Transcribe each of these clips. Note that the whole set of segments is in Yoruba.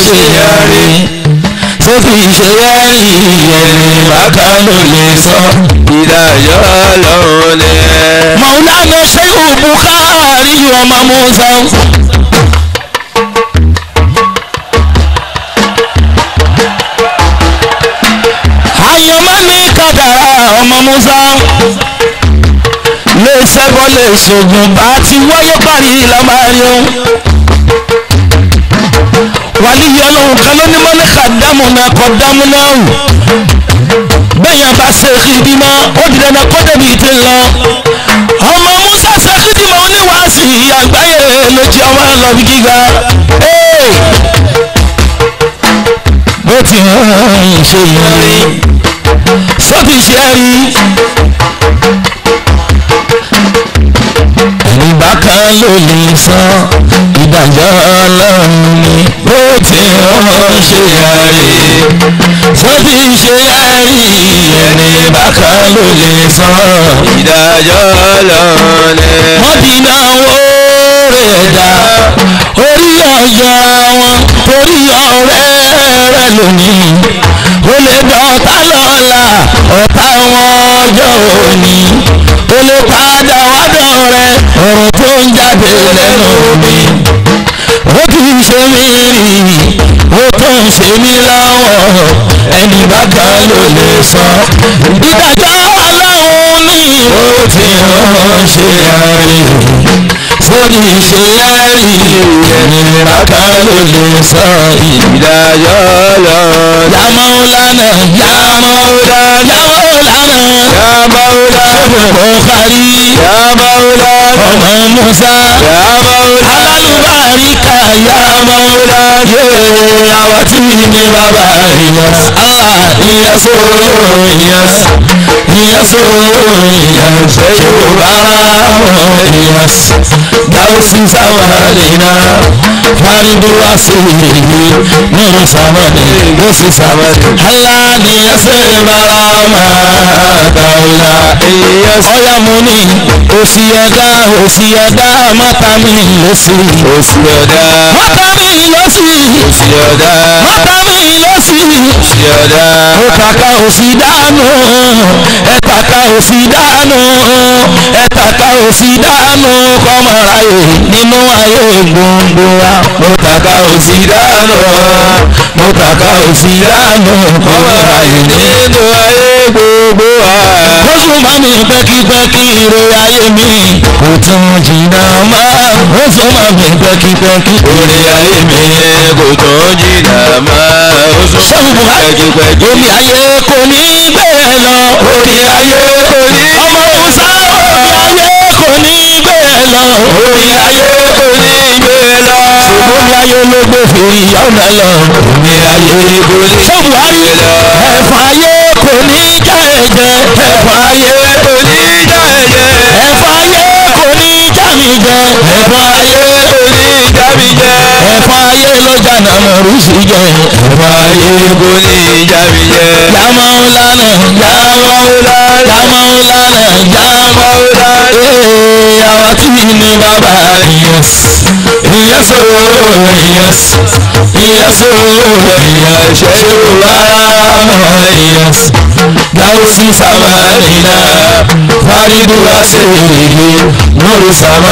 ṣe yàrí tó fi ṣe yàrí ẹni bàbá ló lè sọ ìdájọ́ lọ́wọ́ ni. mọ̀nàlá bukari, òbúkárì ọmọ musa. ayọ̀mọ́ ní kàdàrà ọmọ musa lè ṣẹ́gun lè ṣògùn bá ti wáyé parí lọ́mọ wàlí yìí ọlọ́run kan ló ní mọ́lẹ́kà dámúná kọ dámúná hù bẹ́ẹ̀ yẹn bá ṣe ìdìmọ́ ó di dandan kó débi ìdí lọ ọmọ musa ṣe ìdìmọ́ oníwàásì àgbáyé ló jẹ́ ọmọ lọ bí gíga bó ti ń ṣe yẹn sọ́tì ṣe é rí. ìbákan ló lè san dàjọ́ ọlọ́run ni bó ti hàn ṣe àárẹ̀ tó ti ṣe àárẹ̀ ẹni bákan ló lè sọ. ìdájọ́ ọlọ́run ni. wọ́n ti dáwọ́ rẹ̀ dá orí ọjà wọn orí ọ̀rẹ́ rẹ̀ lónìí ó lè dọ̀tá lọ́la ọ̀tá wọn ọjọ́ òní tó lè padà wádọ̀ rẹ ọ̀rọ̀ tó ń jáde lẹ́nu mi ó ti ṣe mí rí ó tó ń ṣe mí láwọ̀ ẹni bákan ló lè sọ ìdájọ́ ọlọ́run ni ó ti ránṣẹ́ àárín sórí ìṣelárí ẹni bákan ló lè sọ ìdájọ́ ọlọ́run. yàmọ̀ ńlá náà yàmọ̀ ńlá náà. العرب يا مولانا البخاري يا مولانا امام موسى يا مولانا على المباركة يا مولانا يا وتين بابا يا يا يا يا يا نور سامري نور سامري هلا لي يا سيد bàlá ẹ̀yẹ. ọ̀yà mo ní òsì ẹ̀dá òsì ẹ̀dá mọ́ta mi lọ́sì. òsì ẹ̀dá. mọ́ta mi lọ́sì. òsì ẹ̀dá. mọ́ta mi lọ́sì. òsì ẹ̀dá. òtàkà òsì dànù ẹ̀tàkà òsì dànù ẹ̀tàkà òsì dànù kọ́mọ̀ráyè nínú ayé gbogbo wa. òtàkà òsì dànù òtàkà òsì dànù kọ́mọ̀ráyè nínú ayé gbogbo gbogbo wa. ó sùn mọ́ mi pẹ́kípẹ́kí ìrora ayé mi. kò tún jìnnà mọ́. ó sùn mọ́ mi pẹ́kípẹ́kí. orí ayé mi kò tún jìnnà mọ́. ó sùn mọ́ mi pẹ́kípẹ́kí. orí ayé kò ní bẹ́ẹ̀ lọ. orí ayé kò ní. ọmọ òòsà orí ayé kò ní bẹ́ẹ̀ lọ. orí ayé kò ní bẹ́ẹ̀ lọ. ṣùgbọ́n ní ayé ló gbé fi ìyá ọ̀nà lọ. orí ayé kò ní bẹ́ẹ̀ lọ. ṣé buhari ẹ̀fọn ayé kò ní jẹ́ ẹ̀jẹ̀ ẹ̀fọ́ ayé kò ní jẹ́ ẹ̀jẹ̀ mi jẹ. ẹ̀fọn ayé orí ìjà mi jẹ. ẹ̀fọn ayé lọ́jà nàmọ̀ rúùsì jẹ. ẹ̀fọn ayé kò ní ìjà mi jẹ. yàmọ̀ ńlànà yàmọ̀ ńlànà yàmọ̀ ńlànà yàmọ̀ ńlànà. ee àwọn tí ní bàbá yẹs ìyẹs ooo ìyẹs ìyẹs ooo ìyẹs ṣe yorùbá ìyẹs dáhùn sí sàmánìyà fárídùú àṣẹ ìrèlè lórí sàmánìyà.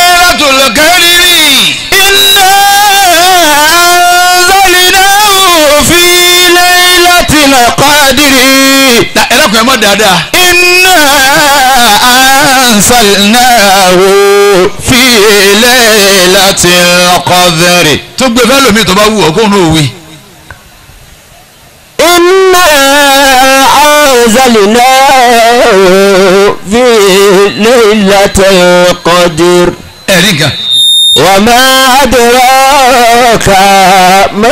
tòlùkárìrì. iná zalináwó fi láylati làkàdìrì. ẹ lọ́kùn ẹ mọ̀ dáadáa. iná ansalnahu fi láylati làkàdìrì. tó gbé fẹ́ lómi tó bá wù ọ́ kó ń wí. iná ansalnahu fi láylati làkàdìrì rí nǹkan. wà á máa dọ̀rọ̀ ká máa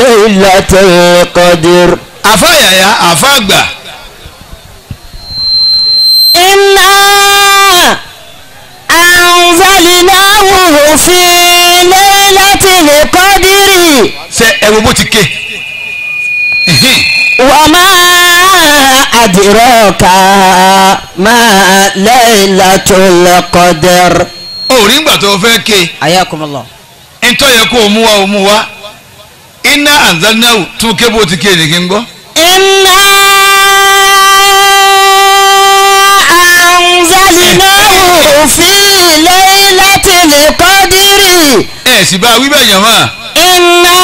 Laylatul Qadr. àfáyàyà àfáàgbà. iná anzalnahu fi Laylatul Qadr. ṣe ẹ wo bó ti ké. wà á máa adiraka ma laylatul qadr òrí ngbà tó fẹ́ ké. ayakumullah. ntọ́ yẹ kó o mú wa o mú wa iná àǹzánnáwó tún ké ti ké nìkí gbọ́. iná àǹzánnáwó fi laylatil qadri. ẹ sì bá a wí bẹ́ẹ̀ yàn máa. iná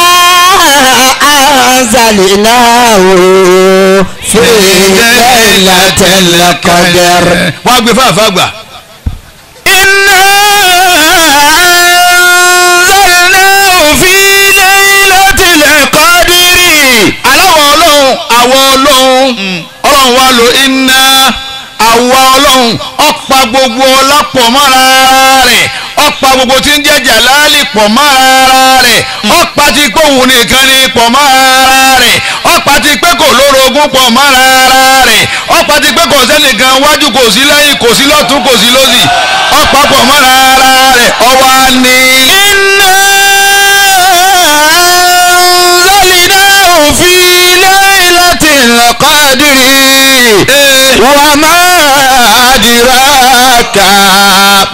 àǹzánnáwó fi laylatil qadri. wọ́n á gbé fáfá gbà àwa ọlọ́run hmm. ọlọ́run wa lo iná àwa ọlọ́run ọ̀pá gbogbo ọlápọ̀ mọ́ra rẹ̀ ọ̀pá gbogbo tí ń jẹ́ jàlálì pọ̀ mọ́ ara rẹ̀ hmm. ọ̀pá ti pé òun nìkan ni pọ̀ mọ́ ara rẹ̀ ọ̀pá ti pé kò lórogún pọ̀ mọ́ ara rẹ̀ ọ̀pá ti pé kò sẹ́nìkan wájú kò sí lẹ́yìn kò sí lọ́tún kò sí lọ́sì ọ̀pá pọ̀ mọ́ ara rẹ̀ ọwọ́ ni. iná lálìdá òfin láti lọ́kọ́ àdìrí wàmá àdìrá kàá.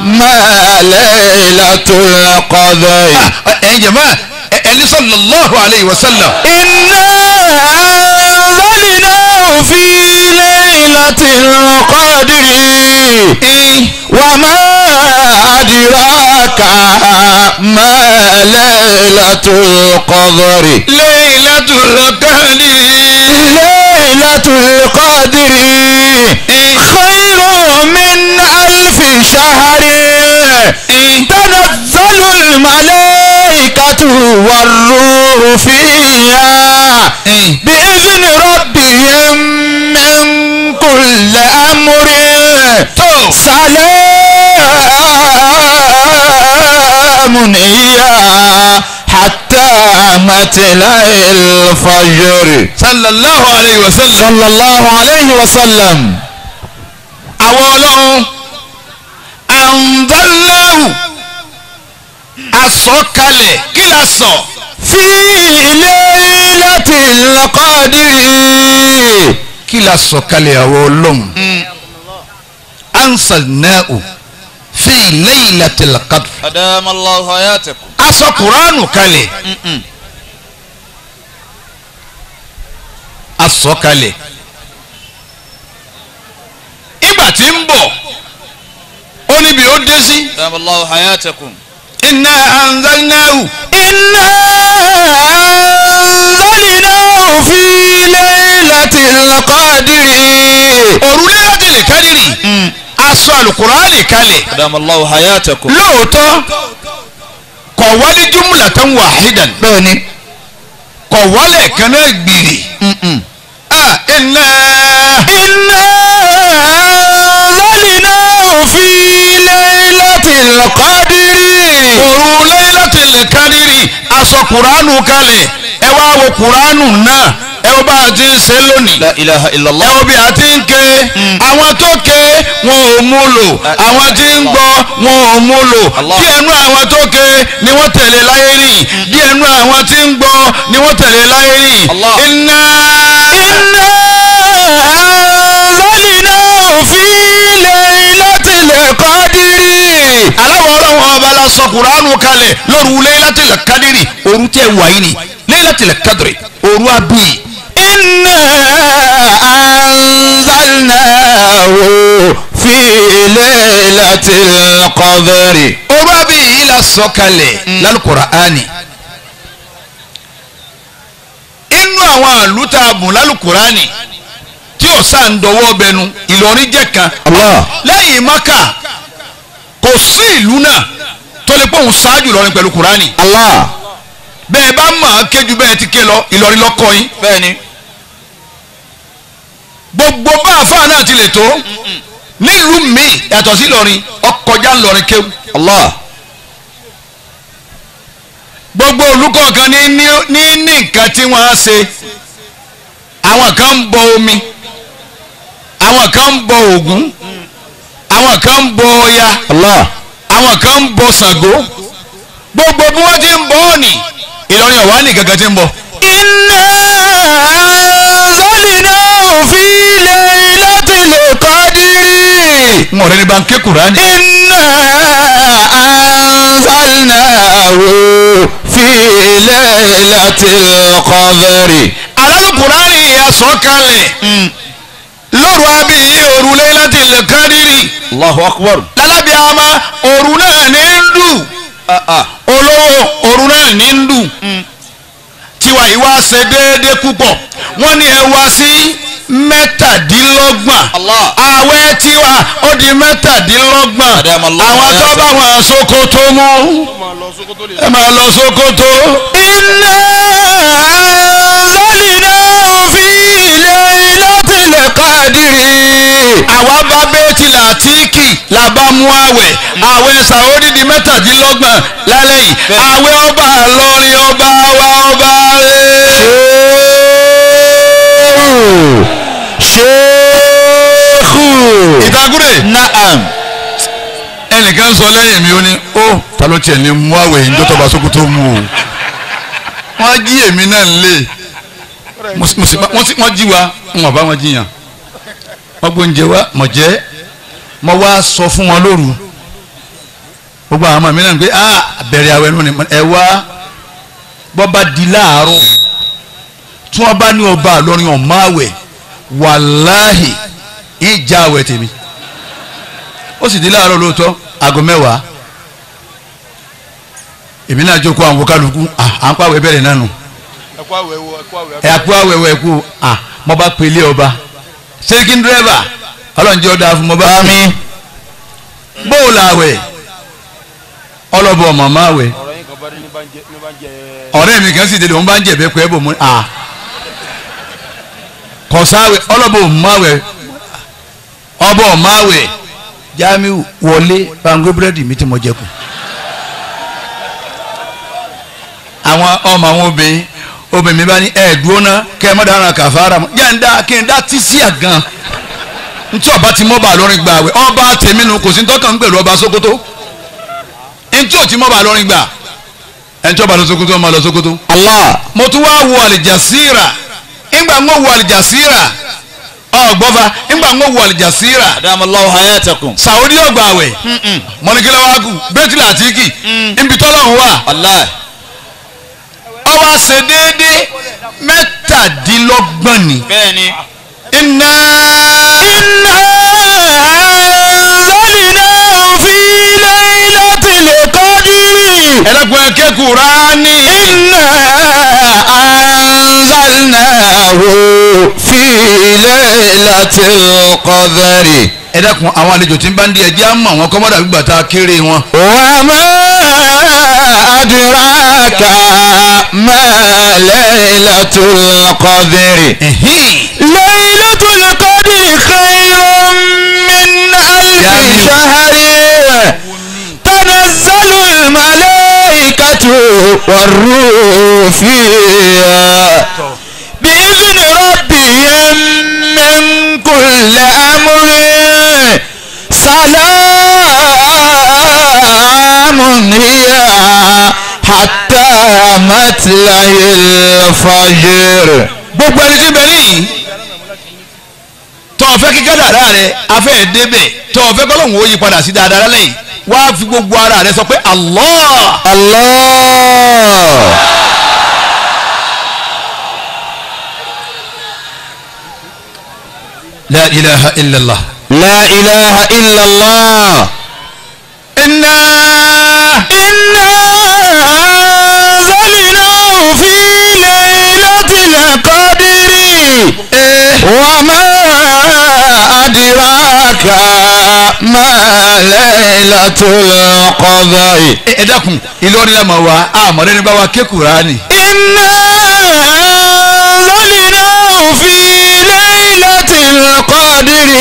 ما ليلة القدر آه، آه، إيه يا جماعة إيه، إيه اللي صلى الله عليه وسلم إنا أنزلنا في ليلة القدر وما أدراك ما ليلة القدر ليلة القدر ليلة القدر الملائكة والروح فيها إيه. بإذن ربهم من كل أمر سلام هي حتى مطلع الفجر صلى الله عليه وسلم صلى الله عليه وسلم أولو ọlọ́run àǹdọ́láhùn asọ̀kalẹ̀ kila la sọ. fi ilé láti lakọ́dìrì. kí la sọ̀kalẹ̀ àwọn ọlọ́run. Hmm. ansalnahu fi laylatil qadr. adamallahu hayatakum. aṣọ kuranu kalẹ̀. aṣọ kalẹ̀. ìgbà ń bọ̀ ó níbi ó dé sí. adamallahu hayatakum inna anzalnahu. inna anzalnahu fi laylatil qadri. òru laylatil qadri. aṣọ alukurani kalẹ̀. adamallahu hayatakum. lóòótọ́ kọ̀ wálé jumlatan wahidan. bẹ́ẹ̀ni kọ̀ wálé kaná gbìrì. Hmm, hmm. Ah, inna. inna lọ́kọ́dírì. òru Laylatul Qadri aṣọ kuranu kalẹ̀ ẹ wá wo kuranu náà ẹ wo bá a ti ń ṣe lónìí. la ilaha illallah. ẹ wo bí a ti ń ké. Hmm. àwọn tó ké wọn ò mú lò àwọn tí ń gbọ́ wọn ò mú lò díẹ̀ nú àwọn tó ké ni wọ́n tẹ̀lé láyé rìn díẹ̀ nú àwọn tí ń gbọ́ ni wọ́n tẹ̀lé láyé rìn. iná. iná. ọlọ́run ọba la sọ kuranu kalẹ̀ lóru lẹ́yìnlátìlẹ̀ kadiri òru tẹ wàyí ni lẹ́yìnlátìlẹ̀ kadiri òru abiy. inna anzalnahu fi lẹ́yìnlátìlẹ̀ qadri. òru abiy yìí la sọ kalẹ̀ lálùkùránì inú àwọn àlùtà àbùn lálùkùránì tí ò sáà ń dọwọ́ bẹnu Ìlọrin jẹ́ kan lẹ́yìn maka. kò sí ìlú náà tó lè òun ṣáájú Ìlọrin pẹ̀lú Kùránì. bẹ́ẹ̀ bá ma kéjú bẹ́ẹ̀ ti ké lọ Ìlọrin lọ́kọ́ yín. ni. gbogbo bá àfáà náà ti lè tó nílùú mi yàtọ̀ sí Ìlọrin ọkọjá Ìlọrin kéwù. gbogbo olùkọ̀ọ̀kan kan ní ní nǹkan tí wọ́n á ṣe àwọn kan ń bọ omi àwọn kan ń bọ ògún àwọn kan ń bọ Ọya àwọn kan ń bọ Ṣàngó gbogbo bí wọ́n ti ń bọ Ọ̀ọ̀nì Ìlọrin ọ̀wá ní kankan ti ń bọ. iná zọ́lìnà òfin ilé ilé ti lè kọ́ dírì. n ò rẹ́ni bá ń ké Kùránì. iná anzalnahu fi laylatil qadri. alálùkùránì lóru abi yìí òru Laylatul Qadri. Allahu Akbar. lálábì àmà òru náà ní ń dùn. Ah, ah. olówó òru náà ní ń dùn. Hmm. tiwa yìí wá ṣe déédéé púpọ̀ wọ́n ní ẹ wá sí mẹ́tàdínlọ́gbọ̀n. àwẹ̀ tiwa ó di mẹ́tàdínlọ́gbọ̀n. àwọn tó bá wọn Sokoto mú. ẹ máa lọ Sokoto. iná sọ́lì náà lẹ́yìnlátìlẹ̀ kádìrì àwa bá bẹ́ẹ̀tì làtíkì la mú àwẹ̀ àwẹ̀ sàwọ́dì di mẹ́tàdínlọ́gbọ̀n lálẹ́ yìí àwẹ̀ ọba àlọ́rin ọba wa ọba rẹ̀. ṣéèkù. ìdágúrè. naam. ẹnìkan sọ lẹ́yìn mi ó ní ó ta ló tiẹ̀ ní mú àwẹ̀ yìí ń dọ́tọ̀ bá sókútó mú o wọ́n á jí èmi náà lé wọ́n jí wa wọn bá wọn jiyàn wọ́n gbóúnjẹ wa mọ̀ jẹ́ mọ̀ wá sọ fún wọn lóru gbogbo àwọn ọmọ mi náà ń pè á bẹ̀rẹ̀ àwẹ̀ nù ni ẹ wá bọ́ bá di láàárọ̀ tí wọ́n bá ní ọba àlọ́rin ọ̀mọ́ wàláhì ìjà àwẹ̀ tèmi ó sì di láàárọ̀ lóòótọ́ aago mẹ́wàá èmi náà jókòó àwọn kálukú à ń pàwẹ̀ bẹ̀rẹ̀ náà nù ẹ̀kú àwẹ̀wò ẹ̀kú àwẹ̀wò ẹ̀kú à mo bá pèlè ọba ṣéríkì dírẹ́bà ọlọ́njẹ́ ọ̀dà fún mo bá mi bóòlù àwẹ̀ ọlọ́bọ̀ màmá àwẹ̀ ọ̀rẹ́ mi kan sì délé òun bá ń jẹ̀bẹ́ pẹ́ bò mú à kọ̀sáwẹ̀ ọlọ́bọ̀ màwẹ̀ ọbọ̀ màwẹ̀ jami wọlé bango búrẹ́dì mi ti mọ jẹ kù àwọn ọmọ àwọn obìnrin obìnrin bá ní ẹ̀ẹ́dúró náà kẹ́ ẹ mọ́dára kàfàrà mọ́ jẹ́ ń dá kí n dá tí sí àgàn ntí ọba ti mọ́ba lọ́rin gbà wẹ̀ ọba tèmi nu kò sí ọba Sokoto ntí ti mọ́ba lọ́rin gbà tí ọba lọ Sokoto ọmọ lọ Sokoto. Allah mo tún wá wo ń wo ń wo ọgbà wa kù bẹ́tìlá àtìkì ibi tọ́lọ́hún wà. ó wá ṣe déédéé mẹ́tàdínlọ́gbọ̀n ni. bẹ́ẹ̀ni. iná. iná zọ́lìnà fi laylatil qadri. ẹlẹ́gbọ̀n kẹ́kù rání. iná anzalnahu fi laylatil qadri. ẹ dákun àwọn àlejò tí ń bá ń di ẹjẹ́ àmọ́ àwọn kọ́mọ́dà gbígbà tá a kéré wọn. wàá máa. أدراك ما ليلة القدر إيه. ليلة القدر خير من ألف يعني شهر تنزل الملائكة والروح فيها بإذن ربهم من كل أمر سلام هي حتى مطلع الفجر gbogbo ẹni tí ń bẹ níyìí tó o fẹ́ kí kádàrá rẹ afẹ́ débẹ̀ tó o fẹ́ kọ́lọ́hún ó yí padà sí dáadáa lẹ́yìn wá fi gbogbo ara rẹ sọ pé Allah Allah. La ilaha illallah. La ilaha illallah iná. iná zẹ́lìnà fi laylatil qadri. Eh. wà má adraka má laylatul qadri. Eh, ẹ dákun Ìlọrin la máa wá àmọ́lẹ́ni bá wa kékùrá ni. iná zẹ́lìnà fi. بالقدر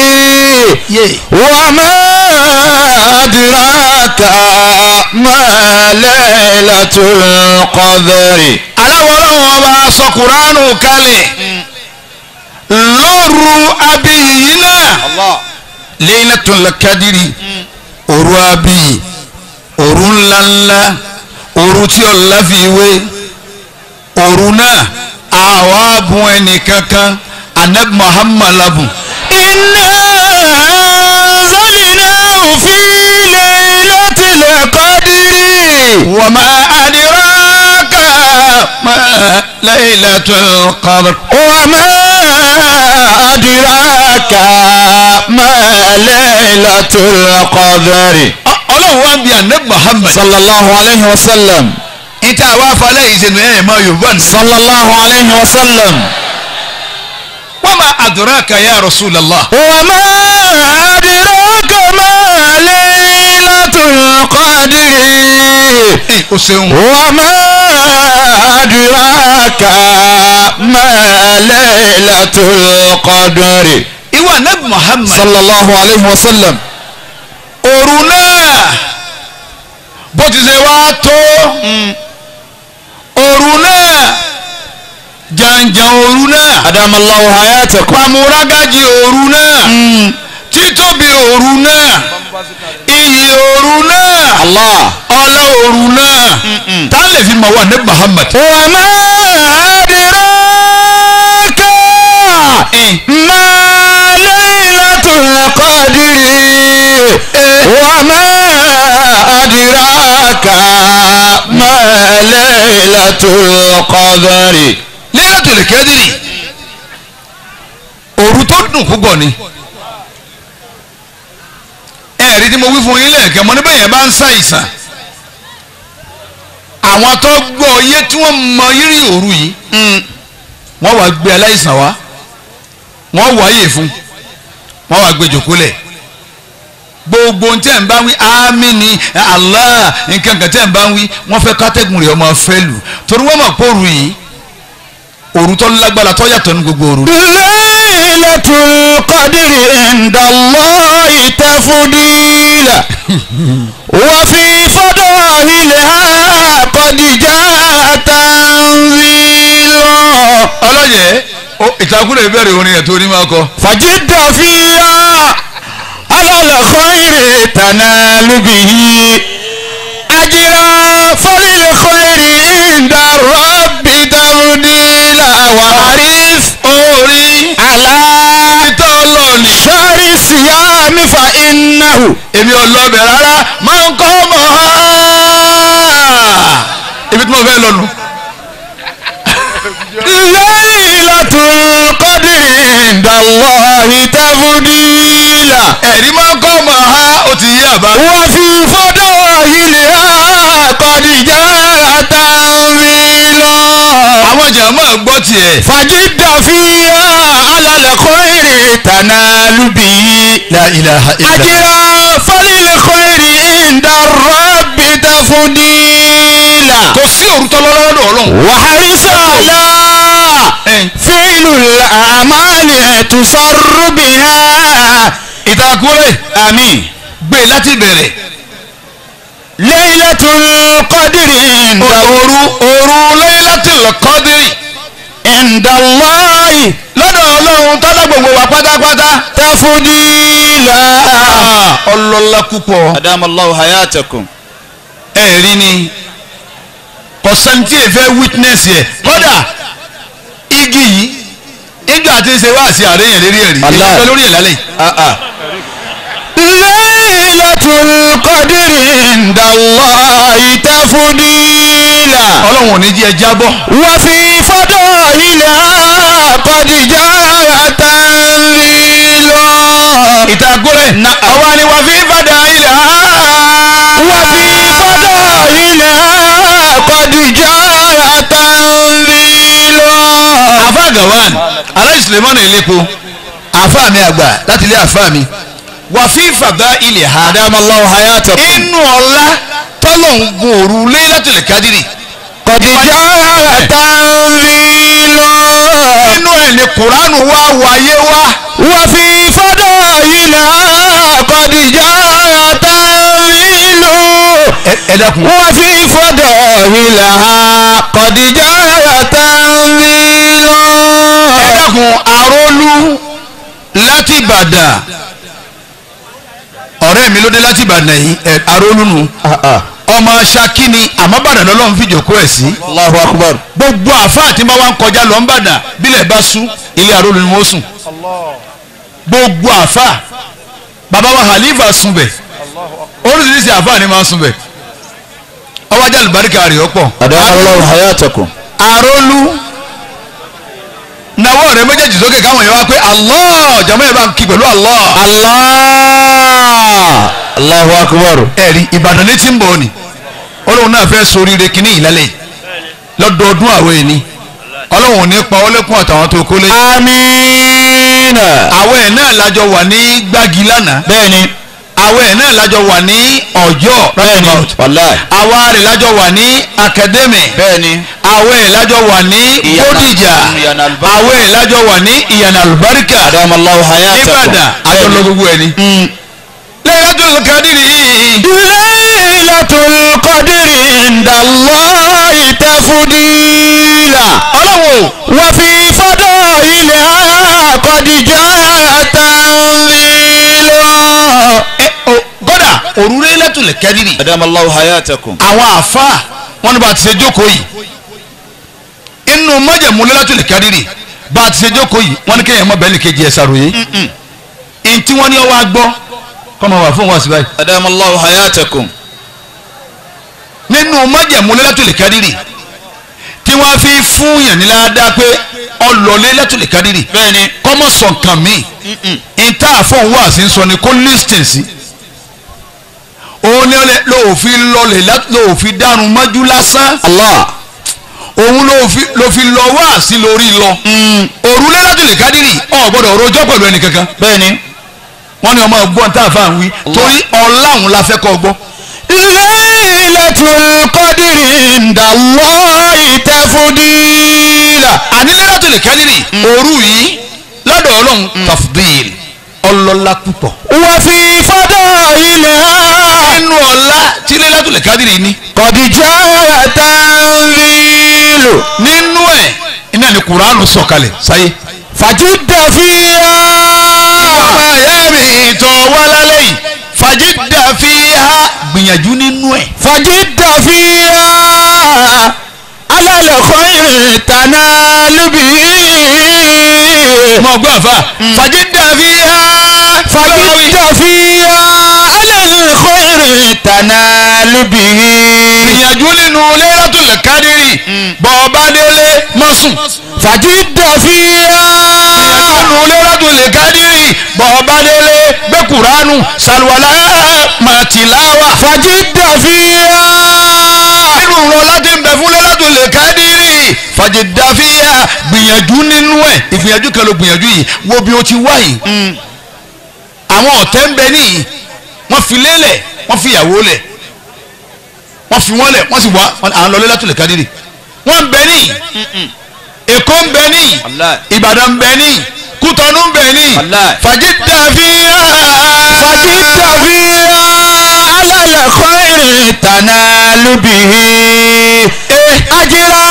وما أدراك ما ليلة القدر aláwọ̀rán ọba sọ kuránù kalẹ̀ lóru abiyi náà Laylatul Qadri òru abiyi òru ńláńlá òru tí ọ̀la wé òru náà àwa bùn ẹnì kankan anabi muhammad labun. iná zọ́lìlá òfin ilé látìlẹ̀ kọ́dírì. wa ma adraka ma laylatul qadr. wa ma adraka ma laylatul qadr. ọlọ́run wá bí anabi muhammad. sallallahu alayhi wa sallam. ìta wàá falẹ̀ ìṣẹ̀lẹ̀ ẹ̀ máa yorùbá ni. sallallahu alayhi wa sallam wa ma adraka ya rasulallah. wa ma adraka ma laylatul qadri. o ṣeun. wa ma adraka ma laylatul qadri. ìwà nabi muhammad. sallallahu alayhi wa sallam. òru náà bó ti ṣe wá tó. òru náà jàǹjà òru náà. adamallahu hayatakum. pàmùrágàjì òru náà. Hmm. títóbi òru náà. iyì òru náà. Allah. ọlá òru náà. tá fi mọ̀ wá ní Muhammad. wà á máa adiraka. ma laylatul qadri. wà á máa adiraka. ma laylatul qadri. Laylatul Qadri òru tó dùn púpọ̀ ni ẹ̀rí tí mo wí fún yín lẹ́ẹ̀kan mo ní bẹ́ẹ̀ yẹn bá ń ṣàìsàn àwọn tó gbọ́ yé tí wọ́n mọ yírí òru yìí hmm, wọ́n wàá gbé aláìsàn wá wọ́n wáyè fún wọ́n wàá gbé jòkó gbogbo ohun tẹ́ ń bá wí àmín ni Allah nǹkan kan tẹ́ ń bá wí wọ́n fẹ́ kátẹ́gùn rẹ̀ ọmọ fẹ́ lù torí wọ́n mọ̀ pòrú yìí òru tó lágbára tó yàtọ̀ ní gbogbo òru. Laylatul Qadri inda Allahi tafdila wa fi fadahiliha qad jaa tanzila. ọlọ́yẹ̀ ìtakùrẹ̀ ìbẹ̀rẹ̀ orin ẹ̀ tó ní máa kọ. fàjídà fiha ala khairi tanalu bihi ajra falil khairi inda Allah wà. àríf orí. àlá. títọ́ ọlọ́ọ̀ni. sọ́ọ́rí síyá mi fa èmi ò rárá máa ń kọ́ mọ́ ọ́. ibi tí mo fẹ́ lọ nù. Laylatul Qadri indallahi ẹ̀rí máa ń kọ́ mọ́ ha ó ti yé àbá. wọ́n fi fọ́dọ̀ yìí lè ha kọ́dí já èèyàn máa gbọ́ tiẹ̀. fàájì dàfí alálẹ̀kọ́ èrè tànà lùbí. la ilaha illa. àjẹrà fọlẹ́lẹ̀kọ́ èrè ìdàrọ́ bìtà fún dìlà. kò sí òrùtọ́ lọ́lọ́dọ̀ ọlọ́run. wàhálì sọ̀lá fílù àmàlì ẹ̀tùsọ̀rù bìhá. ìtàkùrẹ́ àmín gbé láti bẹ̀rẹ̀. Laylatul Qadri ìdá òru òru Laylatul Qadri ìdàláì lọ́dọ̀ ọlọ́run tọ́lá gbogbo wa pátápátá tafudila ọlọ́lá púpọ̀ adamallahu hayatakum ẹ̀rí ni kọ̀sẹ́ntì ẹ̀fẹ́ witness yẹ kọ́dà igi yìí igi àti ṣe wá sí àríyàn lérí lórí ẹ̀ lálẹ́ yìí. Ah, ah. Lailatul Qadr inda Allahi tafdila. ọlọ́run ò ní jẹ́ jábọ́. wọ́n fi fọ́dọ̀ ilẹ̀ àkọ́dìjà àtàlílọ. ìtàkùrẹ̀. na àwa ni wọ́n fi fọ́dọ̀ ilẹ̀ á. wọ́n fi fọ́dọ̀ ilẹ̀ àkọ́dìjà àtàlílọ. àfa gawan aláìsílẹ̀ mọ́nà ìlẹ́kọ̀ọ́ àfa mi àgbà láti ilé àfa mi wà fi fàdá ilẹ̀ ha. àdàmọ́láwọ̀ hayata. inú ọ̀la tọ́lọ̀ ń gun òru Laylatul Qadri. kọ̀díjà àtà ń rí lọ. inú ẹ̀ ní kuranu wá wáyé wá. wà fi fàdá ilẹ̀ ha kọ̀díjà àtà ń rí lọ. ẹ dákun. wà fi fàdá ilẹ̀ ha kọ̀díjà àtà ń rí lọ. ẹ dákun àrólú láti Ìbàdàn ọ̀rẹ́ mi ló dé láti ìbàdàn yìí ẹ̀ arólùnú ah, ah. ọmọ ṣakí ni àmọ́ bàdàn lọ́lọ́run fìjòkó ẹ̀ sí. Allahu Akbar. gbogbo àfáà tí bá wá ń kọjá lọ ń bàdàn bílẹ̀ bá sú ilé arólù ni wọ́n sùn. gbogbo àfáà bàbá wa halifa sùn bẹ̀ oríṣiríṣi àfáà ni máa sùn bẹ̀ ọwọ́ ajá àlùbáríkà rẹ̀ ọ̀pọ̀. àdá arólù hayatakum. arólù Nawo rẹ méjèèjì sókè káwọn yẹn wá pé Allah jama yẹn bá ń kí pẹ̀lú Allah. Allah Allahu akbar. ẹ̀rí Ìbàdàn létí ń bọ̀ ni Ọlọ́run náà fẹ́ soríire kínní ìlẹ́lẹ̀ lọ́dọọdún àwẹ̀ ni Ọlọ́run ò ní pa ọlẹ́kùn àtàwọn tó kólé. amiina. àwẹ̀ náà lájọ wà ní gbági lánàá. bẹ́ẹ̀ ni àwẹ̀ náà lájọ wà ní ọjọ́ àwa rẹ̀ lájọ wà ní academy àwẹ̀ lájọ wà ní bódìjà àwẹ̀ lájọ wà ní ìyànà àlùbáríkà nìbàdàn àjọlọ́gbogbo ẹni. Laylatul Qadri. Laylatul Qadri indallahi tafdila. ọlọ́wọ́. wà fi fọ́dọ̀ ilẹ̀ àkọ́dìjà tanzila òru Laylatul Qadri. adamallahu hayatakum. àwọn àfa wọn ni a ti ṣe jókòó yìí inú májẹ̀mú Laylatul Qadri bá a ti ṣe jókòó yìí wọn ni kéèyàn mọ bẹ́ẹ̀ ni kejì ẹ̀ sàròyé. ntí wọn ni ọwọ́ agbọ́ kọ́mọ wà fún wọn sí báyìí. adamallahu hayatakum. nínú májẹ̀mú Laylatul Qadri tí wọ́n fi fún yàn ní ládàá pé ọlọ́lé lẹ́tùlẹ̀ kádìrì kọ́mọ sọ̀kan mi ìta àfọ̀hún wà sí sọ ni kó lísítẹ̀ sí òun ni lòfin lọlẹ̀ lòfin dànù mọ́jú lásán. Allah òun ló fi lọ wá sí lórí lọ. òrùlé látìlẹ̀ kádìrì ọ̀ gbọ́dọ̀ rojọ́ pẹ̀lú ẹnì kankan. bẹ́ẹ̀ni. wọ́n ní ọmọ ọgbọ́n tá a fà ń wí torí ọláhùn la fẹ́ kọ́ gbọ́. Laylatul Qadri inda Allahi tafdila. àní Laylatul Qadri hmm. òru yìí lọ́dọ̀ ọlọ́run hmm. tafdil ọlọ́lá púpọ̀. wà fi fọ́dọ̀ ilẹ̀ hàn. nínú ọ̀la tí lẹ́lẹ́tùlẹ̀ kádìrì ni. kọ̀díjà tá ń rí lò. nínú ẹ̀ iná ni kuranu sọ̀kalẹ̀ sáyé. fàjídà fi hà. ọmọ ẹ̀yà mi ìtọ̀ wá lálẹ́ yìí. fàjídà fi hà. gbìyànjú nínú ẹ̀. fàjídà fi hà alálẹ̀ kọ́ ìtànà lóbi. mo gbọ́ àfa hmm. fàjídà fi há. fàjídà fi há alálẹ̀ kọ́ ìtànà lóbi. ìyànjú nínú Laylatul Qadri hmm. bọ̀ọ̀bá délé mọ́sùn. fàjídà fi há. ìyànjú nínú Laylatul Qadri bọ̀ọ̀bá délé gbẹ́kùránù sàlùwàlá màtìláwà. fàjídà fi há ọlọ́run ọlọ́dẹ ń bẹ fún lẹ́lẹ́tò lè kádìrì fàjẹdáfíà gbìyànjú nínú ẹ̀ ìgbìyànjú kan ló gbìyànjú yìí wo bí o ti wá yìí àwọn ọ̀tẹ̀ ń bẹ níyì wọ́n fi lélẹ̀ wọ́n fi ìyàwó lẹ̀ wọ́n fi wọ́n lẹ̀ wọ́n sì wá à lọ lẹ́lẹ́tò lè kádìrì wọ́n ń bẹ níyì èkó ń bẹ níyì ìbàdàn ń bẹ níyì kútọ́nù ń bẹ níyì fàjẹdáfíà fàjẹdáfíà alálẹ̀ kọ́ ìrìn tànà lùbì. Eh, àjìrà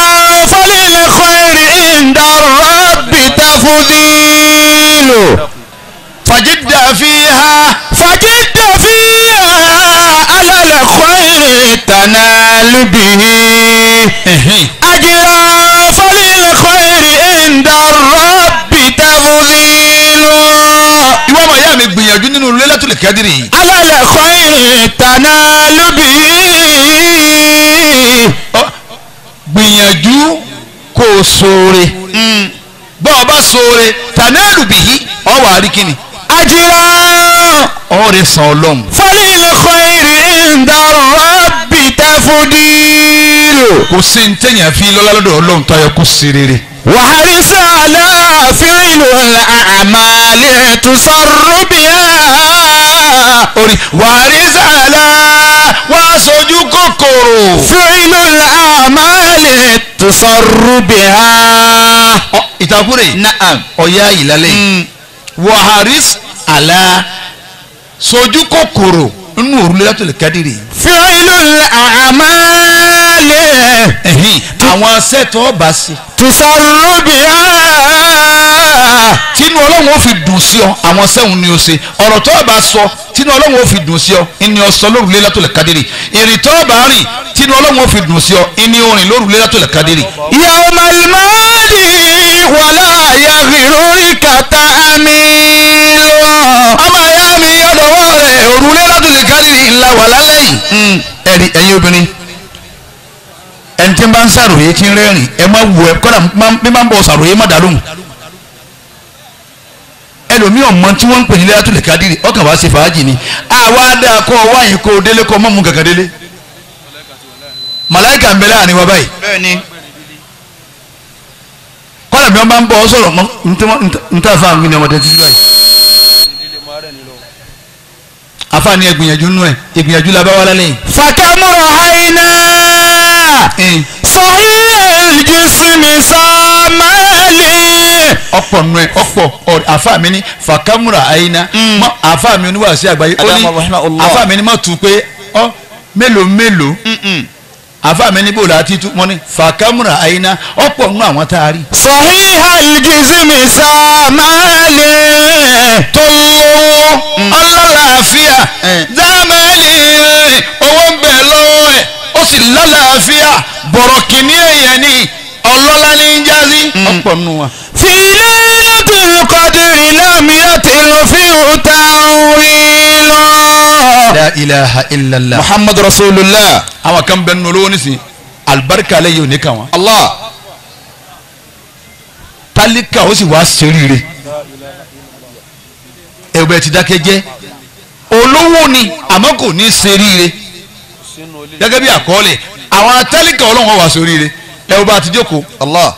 fọlílẹ̀ kọ́ ìrìn ìdàrọ́ bìtà fúdìlù. fàjídà fi ha. fàjídà fi ha alálẹ̀ kọ́ ìrìn tànà lùbì. àjìrà fọlílẹ̀ kọ́ ìrìn ìdàrọ́ bìtà mi gbìyànjú nínú lẹ́lẹ́tùlẹ̀ kẹ́dìrì. alálẹ̀ tanalubi gbìyànjú kó o sóore hmm. bọ́ ọ bá sóore tanalubi ọ wà á rí kíni ajira ọ̀rẹ́ san ọlọ́run. falil khayri inda rabbi tafdilu. kò sí ní téèyàn fi lọ́lá lọ́dọ̀ ọlọ́run tó ayọ̀ kó sí rere. وحرص على فعل الأعمال تسر بها orí wàrísàlà wá sojú kòkòrò. fílù àmàlẹ̀ tùsọ̀rùbìà. ìtàkùrẹ̀ naam ọ̀yá ìlàlẹ̀ hmm. wàrísàlà sojú kòkòrò nínú òrùlé látòlè kádìrì fíọ́ìlù àmàlẹ̀. àwọn sẹ́tọ̀ ọba sí. tùsọ̀rùbì á. tínú ọlọ́run ó fi dùn sí ọ àwọn sẹ́hùn ni ó ṣe ọ̀rọ̀ tó ọba sọ tínú ọlọ́run ó fi dùn sí ọ ìní ọ̀sọ́ lórúlé látòlẹ̀ kadiri ìrìn tó ọba rìn tínú ọlọ́run ó fi dùn sí ọ ìní orin lórúlé látòlẹ̀ kadiri. ìyàwó màlìmáàdì wàlá àyàfi lórí kàtà àmì lọ. ọmọ ìyá mi ọ̀dọ̀ wọ́ọ̀rẹ̀ òrùlé látòlẹ̀ kadiri ńlá wà lálẹ́ Hmm, ẹ̀rí ẹ̀yin obìnrin ẹni tí ń bá ń sàròyé tí ń rẹ́rìn ẹ má wù ẹ kọ́dà bí má ń bọ̀ sàròyé má dàlóhùn ẹlòmíì ọ̀mọ tí wọ́n ń pè ní lẹ́yàtò lè ọkàn wá ṣe fàájì ni àwa dáa kọ́ wáyìn kó délé kọ́ mọ́mú kankan délé màláìkà báyìí kọ́dà bá ń bọ̀ ọ́ sọ̀rọ̀ ni ọmọdé títí báyìí. ni ẹgbìyànjú nú ẹ ìgbìyànjú la bá wà lálẹ́ yìí. fàkẹ́mùrọ̀ àìná sọ̀hí ju sinmi sàmẹ́lì. ọ̀pọ̀ nù ẹ ọ̀pọ̀ àfa mi ni fàkẹ́mùrọ̀ àìná àfa mi oníwàásí àgbáyé ó ní àfa mi ni má tu pé ọ mélòó mélòó àfàmì níbo la ti tú mọ́ ní fàkàmùrà àyínà ọ̀pọ̀ nínú àwọn tá a rí. sọ̀hí àlìkìsímì sàmáàlì tó lówó ọlọ́láàfíà mm. eh. dámẹ́lì owó ń bẹ lọ́wọ́ ẹ̀ ó sì lọ́láàfíà bọ̀rọ̀ kìíní èèyàn ni ọlọ́lá ní jásí. Mm. ọ̀pọ̀ nínú wa. fìlí látìlú kọ́dìrì lámìyàtìlú fíhùtà òrìlọ́ illallah la ilaha illallah muhammad rasulillah àwọn kan bẹ nínú olówó nísìn alibarika alẹ́ yìí ò ní kàn wọ́n. allah tálíkà ó sì wá ṣeríire ẹ̀wẹ̀ ti dákẹ́ jẹ́ olówó ni àmọ́ kò ní ṣeríire gẹ́gẹ́ bí àkọọ́lẹ̀ àwọn tálíkà ọlọ́run wà ṣoríire ẹ̀wọ̀n bá ti jókòó allah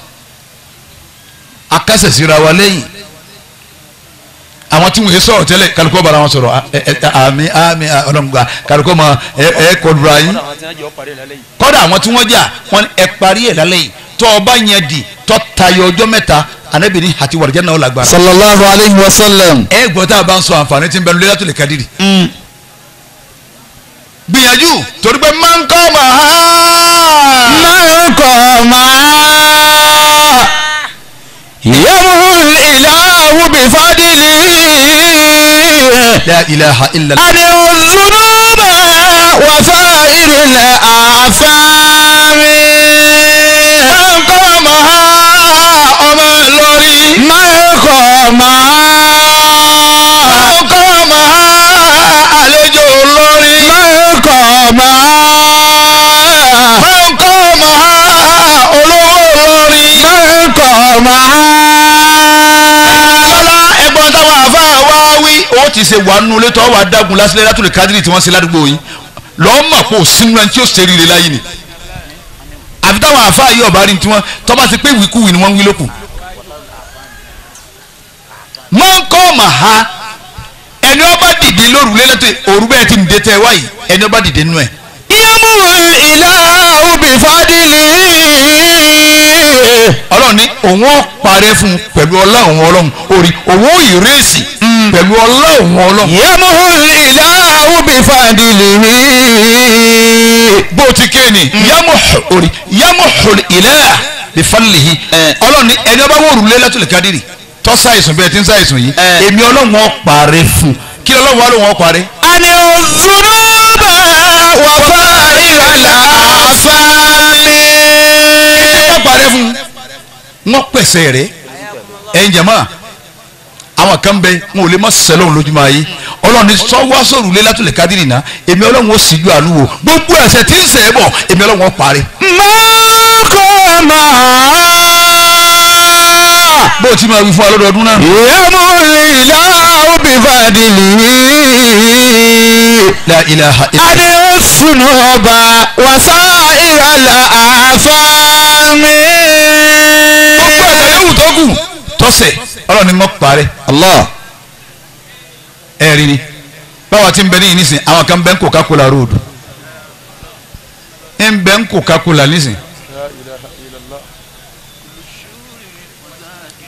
akásẹ̀ síra wa lẹ́yìn àwọn tí wọ́n yé sọ̀rọ̀ tẹ́lẹ̀ kálukọ́ bára wọn sọ̀rọ̀ àmì àmì ọlọ́mùgbà kálukọ́ mọ ẹ kọlura yín kọ́dà àwọn tí wọ́n jà wọ́n ẹ parí ẹ̀ lálẹ́ yìí tọ́ yẹn di tọ́ tayọ ọjọ́ anabini àti wàlíjẹ́ náà lágbára. sallallahu alayhi wa sallam. ẹ gbọ́ tá a bá ń sọ àǹfààní tí ń bẹ lóyún àtúlẹ̀ kadiri. Mm. gbìyànjú torí pé máa ń kọ́ máa máa ń kọ́ máa. yẹ́n mú بفضله لا إله إلا الله أن الذنوب وسائر الآثام أقامها ọmọ lórí. mẹ́kọ̀ máa. ọkọ̀ máa àlejò lórí. mẹ́kọ̀ máa. ọkọ̀ máa olówó lórí. mẹ́kọ̀ máa. ó ti ṣe wà nínú ilé tó wà dágun lásìlẹ̀ látòlè kádìrì tí wọ́n ṣe ládùúgbò yín lọ́ọ́ mọ̀ kó o sínú ẹni tí ó ṣe rire láyé ni àfi táwọn àáfàá yìí ọ̀bá rí tiwọn tó bá ti pé wíkúwì ni wọ́n ń wí lókù. mọ́ńkọ́ mà ha ẹni ọba dìde lóru lẹ́lẹ́tẹ̀ òru bẹ́ẹ̀ ti ń dé tẹ́ wáyìí ẹni ọba dìde nú ẹ̀. yẹ́mú ìlà òbí fadìlì. ọlọ́run ní òun ó parẹ́ fún un pẹ̀lú ọlá òun ọlọ́run orí òun ó ìrèsì pẹ̀lú ọlá òun ọlọ́. yẹ́mu ìlà òbí fàdílì. bó ti ké ni yẹ́mu òrì yẹ́mu òrì ìlà bí fàdílì yìí ọlọ́run ni ẹni ọba wòrú lé lẹ́tọ̀lẹ̀ kádìrì tọ́ ṣàìsùn bẹ́ẹ̀ tí ń ṣàìsùn yìí eh. èmi ọlọ́run ọ parẹ́ fún kí ọlọ́run wà lóun ọ parẹ́. àní òṣùrù bá wà fà ìlànà àfààní. wọ́n parẹ́ fún wọ́n pèsè rẹ̀ ẹ̀yin jẹ̀mọ́ àwọn kan bẹ wọn ò lè mọ sẹ lọ́hùn ayé ọlọ́run ní sọ́wọ́ sọ̀rọ̀ lé látòlè náà èmi ọlọ́run ó sì ju àánú gbogbo ẹ̀ṣẹ̀ tí ń ṣẹ̀ ẹ́ bọ̀ èmi ọlọ́run ó parí. mọ́kọ́ máa. bó o ti máa wí fún wa lọ́dọọdún náà. ìyẹ́mú ìlà òbí fàdìlì. la ilaha illa. adé sunu ọba wàsá ìhàlà àfàmì. gbogbo ẹ̀ṣẹ̀ yòówù tó kù tọ́sẹ̀ ọlọ́run ni mo parẹ́ Allah ẹ rí ni báwa ti ń bẹ níyìn nísìn àwọn kan bẹ ń Coca-Cola road ń bẹ ń Coca-Cola nísìn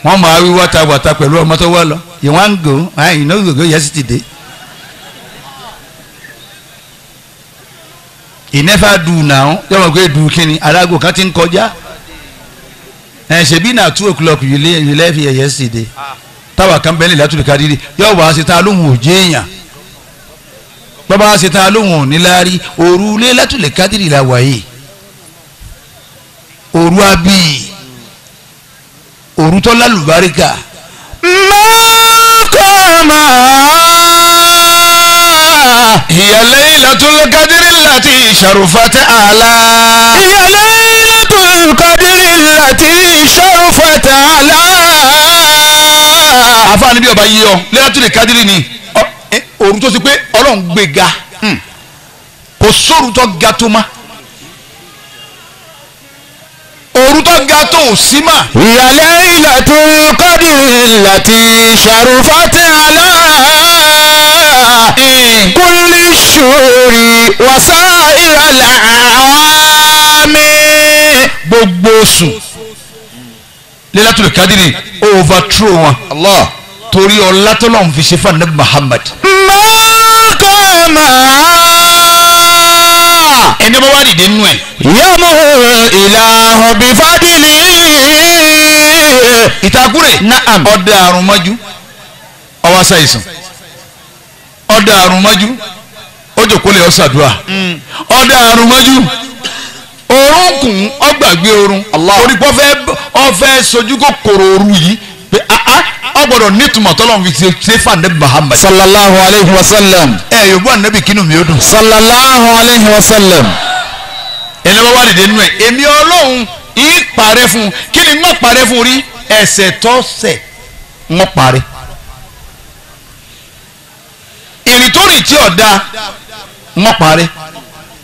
wọ́n máa wí wátawàta pẹ̀lú ọmọ tó wá lọ you wan go ah you no go go yesterday he never do now yọ̀wọ̀n pé dùn kínni arágò kan ti ń kọjá ẹ eh, ṣebí na two o'clock you left you left here yesterday táwa kan bẹ́ẹ̀ lè látúndì kadiri yóò wá ṣe ta lóhùn òjèèyàn bàbá ṣe ta lóhùn níláárí òru lé látúndì kadiri la wáyé òru abí òru tó lálùbáríkà mọ́kànmá ìyàlẹ́ ìlàtúndì kadiri láti ìṣàrùfàtẹ́ àlá ìyàlẹ́ ìlàtúndì kadiri lati ṣarufata ala. àfààní bí ọba yíyọ lẹ́yàtúndì kadiri ni òru tó ti pé ọlọ́run gbé ga hmm. kò sóru tó ga tó ma òru tó ga tó ò sí mà. ìyàlẹ́ ìlàtú kọ́dìrì lati ṣarufata ala. oṣù Lailatul Qadri overthrow wọn Allah torí ọlá tó lọ́n fi ṣe fún anabi Muhammad. mọ́kọ́ máa. ẹni bá wà dìde nínú ẹ. yọmọ ìlànà bí fadìlì. ìtakùrẹ̀ naam ọ̀dà àrùn mọ́jú ọwọ́ sàìsàn ọ̀dà àrùn ó jòkó lè ọ́ sàdúrà mm. ọ̀dà àrùn orúnkún ọgbàgbé orun torí pé ọfẹ ọfẹ sojú kòkòrò ooru yìí pé ọgbọ́dọ̀ ah, ah, nítumọ̀ tọlọmù fi ṣe fún anabi muhammad. sallallahu alayhi wa sallam. ẹ yòókù anabi kínú mi ó dùn. sallallahu alayhi wa sallam. ẹni wọn wá dìde nínú ẹ èmi ọlọ́run yìí parẹ́ fún kí ni wọ́n parẹ́ fún rí ẹsẹ̀ tọ́sẹ̀ wọ́n parẹ́. ìrìntòrìn ọ̀dà wọ́n parẹ́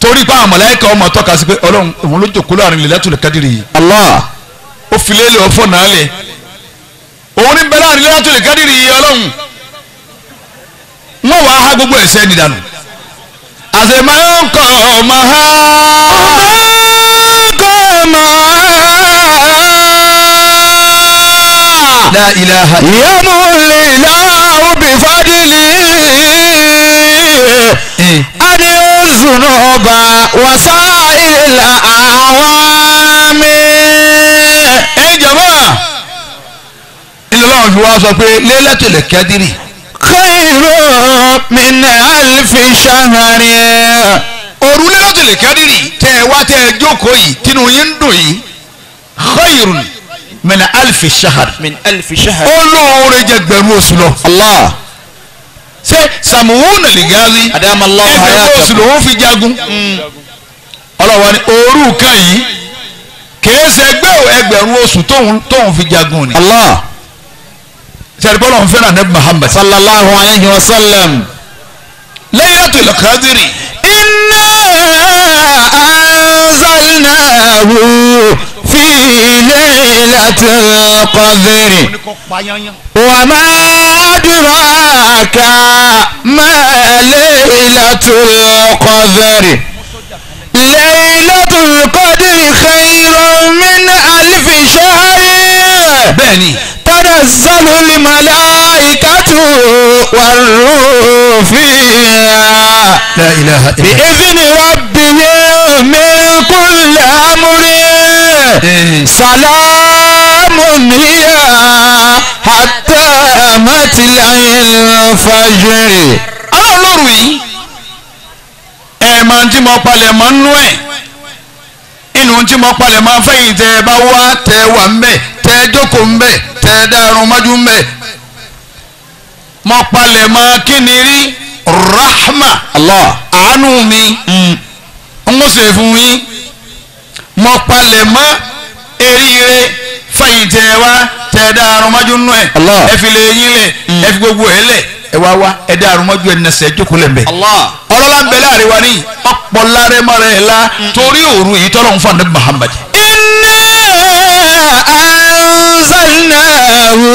torí pé àwọn mọ̀láyìkà ọmọ tọ́ka sí pé ọlọ́run òun ló jòkó láàrin Lailatul Qadri yìí. Allah ó fi lélẹ̀ ọ̀fọ̀ náà lẹ̀ òun ní bẹ́ẹ̀ láàrin Lailatul Qadri yìí ọlọ́run wọ́n wàá ha gbogbo ẹ̀ṣẹ̀ nìdànù. àṣemọ́ kọ́ ọmọ ha. ọmọ kọ́ ọmọ ha. la ilaha. yẹ́mu lè láwùbí fadìlì. الذنوب وسائر الأعوام ìjọba ìlọlọ́run fi wá sọ pé lélẹ́tìlẹ̀ kẹ́dírì. khairu min alfi shahari. òru lélẹ́tìlẹ̀ kẹ́dírì tẹ́ ẹ wá tẹ́ ẹ jókòó yìí tínú yín ń dùn yìí khairu min alfi shahari. min alfi shahari. olóore jẹ gbẹ̀rún oṣù lọ. Allah ṣé samuhun aligazi ẹgbẹ̀rún oṣù lòun fi jagun mm. ọlọ́wọ́ ni òórùn kan yìí kìí ṣe ẹgbẹ́ ẹgbẹ̀rún oṣù tóun fi jagun ni. Allah sẹ́dibọ́lọ́ ń fẹ́ràn ní Muhammad sallallahu alayhi wa sallam Laylatul Qadri. أنزلناه في ليلة القدر وما أدراك ما ليلة القدر ليلة القدر خير من ألف شهر تنزل الملائكة الملائكة والروح فيها لا إله إلا بإذن ربهم من كل أمر سلام هي حتى مطلع الفجر ọlọ́run yìí ẹ̀ máa ń tí mo palẹ̀ mọ́ nú ẹ̀ inú tí mo palẹ̀ máa fẹ́yìn tẹ́ bá wá tẹ́ wà ń bẹ̀ tẹ́ jókòó ń bẹ̀ tẹ́ dárun mọ́jú ń bẹ̀ mo palẹ̀ mọ́ kí rí rahma Allah àánú mi ń hmm. ṣe fún yín mo palẹ̀ mọ́ eríire fẹ̀yìntẹ̀ wa tẹ̀ dá arúnmọ́jú nù ẹ̀ ẹ fi lè yín lẹ̀ hmm. ẹ fi gbogbo ẹ̀ lẹ̀ ẹ wá wá ẹ dá arúnmọ́jú ẹ̀ nẹsẹ̀ jókòó lẹ̀ mbẹ́. ọ̀rọ̀ ń bẹ láàrin wa ní ọ̀pọ̀ lárẹ́ mọ́ra ẹ̀ la hmm. torí òru èyí tọ́lọ́ ń fọ́ ní Muhammad. inna anzalnahu.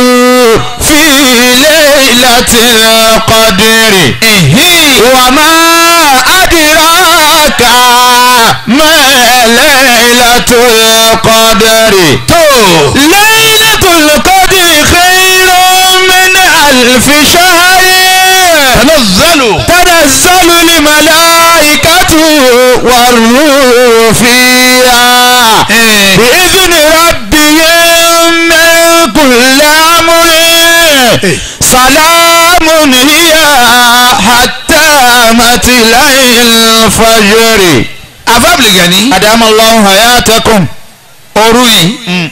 في ليلة القدر إيه. وما أدراك ما ليلة القدر ليلة القدر خير من ألف شهر تنزل تنزل الملائكة والروح فيها إيه. بإذن ربهم من كل أمر salamun hiya hatta matila'il fajiri. afábìlì gani. adamu lọ́hùn hayatakum. òru yìí.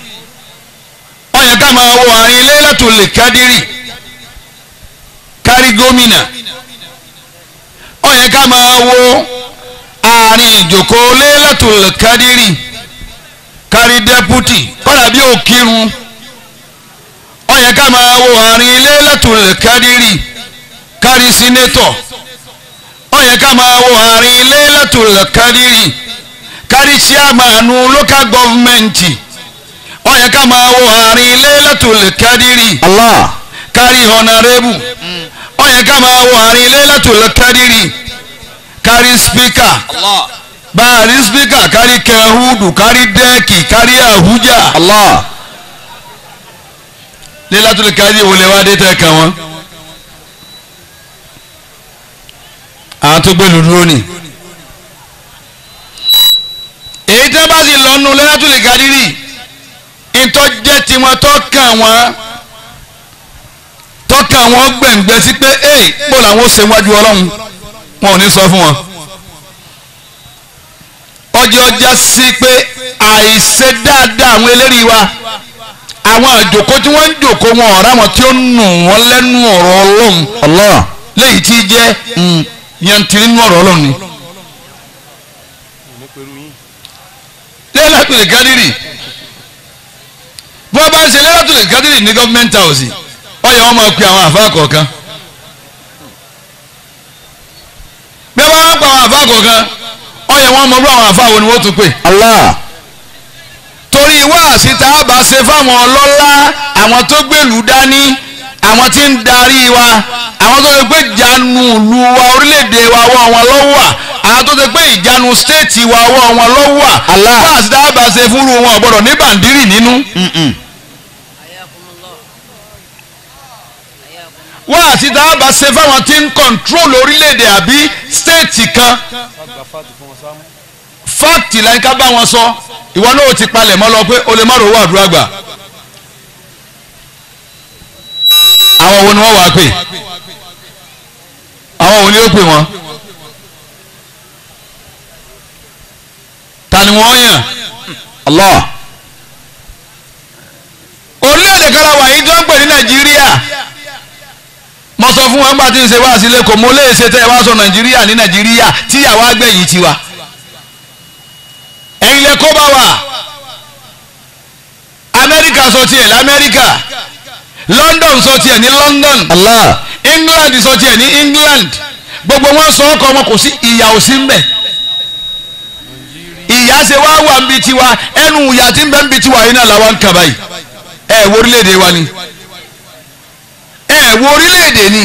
ó yẹ ká máa wọ àárín lẹ́lẹ́tùlẹ̀ kádírì kárí gómìnà ó yẹ ká máa wọ àárín ìjòkó lẹ́lẹ́tùlẹ̀ kádírì kárí dẹ́pútì kọ́dà bí òkírun ó yẹ ká máa wo àárín Laylatul Qadr kárí sínétọ̀ ó yẹ ká máa wo àárín Laylatul Qadr kárí síàmàánú local government ó yẹ ká máa wo àárín Laylatul Qadr kárí honorable ó yẹ ká máa wo àárín Laylatul Qadr kárí speaker báàrí speaker kárí kẹhùdù kárí dẹ́ẹ̀kì kárí àhújà. Allah. Lailatul Qadr wọlé wá dé tẹ́ kàn wọ́n. àwọn tó gbé lùdúró ni. èyí tẹ́ bá sì lọ́nu Lailatul Qadr ìtọ́jẹ́ tiwọn tó kàn wọ́n tọ́ka àwọn gbẹ̀ǹgbẹ́ sí pé ee kó làwọn ó ṣe wájú ọlọ́run wọn ò ní sọ fún wọn. ọjọ́ ọjà sí pé àìṣe dáadáa àwọn eléríì àwọn àjòkó tí wọ́n ń jòkó wọn ọ̀rá wọn tí ó nù wọ́n lẹ́nu ọ̀rọ̀ ọlọ́run Allah léyìí tí jẹ́ mm, yantiri nù ọ̀rọ̀ ọlọ́run ni. lẹ́lẹ́tùlẹ̀ kádìrì bí wọ́n bá ń ṣe lẹ́lẹ́tùlẹ̀ kádìrì ní gọ́ọ̀mẹ́ntì house wọ́n yẹ wọ́n máa pe àwọn àfáà kọ̀ọ̀kan. bí wọ́n bá wá pa àwọn àfáà kọ̀ọ̀kan wọ́n yẹ wọ́n mọ bí àwọn àfáà wo ni wọ́n tún pè. Allah torí wáàsí tá a bá ṣe fáwọn ọlọ́lá àwọn tó gbèlú dání àwọn tí ń darí wa àwọn tó ṣe pé ìjánu ìlú wa orílẹ̀-èdè wa ọwọ́ wọn lọ́wọ́ wà àwọn tó ṣe pé ìjánu stéètì wa ọwọ́ wọn lọ́wọ́ wà wáàsí tá a bá ṣe fúnru wọn ọ̀gbọ́dọ̀ ní bàǹdírì nínú. wáàsí tá a bá ṣe fáwọn tí ń kọ̀ńtrol orílẹ̀-èdè àbí stéètì kan fáàtì la ká bá wọn sọ ìwọ náà ti palẹ̀ mọ́ lọ pé o lè má rò owó àdúrà gbà àwọn wo ni wọ́n wàá pè àwọn wo ni ó pè wọ́n ta ni wọ́n yàn Allah orílẹ̀-èdè kan la wà yìí tó ń pè ní Nàìjíríà mo sọ fún wọn nígbà tí ń ṣe wá sílé kò mo lè ṣe tẹ́ ẹ wá sọ Nàìjíríà ní Nàìjíríà tíyàwó àgbẹ̀yìn tiwa. Amẹ́ríkà sọ tiẹ̀ l'Amẹ́ríkà London sọ tiẹ̀ ní London Allah England sọ tiẹ̀ ní England gbogbo wọn sọ ọkọ wọn kò sí ìyà ò sí mbẹ ìyà ṣe wá wà ń bi tiwa ẹnu ìyà tí ń bẹ ń bi tiwa yìí náà làwọn ń kà ẹ wo orílẹ̀-èdè wa ni ẹ wo orílẹ̀-èdè ni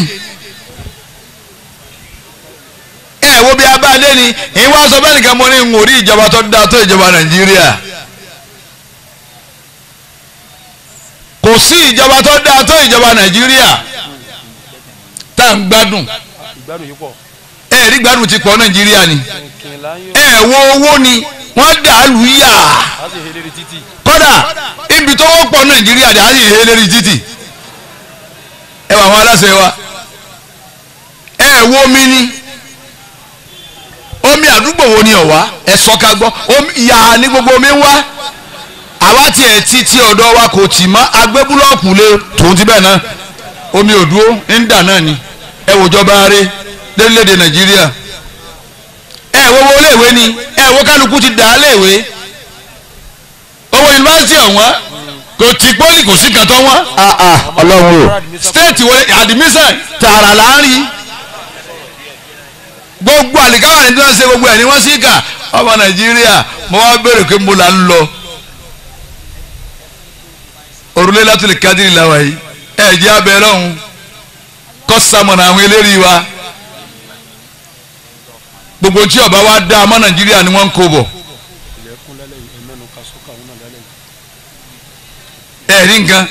ẹ wo bí abáadé ni ìwà sọ bẹ́ẹ̀ nìkan mo ní ń wò rí ìjọba tó dáa tó ìjọba Nàìjíríà. kò sí ìjọba tó dáa tó ìjọba nàìjíríà tá à ń gbádùn ẹ gbádùn ti pọ̀ nàìjíríà ni ẹ wo owó ni wọ́n dà á lù yà kódà ibi tó wọ́pọ̀ nàìjíríà dà á sì hé lérí títì ẹ wà wọn aláṣẹ wa ẹ wo ni omi àdúgbò wo ni ọ̀wá ẹ sọ ká gbọ́ ìyá ni gbogbo omi wá. àwa tiẹ̀ ti ti ọ̀dọ̀ wa kò tì mọ́ agbé ti bẹ́ẹ̀ omi òdúró ń dà náà ni ẹ wò jọba rẹ lórílẹ̀‐èdè nàìjíríà ẹ ni ẹ wo ti dà á léèwé owó yunifásitì ọ̀wọ́n kò tí pọ́lì kò sí kàtọ́ wọn. Ah, ah, ọlọ́run o. stéètì gbogbo àlìkáwà ni wọ́n gbogbo ẹ̀ ni wọ́n sì kà ọmọ nàìjíríà mo wá béèrè pé mo òrùlé látìlì kádìrì làwà yìí ẹ jẹ́ abẹ lọ́hùn kọ́sàmọ̀nà àwọn eléyìí wa gbogbo tí ọba wa dá ọmọ nàìjíríà ni wọ́n ń kó bọ̀ ẹ rí nǹkan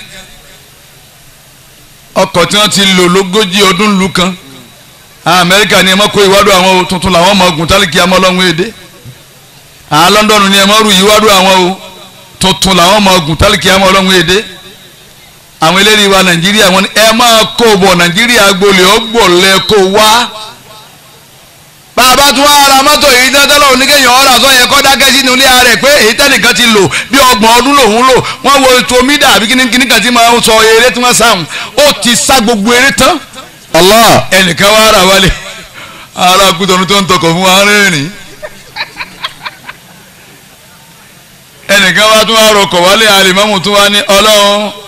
ọkọ̀ tí wọ́n ti lò lógójì ọdún lu kan amẹ́ríkà ni ẹ mọ́ kó ìwádùn àwọn tuntun làwọn ọmọ ogun tálíkì amọ́lọ́hún èdè àwọn london ni ẹ mọ́ rú ìwádùn àwọn tuntun làwọn ọmọ ogun tálíkì amọ́lọ́hún èdè àwọn eléyìí wa nàìjíríà wọn ni ẹ máa kó bọ̀ nàìjíríà gbolè ó gbòlẹ̀ kó wá bàbá tún ara mọ́tò yìí dáńtọ́lọ́ oníkéyàn ọ̀rọ̀ àtọ́ yẹn kọ́ dákẹ́ sínú ilé ara rẹ̀ pé èyí tẹ́nìkan ti lò bí ọgbọ̀n ọdún lòun lò wọ́n wo ètò mídà àbí kíníkíní kan ti máa ń sọ eré tí wọ́n sáhùn ó ti sá gbogbo eré tán. Allah ẹnìkan wá ara wálé ara kútọ́nu tó ń tọkọ̀ fún wa ẹnìkan wá tún wá rọkọ̀ wálé alimọ́mù tún wá ní ọlọ́run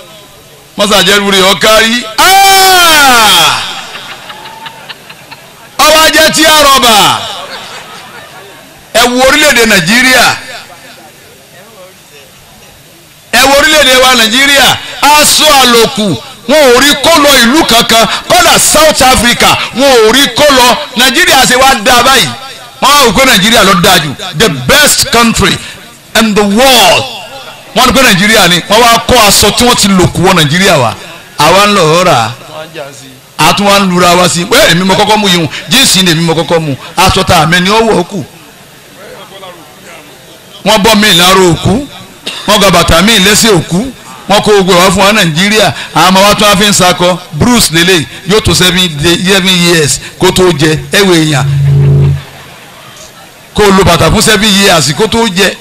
mọ́sàjẹ́ rúre ọ̀kárí ah! ọwọ́ ajẹ́ tí a rọ̀bà ẹ wo orílẹ̀-èdè nàìjíríà ẹ orílẹ̀-èdè wa nàìjíríà aṣọ àlòkù wọn ò rí kó lọ ìlú kankan kódà South Africa wọn ò rí kó lọ nàìjíríà ṣe wá dáa báyìí wọn á wò pé nàìjíríà ló dáa jù the best country in the world wọ́n ní pé nàìjíríà ni wọ́n wá kó aṣọ tí wọ́n ti lò kú wọ nàìjíríà wa àwa ń lọ ọ̀rà a tún wá ń lura wa sí wẹ́ẹ̀ èmi mọ kọ́kọ́ mu yìí hùn jíǹsì ni èmi mọ kọ́kọ́ mu aṣọ tá àmì ni ó wọ̀ ọ́ kù bọ́ mi lára òkú wọ́n gba bàtà mi lẹ́sẹ̀ òkú wọ́n kó gbogbo ìwà fún wa nàìjíríà àmọ́ wa tún wá fi ń sakọ bruce lele yóò tó seven years kó tó jẹ ẹ̀wẹ̀ èèyàn kó lo bàtà fún seven years kó tó jẹ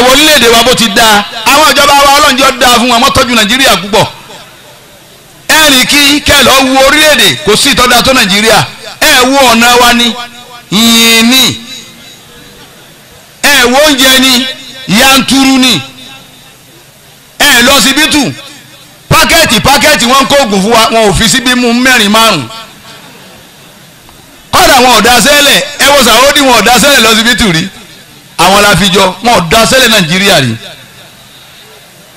ẹ wo orílẹ̀-èdè wa bó ti da àwọn ìjọba wa ọlọ́njọ́ dáa fún wa wọ́n nàìjíríà púpọ̀ ẹ̀rìn kí kẹ́lọ́ wu orílẹ̀-èdè kò sí ìtọ́jú tó nàìjíríà ọ̀nà ni yìnyín ni ni yanturu ni ẹ̀ lọ síbítù pákẹ́ẹ̀tì pákẹ́ẹ̀tì wọ́n kó oògùn fún wa wọn ò fi síbí mú mẹ́rin márùn kọ́dà wọn ò dá sẹ́lẹ̀ ẹ sàwọ́dì wọn ò dá sẹ́lẹ̀ lọ síbítù àwọn la fi jọ wọn ò da sẹ́lẹ̀ nàìjíríà rí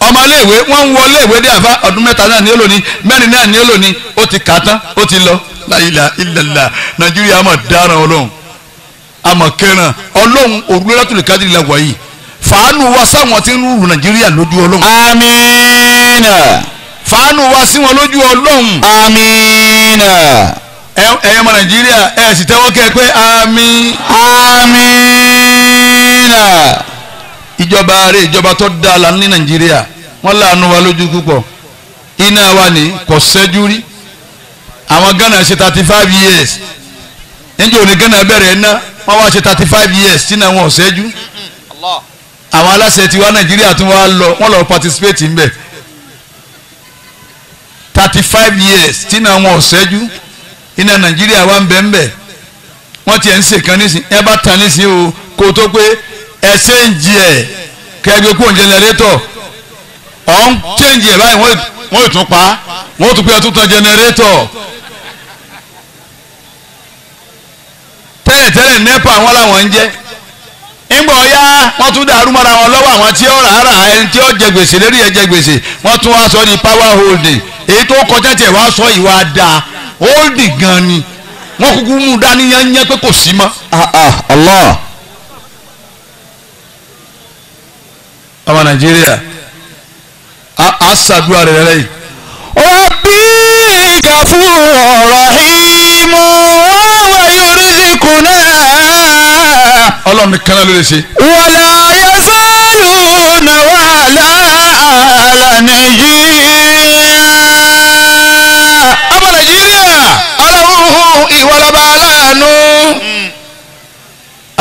ọmọléèwé wọn ń wọléèwé dé àfa ọdún mẹ́ta náà ní ó lóní náà ní ó ó ti kà tán ó ti lọ láyìlá ìlàlá nàìjíríà mọ̀ dáràn ọlọ́run àmọ̀ kẹràn ọlọ́run òrùlẹ́rẹ́tò lè kájú ìlàwọ̀ yìí fàánù wa sáwọn tí ń rúru nàìjíríà lójú ọlọ́run. amiina. fàánù wa sí wọn lójú ọlọ́run. amiina. ẹ̀yin ọmọ nàìjíríà ẹ̀ sì tẹ́wọ́ kẹ́ ẹ pé àmín. àmínà. ìjọba rẹ̀ ìjọba tó dáa la ní nàìjíríà wọ́n láàánú wa lójú púpọ̀ iná wa ní kò sẹ́jú rí àwọn ghana ṣe thirty five years níjẹ́ òní ghana bẹ̀rẹ̀ iná wọ́n wá ṣe thirty five years tí náà wọ́n sẹ́jú àwọn aláṣẹ tiwa nàìjíríà tún wá lọ wọ́n lọ participate ń bẹ̀ thirty five years tí náà wọ́n sẹ́jú. iná nàìjíríà wa ń bẹ ń bẹ wọ́n tiẹ̀ ń ṣe kan nísìn ẹ bá ta nísìn o kó tó pé ẹ ṣéǹjì ẹ kẹgbẹ́ kó ń jẹnẹrétọ̀ ọ̀ ń ṣéǹjì ẹ báyìí wọ́n yóò tún pa wọ́n tún pé ẹ tún tan jẹnẹrétọ̀ tẹ́lẹ̀tẹ́lẹ̀ nẹ́pà wọn làwọn ń jẹ́ ńgbọ̀ ya wọ́n tún dàrú mọ́ra wọn lọ́wọ́ àwọn tí ó rà ẹni tí ó jẹ gbèsè lérí ẹ jẹ gbèsè wọ́n tún wá sọ ní power holding èyí tó kọjá tiẹ̀ wá sọ ìwà dáa óòdì gan ni wọ́n kúkú mú dání yányá pé kò sí mọ́. Ah, ah, Allah. ọmọ nàìjíríà a ṣàdúrà rẹ̀ rẹ̀ yìí. Rabbi Ghafurur Rahim wa yurizquna. ọlọ́run ní kánà ló lè ṣe. wala yazaluna wala ala nàìjíríà. ọmọ nàìjíríà ọlọ́run ìwọ lọ́ba aláàánú.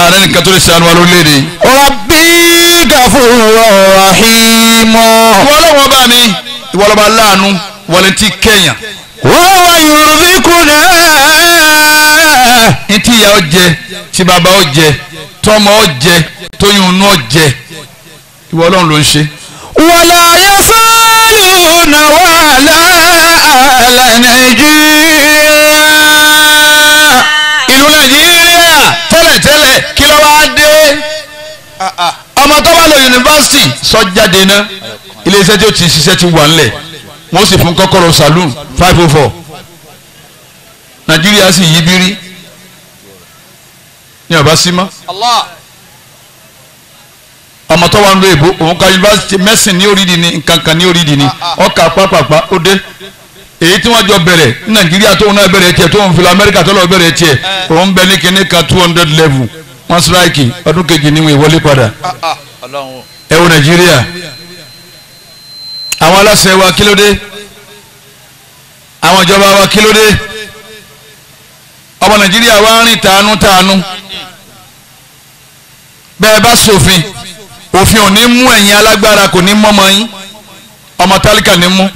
ààrẹ nìkan tó lè ṣàánú wa lórílẹ̀‐èdè. rabbi gafuru rahimu. ìwọ lọ́wọ́ bá mi ìwọ lọ́ba aláàánú wọlé tí kẹ́yàn. wọ́n wá yorùbá kùnà. ní tí ìyá ọ jẹ tí bàbá ọ jẹ tọmọ ọ jẹ tóyún inú ọ jẹ ìwọ ọlọ́run ló ń ṣe. wọ́n láyé fún lùnà wàhálà nàìjíríà ìlú nàìjíríà tẹ́lẹ̀tẹ́lẹ̀ kí ló wáá dé ọmọ tó bá lọ yunifásitì sọ́jáde náà iléeṣẹ́ tí ó ti ṣiṣẹ́ ti wà ńlẹ̀ wọ́n sì fún kọ́kọ́rọ́ saloon five oh four nàìjíríà sì yí bírí ní ọba símá ọmọ tó wà ń lo èbó òun ka yunifásitì mẹ́sìn ní orídìí ni nǹkan kan ní orídìí ni ah, ah. ọkà pápápá ó dé èyí tí wọ́n jọ bẹ̀rẹ̀ ní nàìjíríà tóun náà bẹ̀rẹ̀ tiẹ̀ tóun fi lọ amẹ́ríkà tó lọ bẹ̀rẹ̀ tiẹ̀ òun bẹ ní kinní kan two hundred level wọ́n síráìkì ọdún kejì ni wọ́n wọlé padà ẹ wo nàìjíríà àwọn aláṣẹ wa kílódé àwọn ìjọba wa kílódé ọmọ nàìjíríà wa ń rìn tàánú tàánú bẹ́ẹ̀ bá ṣòfin òfin ò ní mú ẹ̀yin alágbára kò ní mọ́mọ́ yín ọmọ tálíkà ní mú.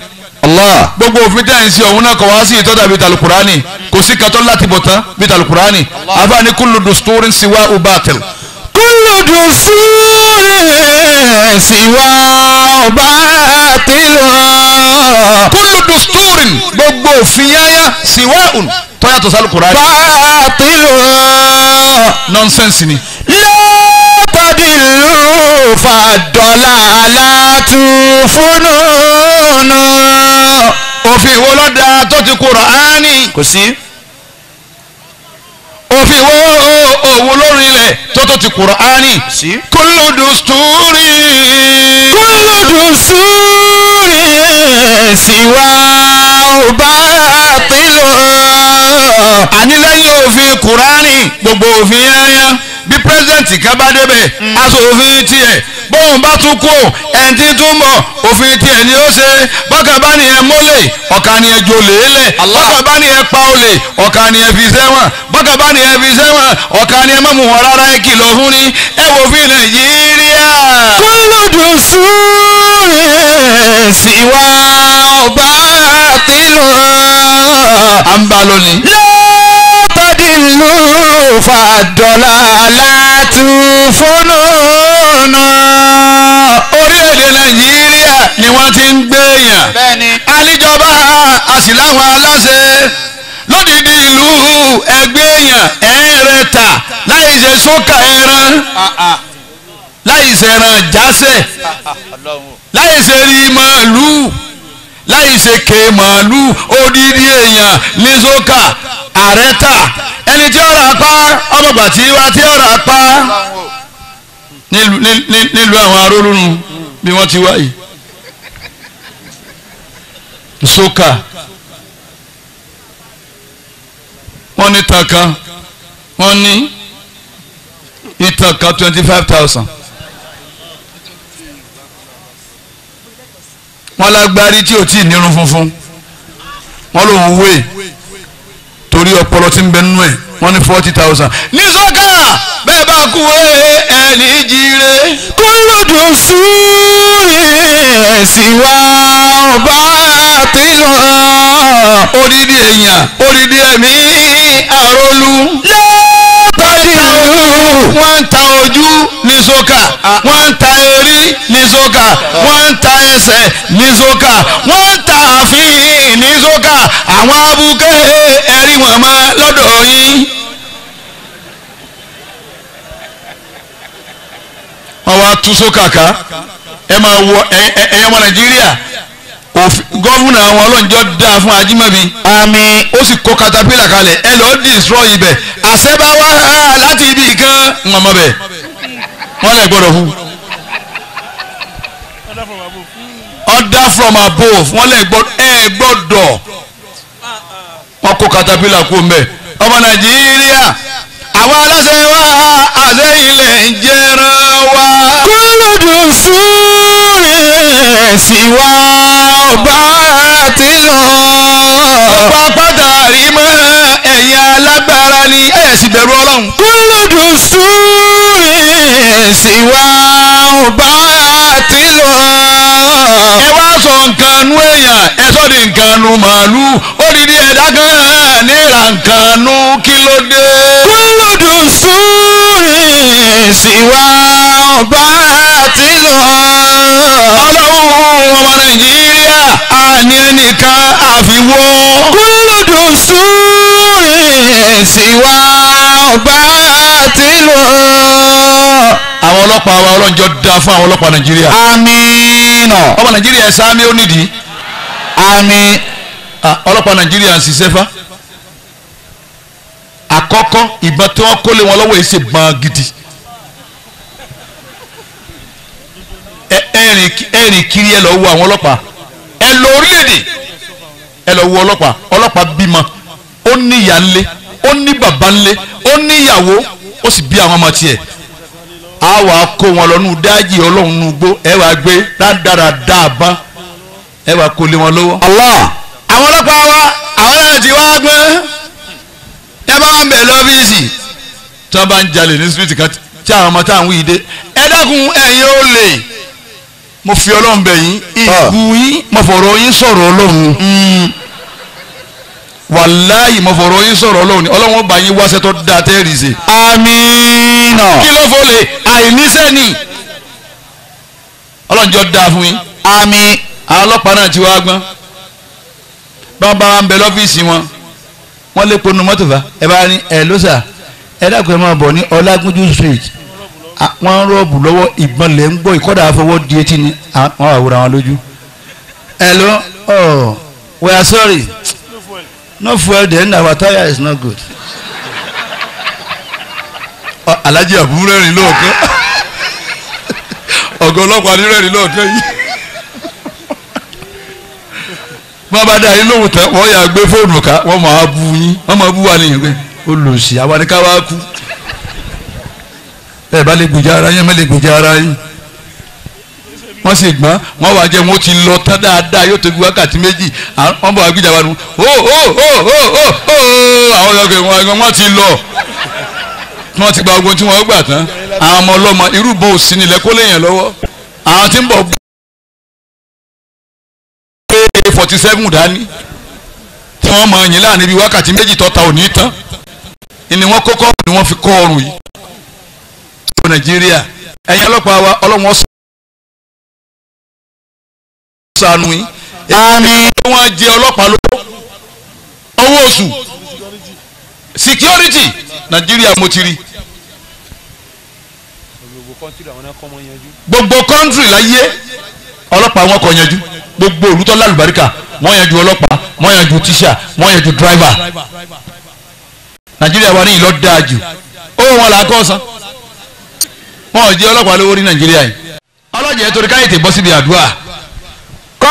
Allah. gbogbo òfin tẹ́ ń ṣe ọ̀hún náà kọ̀ wá sí ìtọ́jà bíi talukurani kò sí katọ́ láti bọ̀ tán bíi talukurani àbá ní kullu dusturin siwa u batil. kullu dusturin siwa u batil. kullu dusturin gbogbo òfin yáyá siwa un tọ́yàtọ̀ salukurani. batil. nọ́nsẹ̀nsì ni. lọ́ọ́ tàbí lọ́ọ́ fàdọ́là alátúfúnùnù. òfin wo ló dáa tó ti Kùránì. kò sí. òfin wo òwò lórí ilẹ̀ tó tó ti Kùránì. sí. kúlùdùsùtúrì. kúlùdùsùtúrì siwa ọba pílò. àní lẹ́yìn òfin kùránì gbogbo òfin yányán bí pírẹsidẹ̀ntì kan bá débẹ̀ hmm. aṣọ òfin tiẹ̀ bóun bá tún kú ẹni tún bọ̀ òfin tiẹ̀ ni ó ṣe bọ́kàn bá ní ẹ mólè ọ̀kà ni ẹ jò lélẹ̀ bọ́kàn bá ní ẹ pa olè ọ̀kà ni ẹ fi sẹ́wọ̀n bọ́kàn bá ní ẹ fi sẹ́wọ̀n ọ̀kà ni ẹ má wọn rárá ẹ kìlọ̀ fún ni ẹ wò fi Nàìjíríà. kúlùdùn sùn siwa ọba tìlù. à ń bá lónìí. lọ́tọ̀dì ìlú fàdọ́là látú fónú náà. orílẹ̀-èdè nàìjíríà ni wọ́n ti ń gbé yàn. bẹ́ẹ̀ni. aláṣẹ lódìdí ìlú ẹgbẹ́ ẹ̀ẹ́rẹ́ta láì ṣe sókà ẹran ah, ah. láì ṣẹ̀ràn jásẹ̀. Ah, láì ṣe rí màálù láì ṣe ké màálù odidi èèyàn lizoka àrẹ́tà ẹni tí ọ̀rọ̀ apá ọmọgbà tí wá tí ọ̀rọ̀ apá nílùú àwọn arólórun bí wọ́n ti wá yìí sókà wọ́n ní tàkà wọ́n ní ìtàkà twenty five thousand. wọ́n lágbárí tí ò tí ì nírun funfun wọ́n lòun wé torí ọpọlọ tí ń bẹ nínú ẹ̀ wọ́n ní forty thousand. ní sọ́kà bẹ́ẹ̀ bá kú ẹni jíire. kó lòdù sùn ìsìwà ọba tìlọ. odidi èèyàn odidi ẹ̀mí àrólú. yóò bádìrú. wọ́n ń ta ojú ní sókà ah. wọ́n ń ta orí ní sókà ah. wọ́n ń ta ẹsẹ̀ ní sókà wọ́n ń ta àfihàn ní sókà àwọn abúké ẹ̀rí wọn mọ́ lọ́dọ̀ yín. wọ́n wá tú sókà ká ẹ máa wọ ẹ̀yẹ́ ọmọ nàìjíríà gọ́fúnà àwọn ọlọ́njọ́ dáa fún ajímọ̀bí. àmín ó sì kó katapila kalẹ̀ ẹ lọ́ọ́ dìstrọ́ ibẹ̀ àṣebáwá láti ibì kan ń ọmọ bẹ̀ wọ́n lè gbọ́dọ̀ fún order from above wọ́n lè gbọ́dọ̀ wọ́n kó katapila kú mbẹ́ ọmọ nàìjíríà àwọn aláṣẹ wa àṣeyìn lè ń jẹran wa. kúlù dùn sùúrù síwá ọba àti lọ. pátá rí mọ́ ẹ̀yin alágbára ni ẹ̀ sì bẹ̀rù ọlọ́run. kúlùdù sùúrì sì wá ọba àti lọ. ẹ wá sọ nǹkan nu èèyàn ẹ sọ di nǹkan nu màálù odidi ẹ̀dá kan níra nǹkan nu kí ló dé. kúlùdù sùúrì sì wá ọba àti lọ. ọlọ́run ọmọ nàìjíríà àní ẹnìkan àfiwọ́. kúlùdù sùúrì siwa batilu. àwọn ọlọ́pàá wa ọlọ́njọ́ da fún àwọn ọlọ́pàá nàìjíríà. amiina. ọmọ nàìjíríà ẹ̀ sáámi ó nídìí. ami. ọlọ́pàá nàìjíríà ń ṣiṣẹ́ fá. àkọ́kọ́ ìbọn tí wọ́n kó lé wọn lọ́wọ́ yìí ṣe gbọ́n gidi. ẹ̀rìn kiri ẹ lọ wo àwọn ọlọ́pàá ẹ lọ orílẹ̀-èdè ẹ lọ ọlọ́pàá ọlọ́pàá bímọ ó ní ìyá ńlé ó ní bàbá ńlé ó ní ìyàwó ó sì bí àwọn ọmọ tiẹ̀ A wàá kó wọn lọ nù dájì ọlọ́run nù gbó ẹ wàá gbé dáadáa dáàbá ẹ wàá kó lé wọn Allah àwọn ọlọ́pàá wa àwọn náà ti wá gbọ́n ẹ bá wà bẹ̀ lọ́fíìsì tí wọ́n bá ń jalè ní kan tí àwọn ọmọ táwọn dé ẹ dákun ẹ̀yin mo fi ọlọ́run bẹ̀ yín ah. ìbú yín mo fọ̀rọ̀ yín sọ̀rọ̀ ọlọ́run. Hmm. wàláyì mo fọ̀rọ̀ yín sọ̀rọ̀ lónìí ọlọ́wọ́n bá yín wáṣẹ́ tó dáa tẹ́rì ṣe. amiina. kí ló fò lè àìníṣẹ́ ni ọlọ́njọ́ dáa fún yín. àmín. àwọn náà ti wá gbọ́n bàbá wa ń bẹ lọ́fíìsì wọn wọ́n lè ponu mọ́tò fa ẹ bá ní ẹ ló sà ẹ dàgbé máa bọ̀ ní ọlágúnjú street wọ́n rọ́ọ̀bù lọ́wọ́ ìbọn lẹ̀ ń gbọ́ ìkọ́dà àfọwọ́ no fuel then our tire is not good. alaji abu rẹ́rìn lóòótọ́ ọ̀gá ọlọ́pàá ní ni lóòótọ́ yìí wọ́n bá dá yín lóhùn tán wọ́n yà gbé fóònù ká wọ́n máa bu yín wọ́n máa bu wa nìyẹn pé olùsí àwa ni ká wá kú ẹ bá lè gbèjà ara yín ẹ má lè gbèjà ara wọ́n sì gbọ́n wọ́n wàá jẹ́ wọ́n ti lọ tán dáadáa yóò tóbi wákàtí méjì wọ́n bọ̀ agbíjà wa nu ó ó ó ó ó ó àwọn ọ̀gẹ̀ wọ́n ti lọ wọ́n ti gba ogun àwọn tí ń bọ̀ gbé forty seven dání tí wọ́n mọ ẹ̀yìn láàrin ibi wákàtí méjì tọ́ta ò ní tán ni wọ́n kókó ni wọ́n fi kọ́ ọrùn yìí. nàìjíríà ẹ̀yin ọlọ́pàá wa ọlọ́run ọ̀sán sànù yín. àmín. èyí wọ́n jẹ ọlọ́pàá lówó owó oṣù security nàìjíríà mo ti rí. gbogbo kọ́ńtìrì láyé ọlọ́pàá wọn kò yanjú gbogbo olùtọ́ lálùbáríkà wọ́n yanjú ọlọ́pàá wọ́n yanjú tíṣà wọ́n yanjú dráìvà nàìjíríà wa ní ìlọ dáa jù owó wọn là á kọ́ san wọn ò jẹ́ ọlọ́pàá lówó ní nàìjíríà yìí ọlọ́jà torí káyọ̀tì bọ́ síbi àdúrà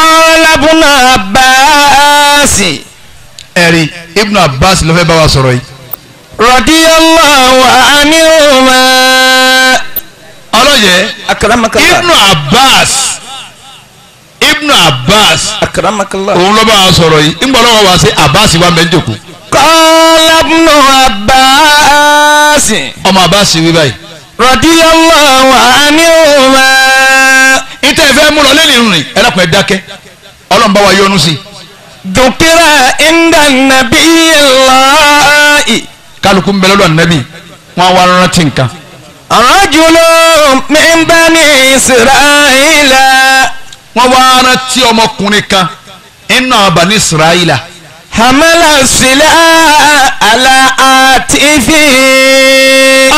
kọ́lá bùnà báàsì. ẹ̀rí ibùnà báàsì ló fẹ́ bá wa sọ̀rọ̀ yìí. radiyallahu anhuma. ọlọ́yẹ̀ ibùnà abbas ibùnà abbas òun ló bá wa sọ̀rọ̀ yìí ń gbọ́dọ̀ wá sí abbas wa mẹ́jọ̀kú. kọ́lá bùnà abbas. ọmọ abbas wí báyìí. radiyallahu anhuma ìtẹ́ ẹ̀fẹ́ mú lọ lẹ́nu rìn ẹlẹ́kùn ẹ̀ dákẹ́ ọlọ́run bá wa yọ́nú sí. dùkìrà ìndà nàbí láàyè. kálukú ń bẹ lọ́dọ̀ nàbí wọn wá rántí nǹkan. rajulun min bani isra'ila. wọ́n wá rántí ọmọkùnrin kan inna bani isra'ila. hamala sila ala atifi.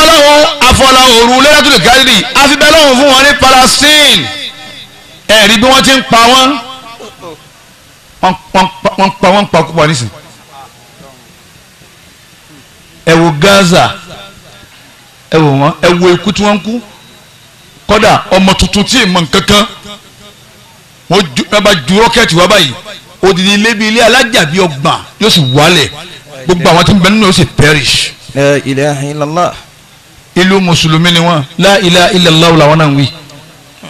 ọlọ́run afọlọ́run òru lẹ́yìn tó lè kárí ni àfi fún wọn ní palestine ẹ̀rí bí wọ́n ti ń pa wọ́n wọ́n pa wọ́n pa púpọ̀ nísìn ẹ wo Gaza ẹ wo wọn ẹ wo ikú tí wọ́n ń kú kódà ọmọ tuntun tí èèmọ̀ nkankan wọ́n bá ju rọ́kẹ́tì wá báyìí odidi ilé bíi ilé alájà bíi ọgbà yóò sì wálẹ̀ gbogbo àwọn tí ń bẹ nínú yóò sì perish. la ilaha illallah. ìlú mùsùlùmí ni wọn la ilaha illallah làwọn náà ń wí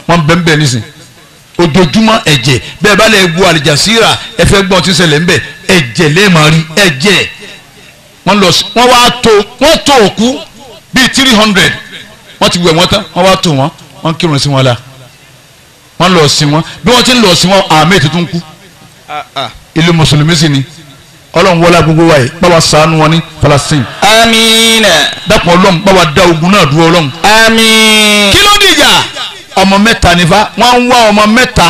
wọn bẹ́ẹ̀ bẹ́ẹ̀ nísìn ojoojúmọ́ ẹ̀jẹ̀ bẹ́ẹ̀ bá lè gbu àlìjàsíra ẹ fẹ́ gbọ́n ti ṣẹlẹ̀ ńbẹ ẹ̀jẹ̀ lẹ́ẹ̀mọ́rí ẹ̀jẹ̀ wọ́n lọ wọ́n wá tó wọ́n tó òkú bíi three hundred wọ́n ti wẹ̀ wọ́n tán wọ́n wá tó wọ́n wọ́n kírun sí wọn la wọ́n lọ sí wọn bí wọ́n ti lọ sí wọn àmì tuntun kú ìlú mùsùlùmí sì ni ọlọ́run wọlé gbogbo wa yìí bá wa wọn ní Palestine. amiina. dàpọ̀ ọlọ́run bá wa da ogun náà dúró ọlọ́run. amiina. kí ló dìjà ọmọ mẹ́ta nífa wọ́n ń wá ọmọ mẹ́ta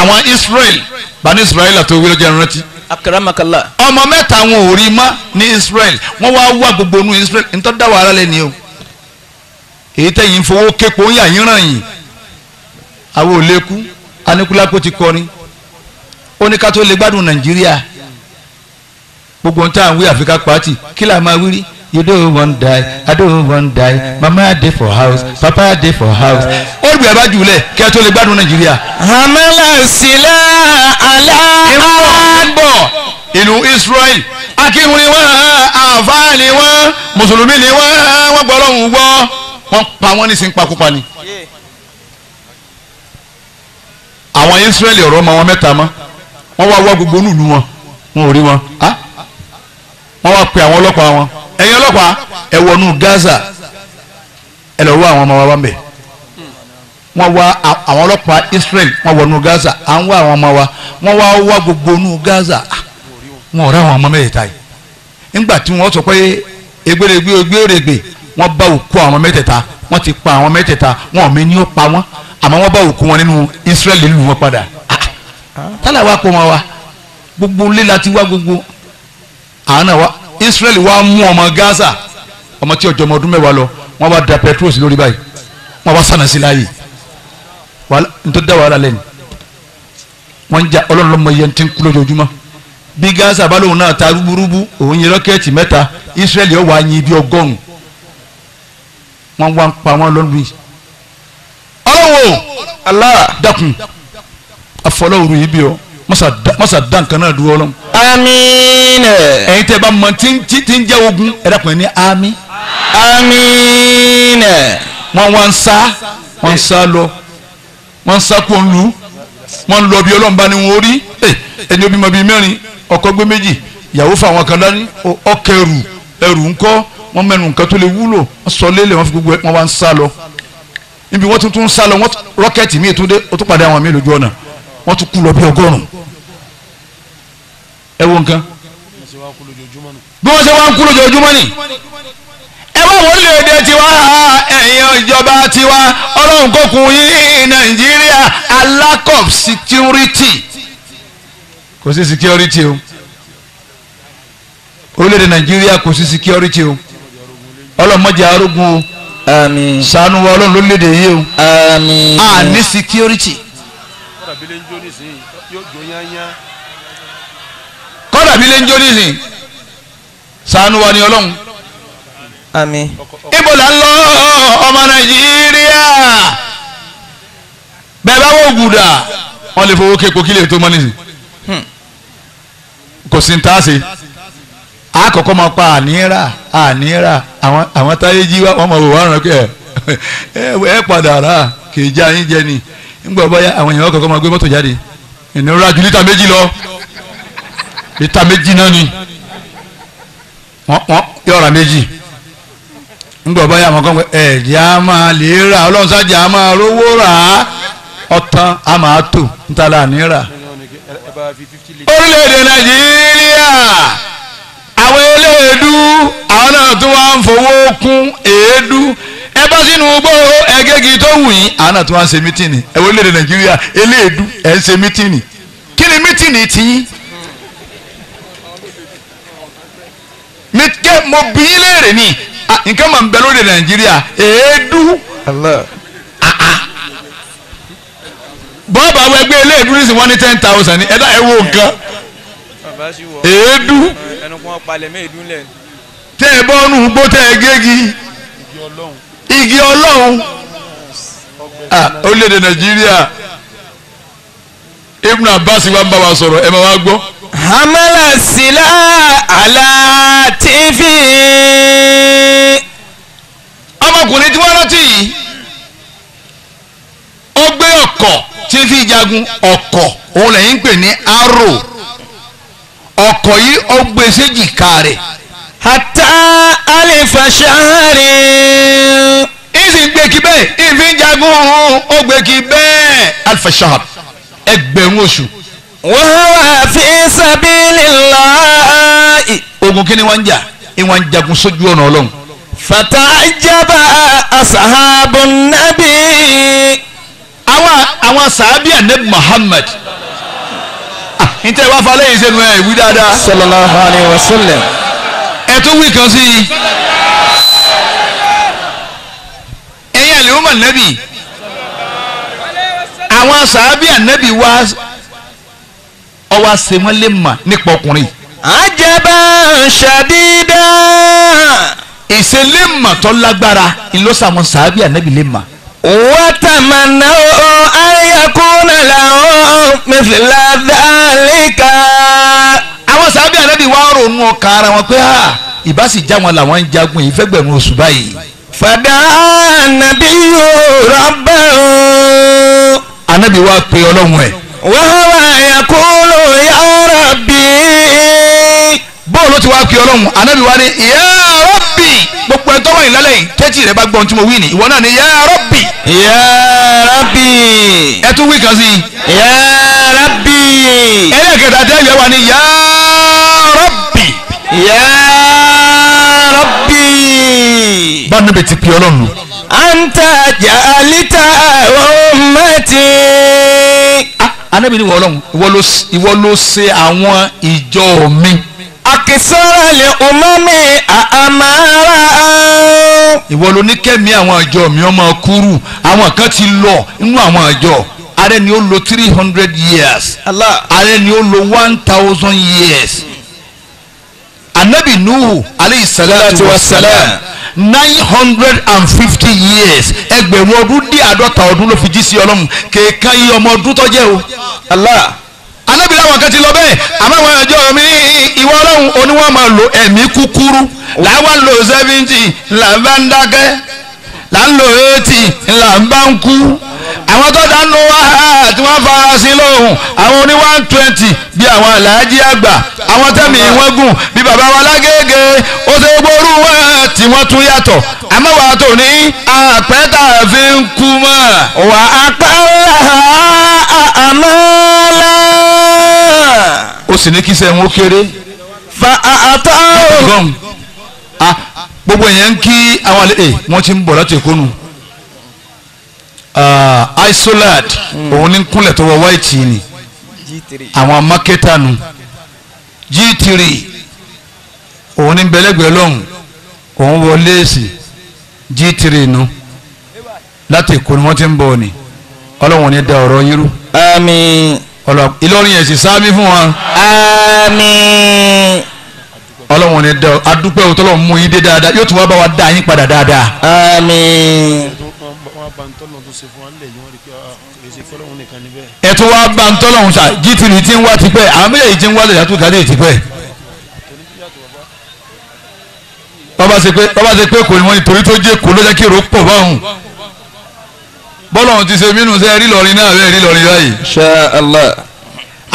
àwọn Israel bani Israel àti owó lọ́jọ́ ìrántí. akaramakala. ọmọ mẹ́ta wọn ò rí mọ́ ní Israel wọ́n wá wá gbogbo nu Israel ntọ́ da wàhálà lẹ́ni o èyí tẹ̀yìn fowó képo ń yà yín ràn yín àwọn ò lékú anikulapo ti kọrin ó Nàìjíríà gbogbo ń tà wí Áfíríkà pàtì kí là máa wí rí you don't want die i don't want die mama dey for house papa dey for house. ó gbé ẹ̀bá jùlẹ̀ kí ẹ tó lè gbádùn nàìjíríà. hamala sila ala. ìbọ̀ ìlú israel akínwó ni wọ́n àfáà ni wọ́n mùsùlùmí ni wọ́n wọ́n gbọ́ ọlọ́run gbọ́ wọ́n pa wọ́n ní sin pakúpa ni. àwọn israel ọ̀rọ̀ ma wọn mẹ́ta mọ́ wọ́n wá wá gbogbo onúlu wọn wọn ò rí wọn ah. wọ́n wá pe àwọn ọlọ́pàá wọn. ẹ̀yin ọlọ́pàá ẹ Gaza ẹ lọ wọ àwọn ọmọ wa wá Israel wọ́n Gaza à ń wá àwọn ọmọ wa wọ́n wá Gaza wọn ò àwọn ọmọ mẹ́tẹ̀ẹ̀ta yìí nígbà tí wọ́n sọ pé egbèrègbè egbèrègbè wọ́n bá òkú àwọn mẹ́tẹ̀ẹ̀ta ti pa àwọn mẹ́tẹ̀ẹ̀ta wọn ò mí ní ó pa Israel lù wọ́n padà tálà wa kọ́ wa gbogbo Israeli wá mú ọmọ Gaza ọmọ tí ọjọ́ ọmọ ọdún mẹ́wàá lọ wọ́n bá da petros lórí báyìí wọ́n bá sànà sí láàyè nítorí dá wàhálà lẹ́nu wọ́n ń ja ọlọ́run lọ́mọ iye tí ń kú lójoojúmọ́ bí Gaza bá lóun náà ta rúburúbu òun yin rọ́kẹ́ẹ̀tì mẹ́ta Israeli ọ̀ wá yin ibi ọgọ́rùn wọ́n wá ń pa wọ́n lọ́rùn yìí ọlọ́wọ́ Allah dákun afọlọ́wọ́rù yìí bí ọ́ masa dan kan náà dúró lọ́n. àmín. ẹ̀yin tẹ́ bá mọ tí tí ń jẹ́ ogun ẹ dàpọ̀ ní àmín. àmín. wọ́n wá ń sá wọ́n ń sá lọ wọ́n ń sá kó ń lu wọ́n ń lọ bí ọlọ́mba ni wọ́n rí eh, ẹni obi mọ̀ bíi mẹ́rin ọkọ gbé méjì ìyàwó fún àwọn kan dání ọkẹrù ẹrù ńkọ́ wọ́n mẹ́nu nǹkan tó lè wúlò wọ́n sọ lélẹ̀ wọ́n fi gbogbo wọ́n wá ń sá lọ níbi wọ́n tuntun ń sá lọ wọ́n rọ́kẹ́tì míì tún dé ó tún padà àwọn míì lójú ọ̀nà wọ́n tún kú lọ bí ọgọ́rùn-ún ẹ wo nǹkan bí wọ́n ṣe wá ń kú lójoojúmọ́ ni ẹ wá wọ́n lè dé tiwa ẹ̀yin ìjọba tiwa ọlọ́run kókun yín nàìjíríà a lack of security kò sí security o orílẹ̀-èdè nàìjíríà kò sí security o ọlọ́mọdé arógun o sanu ṣàánú wa ọlọ́run lórílẹ̀-èdè yìí o àmín a ní security àbí lé ń jó nísìn ṣàánú wa ni ọlọ́run. àmín. ibo là ń lọ ọmọ nàìjíríà bẹ́ẹ̀ bá wò gùdà wọ́n lè fowó kéko kílè tó mọ́ nísìn hmm. kò sí ta ṣe àkọ́kọ́ máa pa àníra àníra àwọn táyé jí wọ́n máa wò wá ràn kẹ́ ẹ padà rà kì já yín jẹ ni ńgbọ́ bọ́yá àwọn èèyàn kọ̀ọ̀kan máa gbé mọ́tò jáde ìnira ju lítà méjì lọ lítà méjì náà ni wọ́n yọ̀ọ̀rà méjì nígbà ọba yà wọn kọ́ máa lè rà ọlọ́run sájà á máa rówó rà á ọ̀tán á máa tò ní rà. orílẹ̀-èdè nàìjíríà àwọn eléèdú àwọn náà tó wá ń fowó kún èédú ẹ bá sínú ẹgẹ́gi tó wù yín àwọn náà tó wá ń ṣe mítìnì èdè mi mo ni nǹkan ma ń bẹ lóde nigeria èédú. bọ́ọ̀bù àwọn ẹgbẹ́ eléèdú ní sìn wọ́n ní ten thousand ẹ̀dá ẹ̀ nǹkan èédú. tẹ́ ẹ bọ́ọ̀nù ẹ gégi igi ọlọ́run ah, orílẹ̀-èdè nàìjíríà ibùdó abasi wa ń bá wa sọ̀rọ̀ ẹ̀ máa wá gbọ́. hamala sila ala ọkùnrin tí wọ́n rántí yìí ó gbé ọ̀kọ̀ tí fi jagun ọ̀kọ̀ òun lẹ́yìn ń pè ní arò ọ̀kọ̀ yìí ó gbé séjìká rẹ̀. ata alifa sahari. ìsì ń gbé kí bẹ́ẹ̀ ìfi ń jagun ó gbé kí bẹ́ẹ̀ alifa sahari ẹgbẹ̀rún oṣù. wọ́n wà fi sabilillahi. ogun kí ni wọ́n ń jà ìwọ̀n jagun sójú ọ̀nà ọlọ́run fàtàjàbà asahabu nabi. àwọn àwọn sàábì ànábì Muhammad ah, n tẹ́ wá falẹ̀ yìí sẹ́nu ẹ̀ wí dáadáa. sallallahu alayhi wa sallam. ẹ tún wí kan sí i. ẹ̀yin àlèhùnmọ̀ nẹ́bì àwọn sàábì ànábì wá ọwọ́ àṣemọ́lé mà nípa ọkùnrin. àjẹbà ṣàdídà ìṣelémà tó lágbára ìlọsàmọ sàábì ànábì lémà. wàtàmánà ó ayakúnà làwọn mẹsìlá dálíkà. àwọn sàábì ànábì wá ronú ọkàn ara wọn pé ìbá sì já wọn làwọn ń jagun yìí fẹgbẹ̀rún oṣù báyìí. fàdà ànábì yóò rọ́bà o. ànábì wa pe ọlọ́run ẹ̀. wàhálà yakúlò yàrá bíi. bóòlù ti wá pe ọlọ́run ànábì wa ni ìyá ọ̀rọ̀ rọ́bì gbogbo ẹni tọ́wọ́ yìí lálẹ́ yìí tẹ́tì rẹ bá gbọ́n tí mo wí ni ìwọ náà ni yá rọ́bì. yá rọ́bì. ẹ tún wí kan sí i. yá rọ́bì. ẹlẹ́kẹ̀ta tẹ́ ìyẹn wà ní yá rọ́bì. yá rọ́bì. bá níbi ti pè ọlọ́run. anta jàlítà ummati. anábìrin ah, ìwọ ọlọ́run ìwọ ló ṣe àwọn ìjọ mi akisara le umami amara. ìwọ ló ní kẹ́mi àwọn àjọ mi ọmọ kúrú àwọn kan ti lọ inú àwọn àjọ ààrẹ ni ó lò three hundred years ààrẹ ni ó lò one thousand years anabi nuhu aleyhi salatu wa salam nine hundred and fifty years ẹgbẹ̀rún ọdún dín àádọ́ta ọdún ló fi jí sí ọlọ́run kèékan iye ọmọ ọdún tó jẹ́ o. Allah anábì làwọn kan ti lọ bẹ́ẹ̀ àmọ́ àwọn mi ìwọ ọlọ́run oníwọ̀n máa lo ẹ̀mí kúkúrú làwọn lo seventy là ń bá ń dákẹ́ là ń lo eighty là ń bá ń kú àwọn tó dánú wá ah, tí wọ́n fara sí lóhùn àwọn oní one twenty bí àwọn aláàjì àgbà àwọn tẹ́mi wọn gùn bí bàbá wa lágége ó ṣe gbóòórùn wọn tí wọ́n tún yàtọ̀ àmọ́ wàá tò ní àpẹ́tà fi ń kú mọ́. wà á pẹ́ àmọ́ lá. ó sì ní kí sẹ́yìn ó kéré. fa àtọ́. Ah, gbogbo èèyàn ń kí àwọn àlejò eh, wọ́n ti ń bọ̀ láti èkó Uh, isolad hmm. òun ní kúnlẹ̀ tó wọ white ni àwọn marketer nu g3 òun ní bẹ̀lẹ́gbẹ̀ẹ́ lọ́hùn òun wọ léèsì g3 nu láti èkó ni wọ́n ti ń bọ̀ ni ọlọ́run ní da ọ̀rọ̀ yín rú. àmín. ìlọrin yẹn sì sáámi fún wa. àmín. ọlọ́run ní da adúpẹ́ òtọ́lọ́run mú yín dé dáadáa yóò tún wá bá wa dá yín padà dáadáa. àmín wọ́n bá ń tọ́lọ̀ tó ṣe fún wa lẹ̀ yìí wọ́n rí pé èsì ah, fọlọ́hún nìkan níbẹ̀. ẹ tún wá bá ń tọ́lọ̀hún sa jítìrì tí ń wá tipẹ́ àwọn méjèèjì tí ń wá lẹ̀yà tó kálẹ̀ ti bàbá ṣe pé kò ní wọ́n ní torí tó jẹ́ kó ló jẹ́ kí ro pọ̀ báwọn. bọ́lọ̀hún ti ṣe mínú sẹ́ rí lọ́rin náà bẹ́ẹ̀ rí lọ́rin báyìí. Insha Allah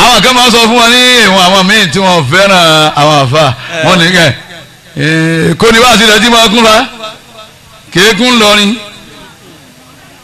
àwọn kan máa ń sọ fún wọn ní ìwọ̀n àwọn míì tí wọ́n fẹ́ràn àwọn àfa wọn nìkan eh, kò ní wá sí ilẹ̀ tí wọ́n kún fa kéékún lọ́rin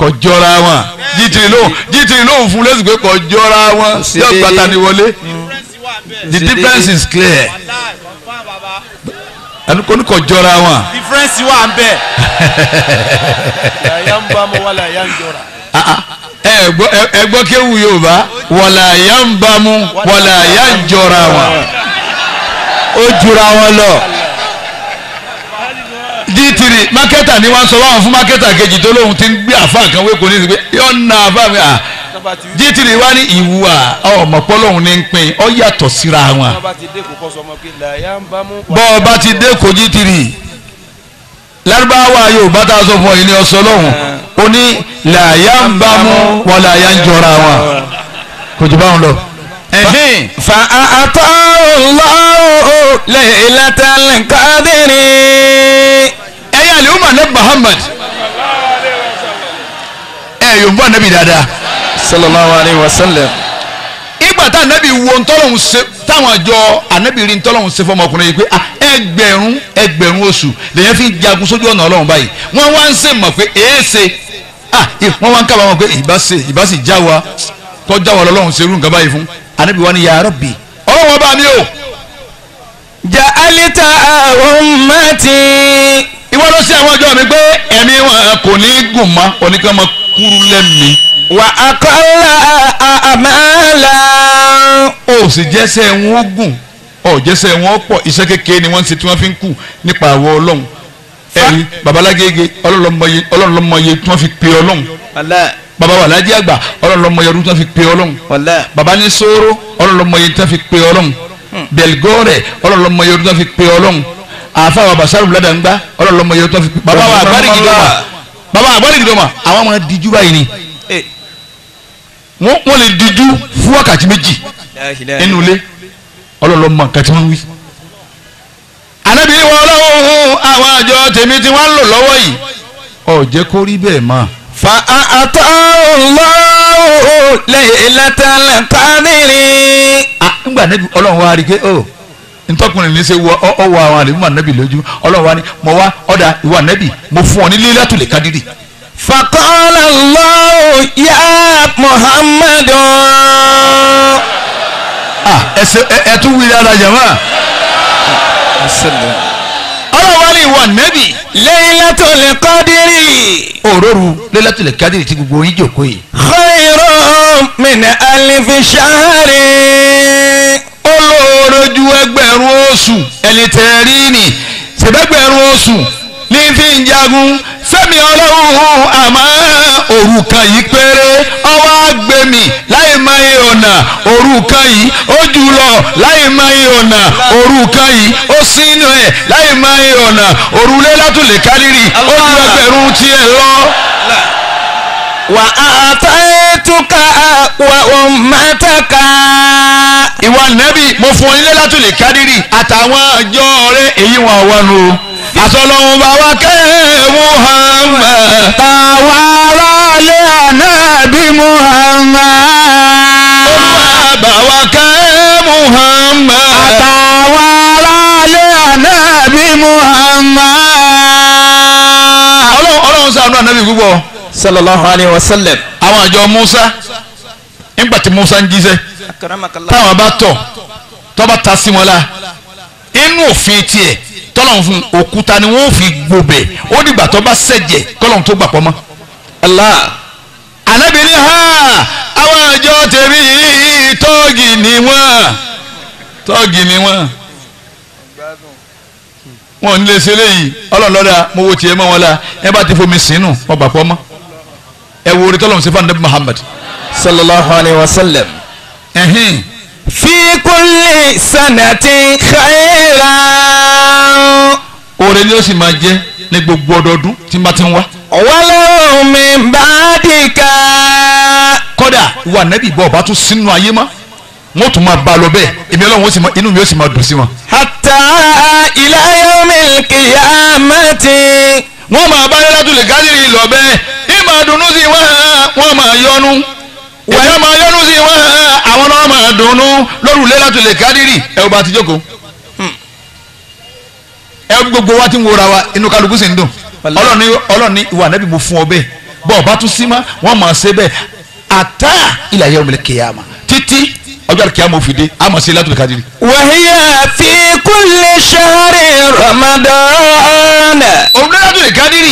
kò jọra wọn jítìrì lóhùn jítìrì lóhùn fún lẹ́sìn pé kò jọra wọn yóò gbàtà ní wọlé mm. the difference is clear àdúgbò ní kò jọra wọn. difference wà ń bẹ. yàyà ń bá mu wàlà yà ah, ah. kéwù yorùbá wàlà yà ń bá mu wàlà yà ń jọra wọn. ó jura wọn lọ tìrì mákẹ́tà ni wọ́n sọ wọ́n fún mákẹ́tà kejì tó lóhun ti ń gbé àfa nǹkan wéko ní ìsìnkú yóò na àfa mi à jítìrì wá ní ìwúwa ọmọpọ lòun ní ń pín ọ yàtọ̀ síra wọn. bọ́ ọ bá ti dé jítìrì lárúbáwá yorùbá tá a sọ fún ọ yìí ni ọsọ lọ́hùn ó ní làyà ń bá mú wọn làyà ń jọra wọn kò jù báwọn lọ. fa àtọ́ ọ̀la ò lè lẹ́tà lẹ́kàdìrín àlèhùn àná Muhammad ẹ eh, yorùbá ànábì dáadáa sallallahu alayhi wa sallam ìgbà tá ànábì wo ntọ́lọ́hún se. táwọn àjọ ànábì rí ntọ́lọ́hún se fọmọkùnrin yìí pé ah, ẹgbẹ̀rún ẹgbẹ̀rún oṣù lèyẹn fi jagun sójú ọ̀nà ọlọ́run báyìí wọ́n wá ń ṣe mọ̀ pé èé ṣe ah, wọ́n wá ń kábàámọ̀ pé ìbá ṣe ìbá sì já wa tó já nǹkan báyìí fún ànábì wa ni ya Rabbi ọlọ́run ọba mi o. jà á lítà àwọn mọ́tì ìwọ ló sí àwọn ọjọ́ mi pé ẹ̀mí wọn kò ní gùn mọ́ oníkan mọ́ kúrú lẹ́mìí. wà á kọ́ la àmàlà. ó sì jẹ́sẹ̀ wọn gùn ó jẹ́sẹ̀ wọn pọ̀ iṣẹ́ kékeré ni wọ́n ń ṣe tí wọ́n fi ń kú nípa àwọ̀ ọlọ́run ẹ̀rí babalágége ọlọ́run lọ́mọye tí wọ́n fi pe ọlọ́run baba wàlájì àgbà ọlọ́run lọ́mọye tí wọ́n fi pe ọlọ́run baba ní sóró ọlọ́run lọ́mọye tí wọ́n fi pe ọlọ́run hmm. belgore ọlọ́run lọ́mọye tí wọ́n fi pe ọlọ́run àfa wa basaru bulada ńgbá ọlọlọmọ yẹn tó fi. bàbá wa agbárí gidi ma bàbá agbárí gidi ma àwọn máa dijú báyìí ni eh. wọ́n lè dijú fún wákàtí méjì nínú ilé ọlọlọmọ kàtí wọn wí. ànábì wọn ọlọ́run àwọn àjọ tèmi tí wọ́n ń lò lọ́wọ́ yìí ó jẹ́ kó rí bẹ́ẹ̀ máa fa àtàlọ́ọ̀ lẹ́yìn lẹ́tẹ̀lẹ̀ tánìrì. nígbà níbi ọlọ́run wa rí i pé ó. Oh, ntọ́kùnrin ní ṣe ọwọ́ àwọn àlèmọ́ ànábì lójú ọlọ́run wa ni mo wá ọ̀dà ìwà ànábì mo fún ọ ní Laylatul Qadri. faqala Allahu ya Muhammadu. ẹ tún wí dára jama. ọlọ́run wa ni ìwà ànábì. Laylatul Qadri. òróru Laylatul Qadri ti gbogbo yín jòkó yìí. khairun min alfi shahri lóore ju ẹgbẹ̀rún oṣù ẹni tẹ̀ rí ni ṣèbẹ́gbẹ̀rún oṣù ní fi ń jagun fẹ́mi ọlọ́run àmọ́ òrùka yìí péré ọwọ́ àgbẹ̀mí láì máa yẹ ọ̀nà òrùka yìí ó jùlọ láì máa yẹ ọ̀nà òrùka yìí ó sínú ẹ̀ láì máa yẹ ọ̀nà òrùlé látòlẹ̀ kárìrì ó ju ẹgbẹ̀rún tiẹ̀ lọ. wà á tẹ́ tuka wà ó má tẹ́ ká ìwà nẹ́bí mo fún ilé látòlè kádìrì àtàwọn ọjọ́ rẹ èyí wọn ò wọnú o. àtọ̀lọ́hún bá wa kẹ́ Muhammad. tàwa aráalé ànábì Muhammad. olúwa bá wa kẹ́ Muhammad. àtàwa aráalé ànábì Muhammad. ọlọ́run ọlọ́run ṣàánú ànábì púpọ̀. sallallahu alayhi wa sallam. àwọn àjọ Musa nígbà tí Musa ń jíṣẹ́ táwọn bá tọ̀ tọ́ba ta sí wọn la inú òfin tiẹ̀ tọ́lọ́run fún òkúta ni wọ́n fi gbòbẹ̀ ó dìgbà tó bá sẹ̀jẹ̀ kọ́lọ́run tó gbà pọ̀ mọ́. Allah ha àwọn àjọ tèmi yìí ni wọ́n tọ́ọ̀gì ni wọ́n wọn ní lè ṣe léyìí mo wo tiẹ̀ mọ́ wọn la ẹ bá ti fomi sínú wọn gbà pọ̀ ẹ wo orí tọ́lọ́run sí fún anabi Muhammad sallallahu alayhi wa sallam fi kulli sanatin khairan. oore ni ó sì máa jẹ́ ní gbogbo ọdọọdún tí n bá ti ń wá. wọ́lọ́ mi bá dì ká. kódà ìwà nẹ́bí bọ̀ bá tún sínú ayé mọ́ wọ́n tún máa ba lọ bẹ́ẹ̀ èmi ọlọ́run inú mi ó sì máa dùn sí wọn. hatta ila yawmil qiyamati. wọ́n máa bá Laylatul Qadri lọ bẹ́ẹ̀ ìmọ̀ àdùnnú sí wọn wọ́n máa yọnu ìyá máa yọnu sí wọn àwọn náà máa dùnnú lórí Lailatul Qadr ẹ̀ ọba àti jókòó hmm. ẹ gbogbo wa ti ń wora wa inú kálukú sì ń dùn ọlọ́ọ̀ni ọlọ́ọ̀ni ìwà nẹ́bí mo fún ọ bẹ́ẹ̀ bọ́ ọba tún sí ma wọ́n máa ṣe bẹ́ẹ̀ àtà ilà yẹ ọmọlẹ kìyàmà títí ọjọ́ kìyàmà ò fi dé a máa ṣe Lailatul Qadr. wàhíyà fi kulli shahri Ramadan. òun Lailatul Qadr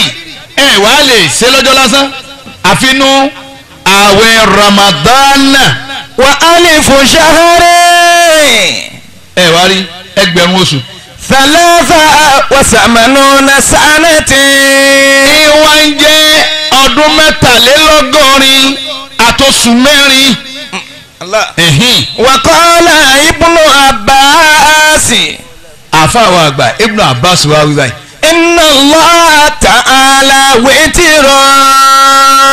ẹ wàá lè ṣe lọ́jọ́ lásán àfinú àwẹ̀ Ramadan wà á lè fò ṣahárẹ̀. ẹ wá rí ẹgbẹ̀rún oṣù. thalatha wasamanuna sanati. ìwà ń jẹ́ ọdún mẹ́tàlélọ́gọ́rin àtọ́sù mẹ́rin. wàkọ́lá ibnu abbas. àfa wa àgbà ibnu abbas wa wí báyìí. inna Allah ta'ala wẹ́tìrọ̀.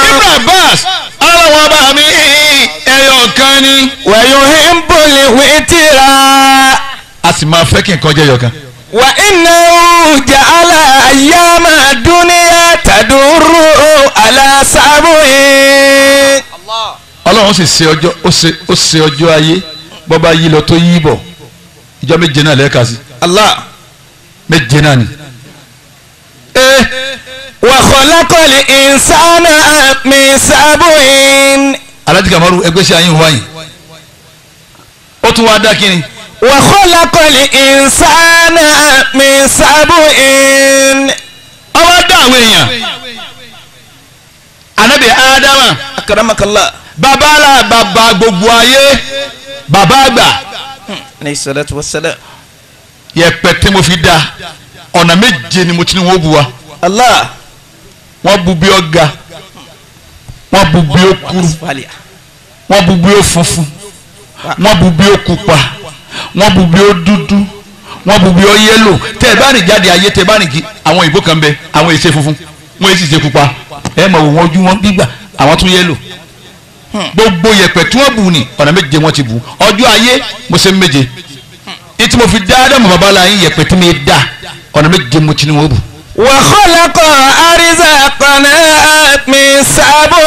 ibnu abbas ọlọ́wọ́ bá mi kan ni. wẹ̀yọ̀ himbole wetira. a sì máa fẹ́ kí nǹkan jẹ́ yọkan. wà iná ojà àlà àyàmà dúníyà tàdúró aláṣàbò ẹ̀. ọlọ́run sì ṣe ọjọ́ ó ṣe ayé bọ́ba yí lọ tó yí bọ̀ ìjọ méje náà lẹ́ẹ̀ka sí. Allah méje náà ni. wàhálà kọ́lé ìsánà mi sábò ẹ̀ alájí kamaru ẹgbẹ́ sí ayé wáyé ó tún wáá dá kínni. wa khalaqal insana min sab'in. ọwọ́ dá àwọn èèyàn anabi adama akaramakallah babala baba gbogbo ayé baba àgbà. Hmm, alayhi salatu yẹpẹ tí mo fi da ọ̀nà méje ni mo ti ní wọ́n bu wa. Allah wọ́n bu bí ọ̀gá wọ́n bu bí ó kúrú wọ́n bu bí ó funfun wọ́n bu bí ó pupa wọ́n bu bí ó dúdú wọ́n bu bí ó yẹ́lò tẹ́ ẹ bá rìn jáde ayé tẹ́ ẹ bá rìn kí àwọn ìbò kan bẹ àwọn èsè funfun wọ́n èsì ṣe pupa ẹ mọ̀ wò ojú wọn gbígbà àwọn tún yẹ́lò gbogbo yẹ̀pẹ̀ tí wọ́n bù ní ọ̀nà méje wọ́n ti bù ọjọ́ ayé mo ṣe méje ní tí mo fi dáadáa mọ̀ bàbá la yín yẹ̀pẹ̀ tí mi dá ọ̀nà méje mo ti ní wọ́n bù. وخلق أرزاقنا من سبع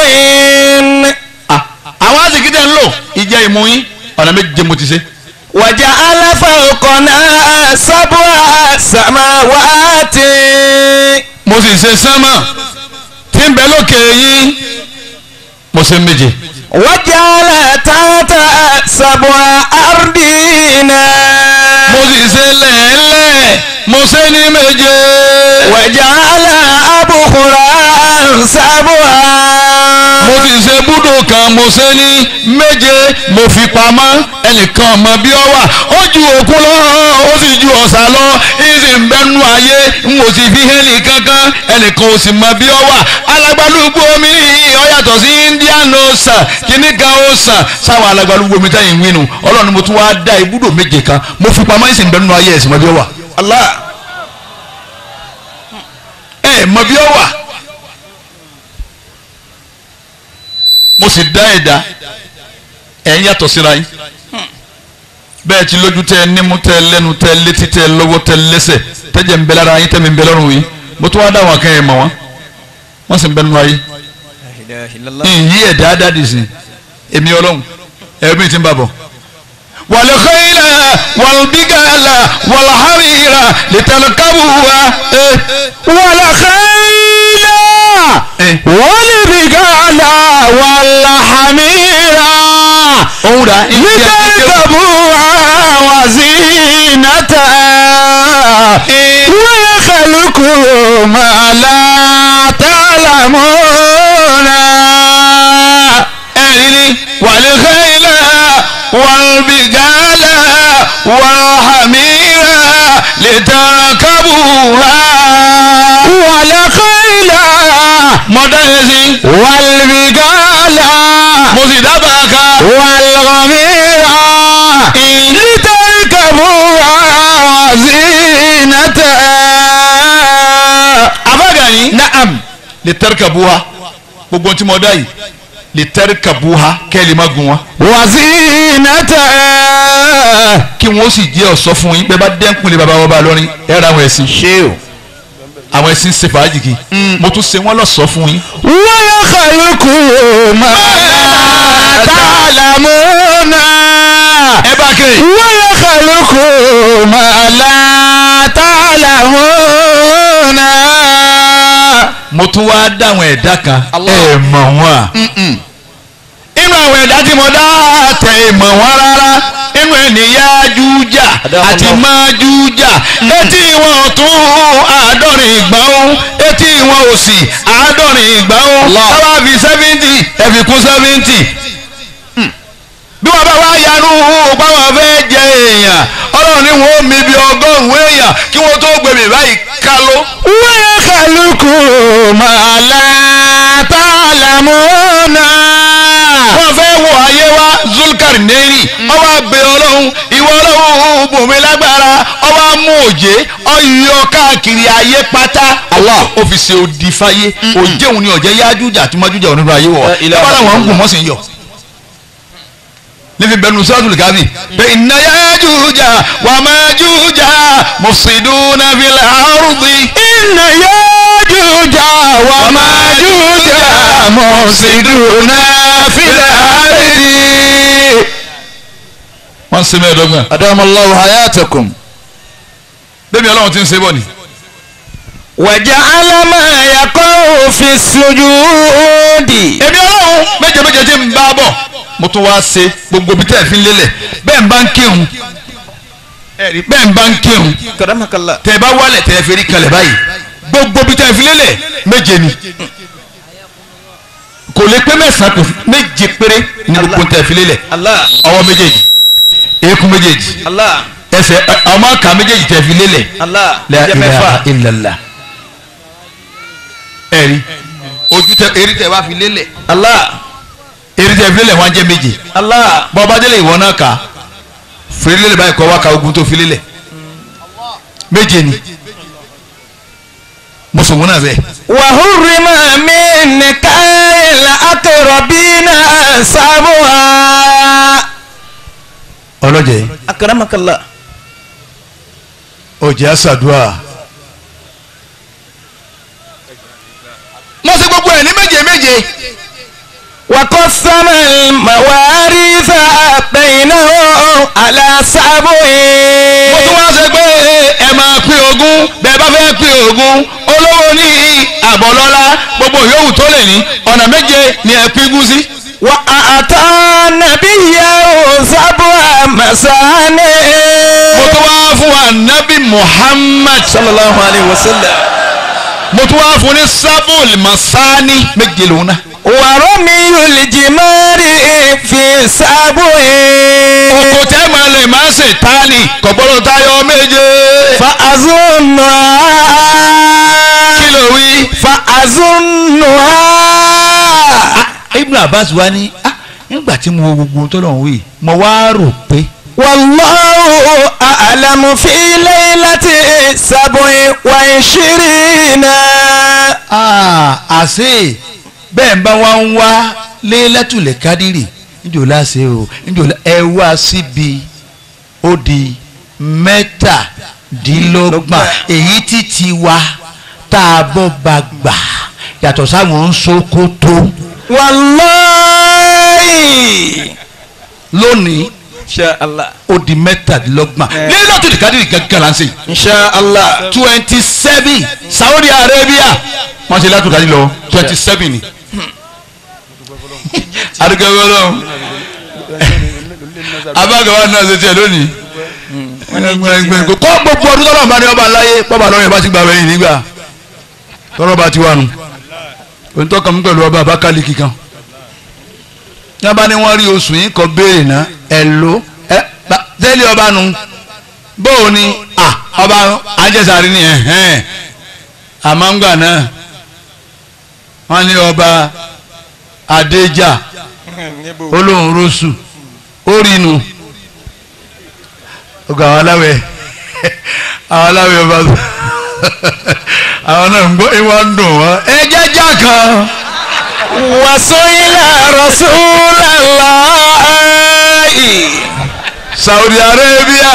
ah, àwọn àsìkí tẹ̀ ń lò ìjẹ́ ìmú yín ọ̀nà méje mo ti ṣe. wàjà aláfa ọkọ̀ náà sábà sàmáwáàtì. mo sì ṣe sánmà tí ń bẹ lókè yín mo ṣe méje. wàjà aláta sábà àrùdínà. mo sì ṣe lẹ́ẹ̀lẹ́ẹ̀. Mose ni meje méje. wẹ̀jálà abukura sábúà. mo fi ṣe búdò kan mo ṣe ní méje mo fi pamọ́ ẹnìkan mọ bí ọ wà ó ju òkun lọ ó sì ju ọ̀sà lọ ìsì ń bẹnu ayé n ò sì fi hẹ́nì kankan ẹnìkan ò sì mọ bí ọ wà alágbálúgbó omi ọ yàtọ̀ sí Indian Ocean kìíní kan Ocean sáwọn alágbálúgbó omi tẹ̀yìn wínú ọlọ́run mo tún wá dá ibùdó méje kan mo fi pamọ́ ìsì ń bẹnu ayé ẹ̀sìn mọ bí ọ wà. Allah ẹ mọ bí ọ wà mo sì dá ẹ̀dá ẹ̀ ń yàtọ̀ síra yín bẹ́ẹ̀ ti lójú tẹ nímú tẹ lẹ́nu tẹ létí tẹ lọ́wọ́ tẹ lẹ́sẹ̀ tẹ́jẹ̀ ń bẹ lára yín tẹ́mi ń bẹ lọ́rùn yín mo tún wá dá àwọn akẹ́yìn mọ̀ wọ́n wọ́n sì ń bẹ nínú ayé ìyí ẹ̀dá dáàdì sí èmi ọlọ́run ẹ̀mí ti ń bà bọ̀ wàlẹ̀ kọ́ ilẹ̀ والبقالة والحريرة لتركبوها ولا والخيل إيه والبقال والحمير لتركبوها وزينة إيه ما لا تعلمون أهلي والخيل والبقالة وحميرا لتركبوها ولخيلا مدلزي والبقالا مزدبكا والغميرا لتركبوها زينة أبغاني نعم لتركبوها gbogbo tí mo dá yìí lè tẹ́rì kàbúhá kẹ́lì má gun wa. wàzíì zinata kí wọ́n sì jẹ́ ọ̀ṣọ́ fún yín bẹ́ẹ̀ bá dẹ́kun lè bàbá wọn bá lọ́rin ẹ̀ ra àwọn ẹ̀sìn. ṣé o àwọn ẹ̀sìn ṣe fàájì kì í mm. mo tún ṣe wọ́n lọ́ṣọ̀ọ́ fún yín. wọ́n yọ kàlùkù màá tààlàmú náà. ẹ bá kiri. wọ́n yọ kàlùkù màá tààlàmú náà. mo tún wá dáwọn ẹ̀dá kan ẹ̀ mọ̀ wọ́n nínú àwọn ẹ̀dá tí mo dá tẹ̀ ìmọ̀ wọn rárá nínú ẹ̀ ní Yájújà àti Májújà mm-hmm. etí wọn ọ̀tún àádọ́rin ìgbà ohun etí wọn òsì àádọ́rin ìgbà ohun táwa fi sẹ́fíntì ẹ̀fì kún sẹ́fíntì hmm. bí wọn bá wá yanú báwọn fẹ́ jẹ èèyàn ọlọ́run ni wọn ò mi bí ọgọ́rùn-ún èèyàn kí wọ́n tó gbèmí báyìí kálọ́. wọ́n kàlùkù màlá tààlà mọ́nà wọ́n fẹ́ wọ ayé wa zulkarnaini hmm. ọba bẹ ọlọ́run ìwọ ọlọ́run bùnmi lágbára ọba mú òjé ọyọ káàkiri ayé pátá Allah òfìsè òdì fáyé hmm. òjé òun ni ọ̀jẹ̀ yájújà tí májújà onírú ayé wọ̀ ẹ bá làwọn ń gùn mọ́sìn yọ nífi bẹnu sọ́dún kábì. bẹ́ẹ̀ iná yájújà wàmájújà mufsiduna fil ardi iná yóò jújà wà máa jújà mọ̀ sí dùnà fílẹ̀ àrídì. wọ́n sin mẹ́ẹ̀ẹ́dọ́gbọ̀n. adamallahu hayatakum. bébí ọlọ́run ti ń ṣe bọ̀ ni. waja'ala ma yaqa'u fi sujudi. èmi ọlọ́run méje méje tí ń bá bọ̀ mo tún wá ṣe gbogbo bí tẹ́ẹ̀ fi lélẹ̀ bẹ́ẹ̀ ń bá ń kírun ẹ̀rí bẹ́ẹ̀ ń bá ń kírun tẹ̀ bá wálẹ̀ tẹ̀ fẹ́rí kalẹ̀ báyìí gbogbo bí tẹ̀ fi lélẹ̀ méje ni kò lè pé mẹ́sàn-án tó méje péré ní gbogbo tẹ̀ fi lélẹ̀ ọwọ́ méjèèjì eékún méjèèjì ẹsẹ̀ ọmọ àkà méjèèjì tẹ̀ fi lélẹ̀ la ẹ̀rí ojú tẹ eré tẹ wá fi lélẹ̀ eré tẹ fi lélẹ̀ wọn jẹ́ méje bọ́ọ̀ bá délé ìwọ náà kà á fililẹ báyìí kọ wá ka ogun tó fililẹ méje ni mùsùlùmí náà fẹ. wàhùrì máa mi nìkan ìlà àkèrọ̀bí náà sábúà. ọlọ́jẹ̀. akaramakala. ọjà sàdúà. mo ṣe gbogbo ẹ̀ ní méje méje. وقسم المواريث بينهم على سبع. mo tún wá ṣe pé ẹ máa pín ogún bẹ́ẹ̀ bá fẹ́ pín ogún olówó ní àbọ̀lọ́lá gbogbo yòówù tó lè ní ọ̀nà méje ni ẹ pín gún sí. wà á ta nàbíyàwó sábúà màsáné. mo tún wá fún wa nabi Muhammad sallallahu alayhi wa sallam mo tún wá fún ní sábúà màsáné méje lòun náà. wàrọ̀ mi olùjìmọ́rì fi sábò ẹ̀. òkò tẹ́ máa lè má ṣe tálì kọ̀gbọ́dọ̀ táyọ̀ méje. fa azúnù á. kí ló wí. fa azúnù á. Ah, Ibn Abbas wa ni ah, nígbà tí mo gbogbo tó lọ́n wí mo wá rò pé. Wallahu a'lamu fi laylati sab'i wa ishirina. Ah, àṣé. Ah, bẹ́ẹ̀ bá wá ń wá lélẹ́tùlẹ̀ kádìrì níjò láṣẹ o níjò ẹ wá síbi ó di mẹ́tàdínlọ́gbọ̀n èyí tí ti wá tá a bọ́ bá gbà yàtọ̀ sáwọn ń sokoto. wàláyé lónìí inshallah ó di mẹ́tàdínlọ́gbọ̀n eh. lílọ tó di kádìrì gángan la ń ṣe. twenty seven Saudi Arabia wọ́n ṣe látò kádìrì lọ twenty seven ni. adúgbò ọlọ́run abáàgbà náà ṣe tiẹ̀ lónìí kọ́ gbogbo ọdún tọ́lọ́mù bá ní ọba láyé pọ́bà lọ́rùn yẹn bá ti gbà wẹ̀yìn nígbà tọ́rọ̀ bá ti wà nù mú pẹ̀lú ọba wọ́n rí oṣù yìí kọ béèrè náà ló tẹ́lẹ̀ ọba bóò ọba ajẹ́sàrí ni àmọ́ ń gbà náà wọ́n ọba. adéjà olóhùn rọ́ṣù orinu ogun àwọn aláwẹ̀ àwọn aláwẹ̀ ọba àwọn náà ń gbọ́ ìwà ń dùn wọ́n ẹ jẹ́jà kan. wàásù ilà rọ̀ṣù làlá ẹ̀. Saudi Arabia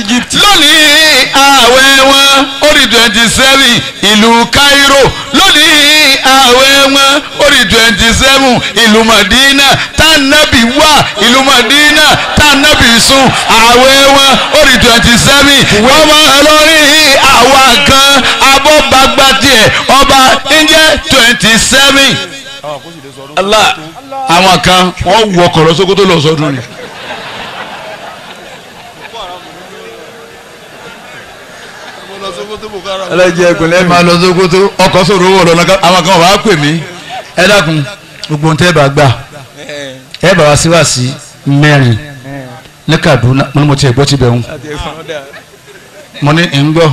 Egypt lónìí ààwẹ̀ wọn ó twenty seven ìlú Cairo lónìí ààwẹ̀ wọn ó twenty seven ìlú Madina tànàbí wà ìlú Madina tànàbí sùn ààwẹ̀ wọn ó di twenty seven wọ́n máa lórí àwa kan abọ́gbàgbà tiẹ̀ ọba ń twenty seven. Allah àwọn kan wọ́n wọkọ̀ lọ Sókótó lọ ni. ẹlẹ́jẹ̀ ẹ̀gbìnlẹ́ máa lọ sókótó ọkọ̀ sòrò owó lọ́nà àwọn kan wàá pè mí ẹ dákun gbogbo ohun tẹ́ ẹ bá gbà ẹ bá wa síwáàsí mẹ́rin ní Kaduna mo ní mo tiẹ̀ gbọ́ ti bẹ̀ ń mo ní ń gbọ́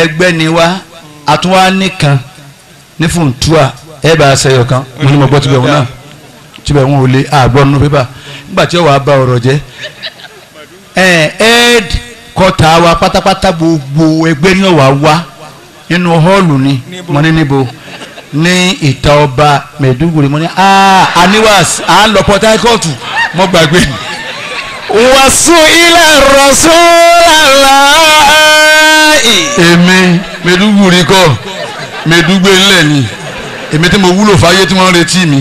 ẹgbẹ́ ni wá àtúwá nìkan ní fùntúà ẹ bá a sẹyọ kan mo ní mo gbọ́ tibẹ̀ wọn náà tibẹ̀ wọn ò lè àgbọ̀ nínú pépà nígbà tí ó wàá bá ọ̀rọ̀ jẹ́ ẹ ẹ́d kọta wa pátápátá gbogbo ẹgbẹ́ ní ọ̀wá wa nínú họ́ọ̀lù ni mo ní níbo ní ìta ọba mẹ̀dúgùrì mo ní aniwas ah, à ń lọ port harcourt mo gbàgbé. wàásù ilẹ̀ rọ̀ṣúlàláì. èmi mẹ̀dúgùrì kọ́ mẹ̀dúgbé ńlẹ̀ ni èmi tí mo wúlò fáyé tí wọ́n ń retí mi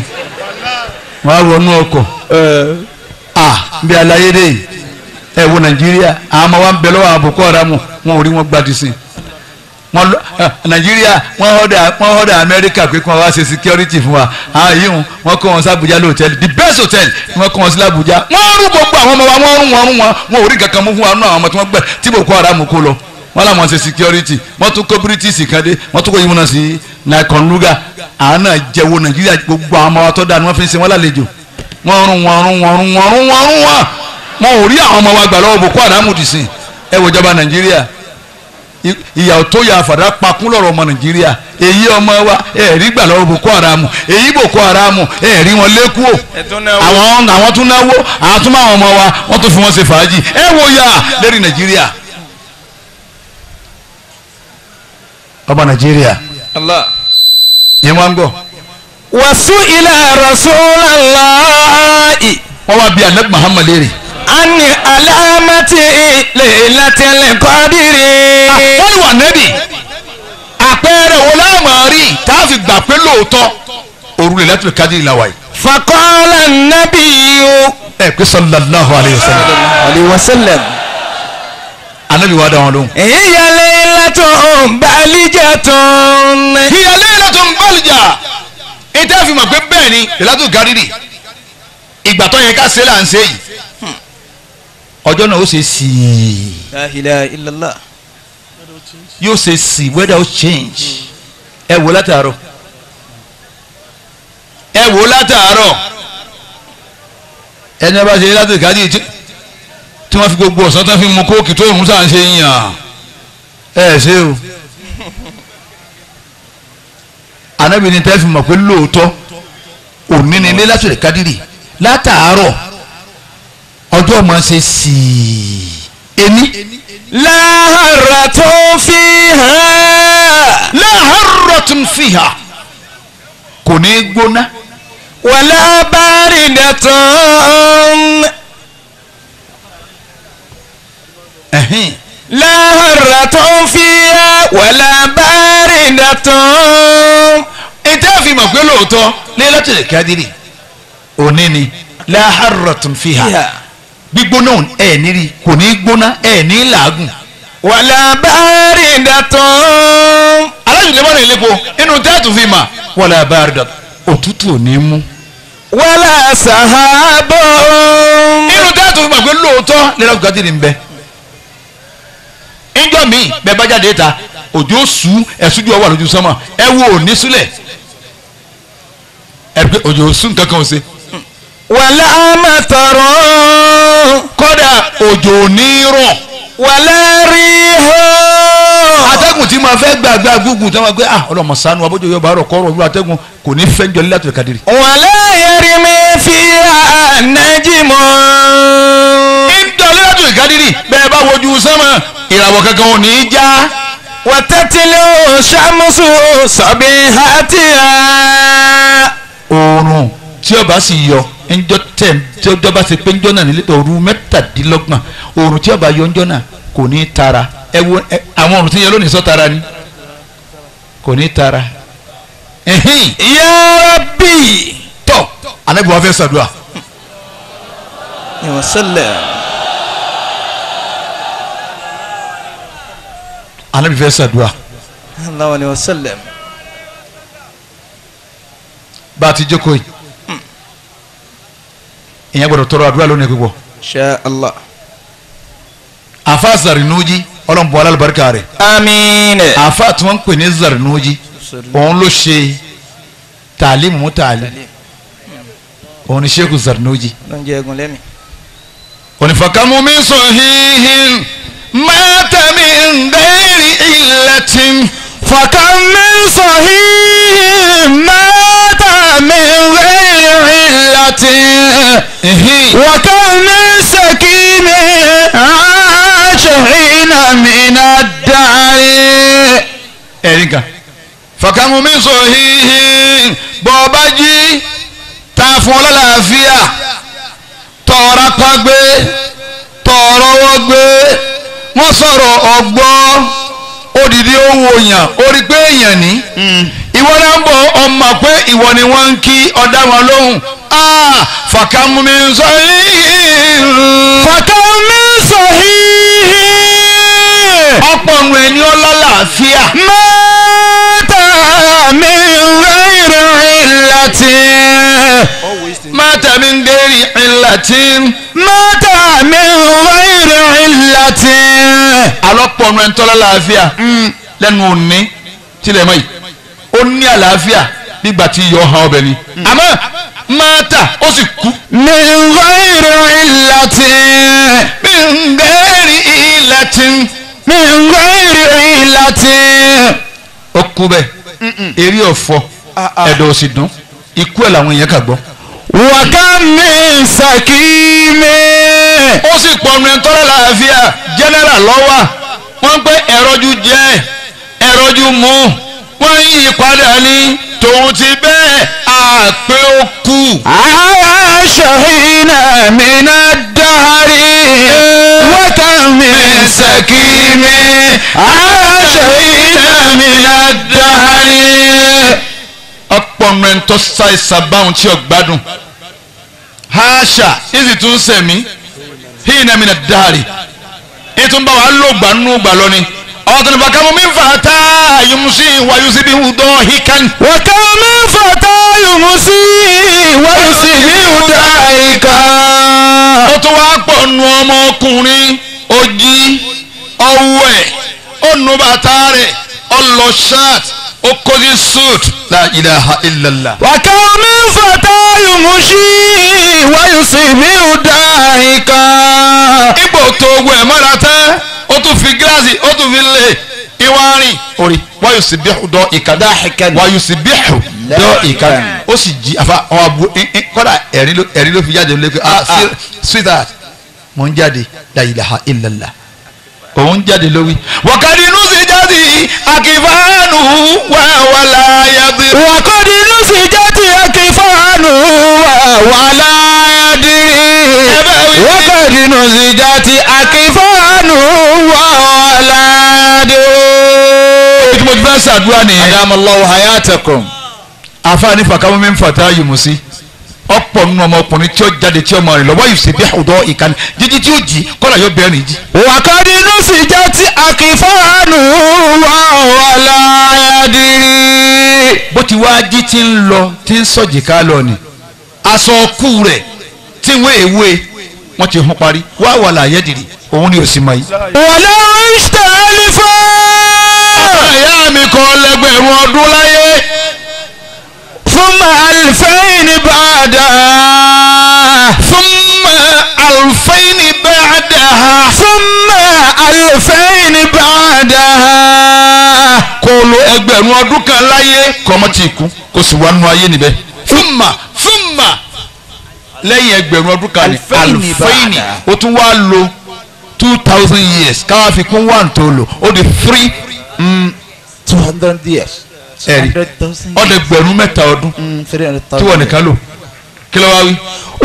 wọ́n á wọnú ọkọ̀ ah, bí alayé dé yìí ẹ wo nàìjíríà àwọn ọmọ wa ń bẹ lọ́wọ́ àbùkọ́ ọ̀rá mu wọn ò rí wọn gbadi sí wọn nàìjíríà wọn ọ̀dà wọn ọ̀dà amẹ́ríkà pé kí wọn wá ṣe security fún wa àwọn yìí hùn wọn kọ́ wọn sí abuja lóòtẹ́lì the best hotel wọn kọ́ wọn sí abuja wọn rú gbogbo àwọn ọmọ wa wọn rún wọn rún wọn wọn ò rí kankan mú fún wa nú àwọn ọmọ tí wọn gbẹ tí boko haram kó lọ wọn làwọn ṣe security wọn tún kó british kan dé wọn tún kó yìí wọn sí nikon luga àwọn náà jẹ́wọ́ nàìjíríà gbogbo àwọn ọmọ wa tó dáa ni wọ́n fi ń ṣe wọn lálejò wọn rún wọn rún wọn rún wọn rún wọn rún wọn wọn ò rí àwọn ọmọ wa gbà lọ́wọ́ boko haram dì sí ẹ wò ìjọba nàìjíríà ìyàwó tó yà àfàdá pakún lọ́rọ̀ ọmọ nàìjíríà èyí ọmọ wa ẹ rí gbà lọ́wọ́ boko haram èyí boko haram ẹ rí wọn lẹ́kùọ́ àwọn àwọn tún náwó àwọn tún máa wọn ọmọ wa wọn tún fi wọn ṣe fàájì ẹ wò yà lérí nàìjíríà ọba nàìjíríà yẹn wá ń wàsú ilà rasulallah. wọ́n wá bí anabi muhammad rè ani alamati Lailatul Qadri. Ah, wọ́n ní wà nẹ́bì àpẹẹrẹ wo láàmú rí tá a fi gbà pé lóòótọ́ òru Lailatul Qadri la wáyé. faqala an-nabiyyu. ẹ pé sallallahu alayhi wa sallam. alayhi sallam. anabi wa dáhùn lóhùn. hiya laylatun balijatun. hiya laylatun balijatun. ìtẹ́ fi mọ̀ pé bẹ́ẹ̀ ni Lailatul Qadri ìgbà tó yẹ ká ṣe là ń ṣe yìí ọjọ́ náà ó ṣe sí i. la ilaha illallah. yóò ṣe sí weather change. ẹ wò látàárọ̀ ẹ wò látàárọ̀ ẹni ẹ bá ṣe láti kájí tí wọ́n fi gbogbo ọ̀sán tán fi mu kóòkì tó òun sáà ń ṣe yàn ẹ ṣe o. anábìíní tẹ́ fi mọ̀ pé lóòótọ́ òní ni ilé látòlè kádìrì látàárọ̀ ọjọ́ mọ̀ ṣe sí i èmi. láhàrá tó fi hàn. láhàrá tó fi hàn. kò ní gbóná. wàlá bá rìn dàtàn. ẹ̀hìn láhàrátọ́ fi ẹ́ wàlá bárìndàtọ́. ètò àfi mọ̀ pé lóòótọ́ lẹ́lẹ́tọ̀ lè kádìrì òní ni láhàrátọ́ fi hà gbígbóná ẹ̀ ní rí kò ní gbóná ẹ̀ ní làágùn. wàlà báárì dàtọ́. alájùlẹ̀ mọ́rin ìlépo inú tẹ́ẹ̀tù fi mà wàlà báárì dàtọ́ òtútù ò ní mú. wàlà sàhábọ̀. inú tẹ́ẹ̀tù fi mà pé lóòótọ́ lẹ́nu gàdí ni ń bẹ. ńjọ́ mi bẹ́ẹ̀ bá jáde ta òjò sú ẹ̀sùjú ọwọ́ àlójú sánmà ẹ wo òní sílẹ̀ ẹ̀ pé òjò sú nǹkan kan ò ṣe wàlá àmàtàrọ̀ kódà òjò ní rọ̀ wàlá rí hó. atẹ́gùn tí màá fẹ́ gbàgbà gúgùn tí wọ́n gbé ah ọlọ́mọ sanu abójú yóò bá rọ̀ kọ́ ọ̀rọ̀ atẹ́gùn kò ní fẹ́ jọ nílẹ̀ àtúntò kàdírì. wàlá yẹrí mi fi ànájìmọ́. ìjọ nílẹ̀ àtúntò kàdírì bẹ́ẹ̀ bá wojú sánmà ìràwọ̀ kankan ò ní í já wàtẹ́tìlẹ̀ ṣàmùsù sọ̀bí hàtìyà. oòrùn tí ó sì yọ ńjọ́ tẹ̀ ńjọ́ bá ṣe pé ńjọ́ náà nílé òru mẹ́tàdínlọ́gbọ̀n òrùn tí ọba yọ ńjọ́ náà kò ní tara ẹ wo àwọn òrùn tí ń yọ lónìí sọ tara ni kò ní tara. ya rabbi tọ́ anabi wa fẹ́ sàdúrà. yàrá sẹ́lẹ̀. anabi fẹ́ sàdúrà. aláwọ̀ ni wọ́n sẹ́lẹ̀. bá a ti jókòó yìí ìyẹn gbọ́dọ̀ tọrọ àdúrà lónìí pípọ̀. Insha Allah. àfa zarinuji ọlọ́mùbọ̀ alálùbáríkà rẹ̀. amiina. àfa tí wọ́n ń pè ní zarinuji òun ló ṣe tàlímù mú tàlímù òun ni sheikh zarinuji. onífàkàmù mi sọ hihin mata min gairi illatin fakam min sahihin mata min gairi illatin. وكم من سكين عاش حين من الدار ẹ̀ríkà فكم من صحيح bọ́ọ̀bá jí ta fún ọlọ́láàfíà tọ̀ọ̀rọ̀ apá gbé tọ̀ọ̀rọ̀ ọwọ́ gbé odidi ohun òyàn orí pé èèyàn ní ìwọ náà ń bọ̀ ọmọ pé ìwọ ni wọ́n ń kí ọ̀dá wọn lóhùn ah, fàkàmùmí sọ yìí. fàkàmùmí sọ yìí. ọ̀pọ̀ ń rẹ̀ ní ọlọ́láàfíà. mẹ́ta mi rẹ̀ ìlàtí. mẹ́ta mi gẹ̀rì ìlàtí. mẹ́ta mi rẹ̀ ìlàtí. alọ́pọ̀ ń rẹ̀ ń tọ́lá láàfíà mm. lẹ́nu òní tilẹ̀ mọ́ yìí ó ní àlàáfíà nígbà tí iyọ̀ hàn ọbẹ̀ ni. Hmm. àmọ́ máa tà ó sì kú. mi ń gbọ́ ìrìn ìlàtí mi ń gbẹ́rì ìlàtí mi ń gbọ́ ìrìn ìlàtí. ó kú bẹ́ẹ̀ eré ọ̀fọ̀ ah, ah. ẹ̀dọ̀ ò sì dùn ikú ẹ̀ làwọn èèyàn kà gbọ́. wàká mi sàkíní. ó sì pọnu ẹ̀ tọ́lá làáfíà jẹ́nẹ́rà lọ́wọ́ wọ́n pẹ́ ẹ̀rọ́jú jẹ́ ẹ̀rọ́jú mú wọ́n yí padà ní tòun ti bẹ́ẹ̀ àpé ó kú. àwọn ṣòhínà mi náà dárí eh, wọ́tà mi ṣèkí mi. àwọn ṣòhínà mi náà dárí. ọ̀pọ̀ mẹ́ńtọ́ ṣàìsà báwọn tí ò gbádùn. haṣa ìsì tún sẹ̀mí hínà mi náà dárí. ètò ń bá lò gbà nínú gbà lọ ni ọ̀tún nípa kàmú mi fàtà yumusi wayusi bí wùdọ̀ hikan. wà kàmú mi fàtà yumusi wayusi bí wùdọ̀ hikan. ó tún wá pọ̀ nu ọmọkùnrin ojì ọwẹ́ ọ̀nù rẹ̀ ọlọ ṣáàt okozi suit la ilaha illallah. wà kàmú mi fàtà yumusi wayusi bí wùdọ̀ hikan. ipò tó wẹ̀ mọ́ra tán ó tún fi gíláàsì ó tún fi lé iwárin orí wáyù sí bíhù dọ ìkàdá wáyù sí bíhù dọ ìkàdá ó sì jí àfa ọmọ abu kọ́dà ẹ̀rí ló fi jáde lé ah, ah, ah. sweetheart mo ń jáde la ilaha illallah òun jáde lórí. wọ́kàdì inú sì jáde àkìfáànù wà wà láyà bí. wọ́kàdì inú sì jáde àkìfáànù wà wà láyà wákàtí nù sí jáde àkínfọ́nù wà ọ̀làdé o. ètò mo ti fẹ́ ṣàdúrà nìyẹn. adamallahu hayatakum. àfààní fàkàmù mi ń fàtà yìí mú sí ọ̀pọ̀ nínú ọmọkùnrin tí ó jáde tí ọmọ rẹ̀ lọ́wọ́ yìí ṣe bí ọ̀dọ́ ìkànnì jíjí tí ó jì kọ́lá yóò bẹ̀rẹ̀ nìyí. wàkàdí sì jẹ́ ti àkìfọ́nù wà wàlá yadiri. bó ti wá jí ti ń lọ ti ń sọ̀jì ká lọ ni aṣọ ọkù rẹ̀ tí wọ́n èwe wọ́n ti hun parí wá wà láàyè dìrì òun ni òsì mọ̀ yìí. wàlẹ́ ìṣtẹ́ ẹlifẹ́. ọ̀pọ̀ ìyá mi kọ́ lẹ́gbẹ̀rún ọdún láyé. fúnmà àlùfẹ́yìn ní bàdà. fúnmà àlùfẹ́yìn ní bàdà. fúnmà kó lo ẹgbẹ̀rún ọdún kan láyé kọ́mọ́tì ikú kó sì wá nù ayé níbẹ̀. fúnmà fúnmà lẹ́yìn ẹgbẹ̀rún ọdún kan ní alifẹ́yìnì ó tún wá lò two thousand years káwá fi kún one tó lò ó di three mm, two hundred years ẹ̀rí ọ̀dọ̀ ẹgbẹ̀rún mẹ́ta ọdún mm, tí wọ́n nìkan lò kí ló wá wí.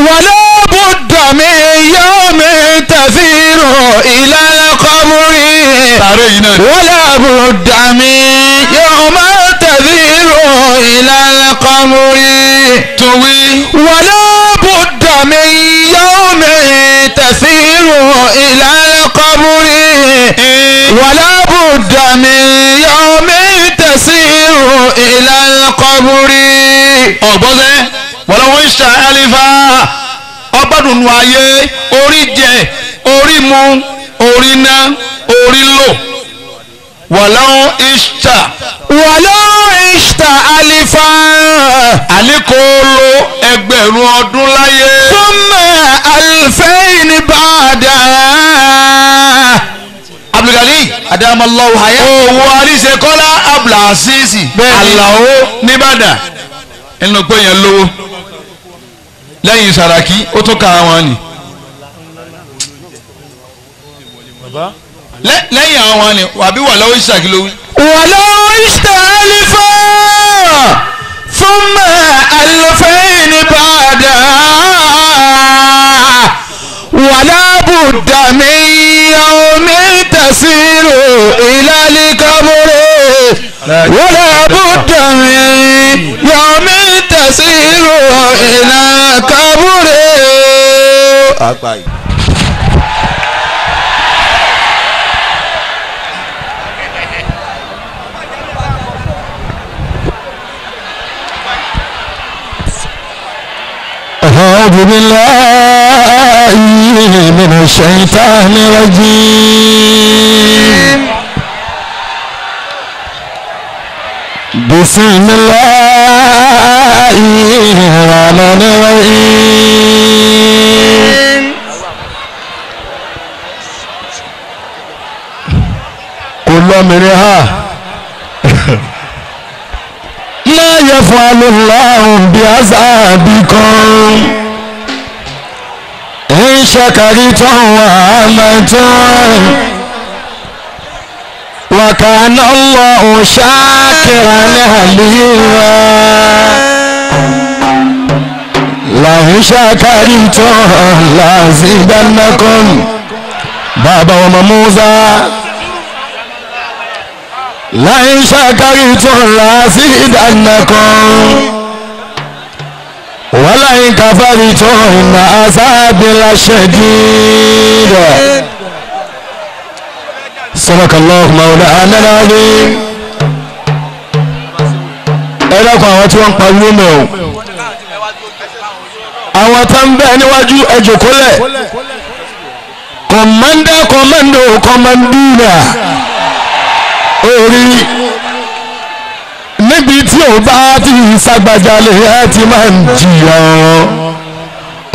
wàlẹ́ bùdàmí yóò mi tàfírò ìlànà kọ́múrì. tààrẹ yìí náà. wàlẹ́ bùdàmí yóò máa nàdírò ìlànà kọ́mùrì. Tùwí. Wàlá bùdà mi yóò mi tẹ̀sírò ìlànà kọ́mùrì. Wàlá bùdà mi yóò mi tẹ̀sírò ìlànà kọ́mùrì. Ọ̀gbọ́sẹ̀ wọ́n lọ́wọ́ ń ṣe àlìfà ọgbọ́dùnú ayé orí jẹ orí mu orí ná orí lò wọ̀lọ́ ìṣtà. wọ̀lọ́ ìṣtà alifa. àníkòóló ẹgbẹ̀rún ọdún láyé. súnmọ́ alfẹ́yìn bàdà. abdulgali adamalawo haya. owó aliṣe kọ́lá abdulhasisi. bẹ́ẹ̀ni alawo nìbàdàn. ẹnu pé yẹn lówó lẹ́yìn Sàràkí ó tún ka àwọn ni. baba lẹ́yìn àwọn ni àbí wà lọ́wọ́ ìṣàkí ló wí. wà lọ́wọ́ ìṣàlì fọ́ fún mọ́ àlùfẹ́yìn ní bàdà wà lábùdà mi omi tẹ̀sírò ìlàlí kábúrò wà lábùdà mi omi tẹ̀sírò ìlàlí kábúrò. أعوذ بالله من الشيطان الرجيم بسم الله الرحمن الرحيم كل من ها yaf'alullahu bi'azabikum in shakartum wa amantum وكان الله شاكرا عليما لو شكرتم لازدنكم بابا وموزا láì ṣàkárí tún là sí ìdáná kan wọ́n láì káfárí tún ìnà àsáàbílà ṣẹ́díìdà sọ́dọ̀kàlọ́ọ̀kù màwùdà ànánáàbí ẹ dákun àwọn tí wọ́n ń pariwo mẹ́ o àwọn tó ń bẹ níwájú ẹ jókòó lẹ̀ kọ̀mọ́ndà kọ̀mọ́ndò kọ̀mọ́ndúnà orí níbi tí ò bá ti ṣàgbàjà lè ẹ ti máa ń jìyà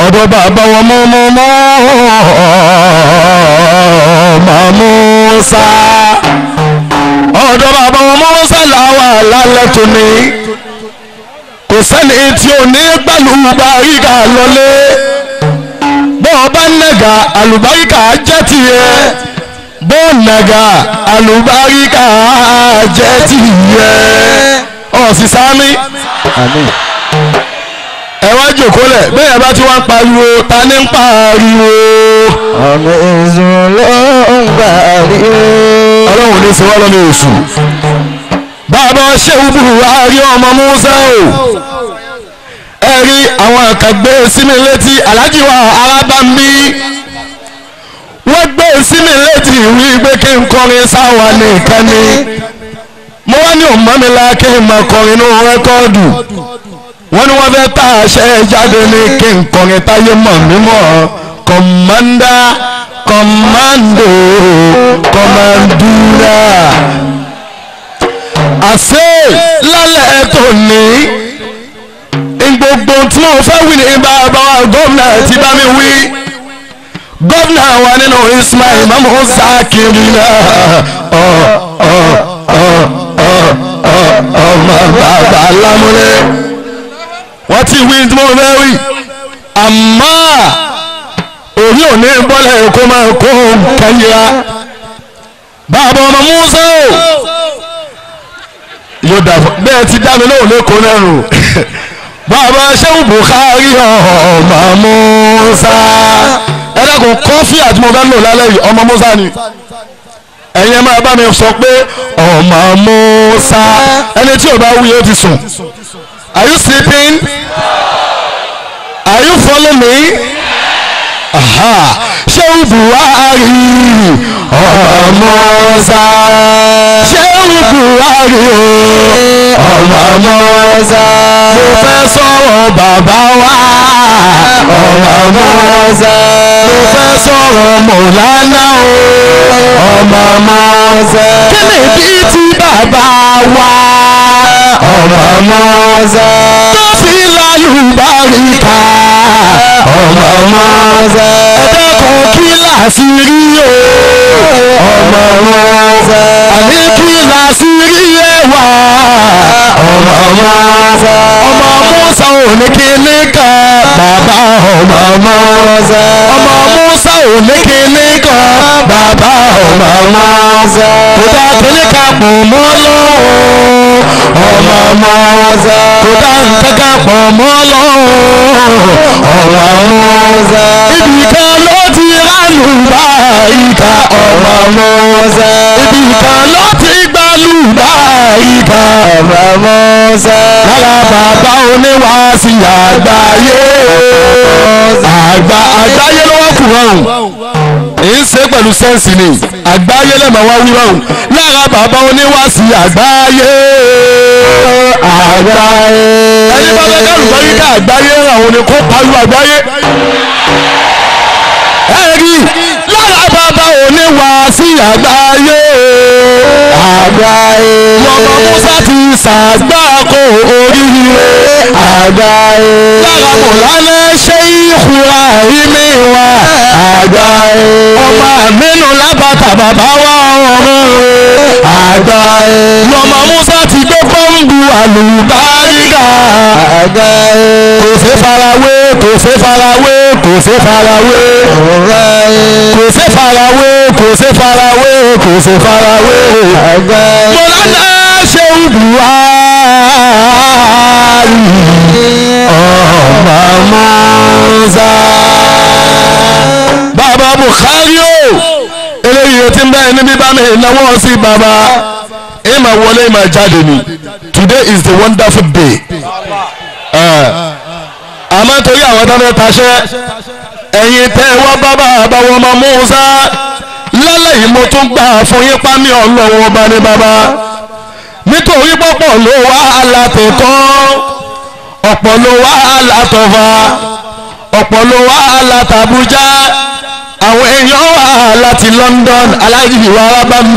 ọ̀dọ̀ bàbá wọn mọ́ mọ́ mọ́ màmúsà ọ̀dọ̀ bàbá wọn mọ́músà làwọn àlálẹ́ tó ní kò sẹ́ni tí ò ní gbàlúgbà ríga lọlé bọ́ọ̀ bá nẹ̀gà àlùbáríkà jẹ́ tiẹ̀. bọ́ọ̀nàgà àlùbáríkà jẹ́ tìyẹ ọ̀sìn sámi. ẹ wá bá ti wá ń pariwo ta ni ń pariwo. ọ̀nà ìzùn ló ń pariwo. ọlọ́run ní sọ wá lọ́nà èṣù. bàbá buhari ọmọ musa o ẹ rí àwọn àkàgbé sími létí aláàjì wa arábàmbí. wọ́n gbé sí mi létí ìwé pé kí n kọrin sáwa nìkan ni mo wá ní òmọ́mìlá kí n máa kọrin ní rẹ́kọ́ọ̀dù wọ́n ní wọ́n fẹ́ tá àṣẹ jáde ní kí n kọrin táyé mọ̀ mímọ́ kọ̀mọ́ndà kọ̀mọ́ndò kọ̀mọ́ndúrà àṣẹ lálẹ́ tó ní gbogbo tí mo fẹ́ wí ní ibà bá wa gómìnà ti bá mi wí gómìnà wa nínú Ismail Imam Zakiri náà ọ ọ ọ ọ ọmọ bàbá alámúlé wọ́n ti wí tí mo fẹ́ wí àmọ́ orí òní bọ́lá èkó máa kó nǹkan yíra bàbá ọmọ Musa o yóò dà fún bẹ́ẹ̀ ti dá mi lóhùn lẹ́kọ̀ọ́ náà rò bàbá Shehu Bukhari ọmọ oh, Musa ẹ dákun àti mo fẹ́ lò lálẹ́ yìí ọmọ musa ni ẹ̀yin ẹ máa bá mi sọ pé ọmọ musa ẹni tí o bá wúyẹ ti sùn are you sleeping are you following me aha ṣé o buhari ọmọ musa ṣé o buhari ọmọ musa mo fẹ́ sọ̀rọ̀ bàbá wa ọmọ musa. Mọ̀lánà o ọmọ mọ́sẹ̀. kíni bí ti bàbá wa ọmọ mọ́sẹ̀. tó fi lálùbáríkà ọmọ mọ́sẹ̀. ẹ̀dá kan kí láṣìírí o ọmọ mọ́sẹ̀. àní kí láṣìírí ẹwà ọmọ mọ́sẹ̀. ọmọ mọ́sẹ̀ ò ní kí ní kan bàbá ọmọ mọ́sẹ̀. ọmọ òlékelé kan bàbá ọmọ ọmọ ọzọ kò dá tẹlẹ ká pọ̀ mọ́ lọ́wọ́ ọmọ ọmọ ọzọ kò dá nǹkan ká pọ̀ mọ́ lọ́wọ́ ọmọ ọmọ ọzọ ibi kan ló ti ránù bá ìka ọmọ ọmọ ọzọ ibi kan ló ti alùbáyíká mọ̀mọ́sẹ́. lára bàbá oníwàásí àgbáyé àgbà àgbáyé ló wá kù rọrùn ń ṣe pẹ̀lú sẹ́ǹsì ni àgbáyé lẹ́mọ̀ wá wí rọrùn lára bàbá oníwàásí àgbáyé àgbáyé. ẹni bá fẹ́ kálùbáyíká àgbáyé àwọn ni kó pariwo àgbáyé. ẹ̀rí lára bàbá oníwàásí àgbáyé àgbáyé. lọ́mọ musa ti sàgbákò oríire àgbáyé. lára mọ̀lánà ṣe ìhùwà ìmí wa àgbáyé. ọmọ àmínú lábàtà bàbá wa ọ̀run àgbáyé. lọ́mọ musa ti gbé pọ́ńbù àlùbáríkà àgbáyé. kò sí farawé kò ṣe farawé kò ṣe farawé kò ṣe farawé kò ṣe farawé kò ṣe farawé mọ̀lánà ṣeun buhari ọmọ mọ́nsá bàbá Buhari o eléyìí o ti ń bẹ́ẹ̀ níbi bá mi ìnáwó sí bàbá ìmọ̀ wọlé ìmọ̀ jáde ni today is the wonderful day. Uh, àmọ́ torí àwọn tó fẹ́ taṣẹ́ ẹ̀yin tẹ́ ẹ wá bá bàbá wọn ọmọ Musa lálẹ́ yìí mo tún gbà fún yín pámi ọlọ́wọ́ bá ní bàbá nítorí pọ́pọ̀ ló wá alátẹ̀kọ́ ọ̀pọ̀ ló wá alátọ̀fà ọ̀pọ̀ ló wá alátàbújá àwọn èèyàn wá láti London aláìjì wàrà bá ń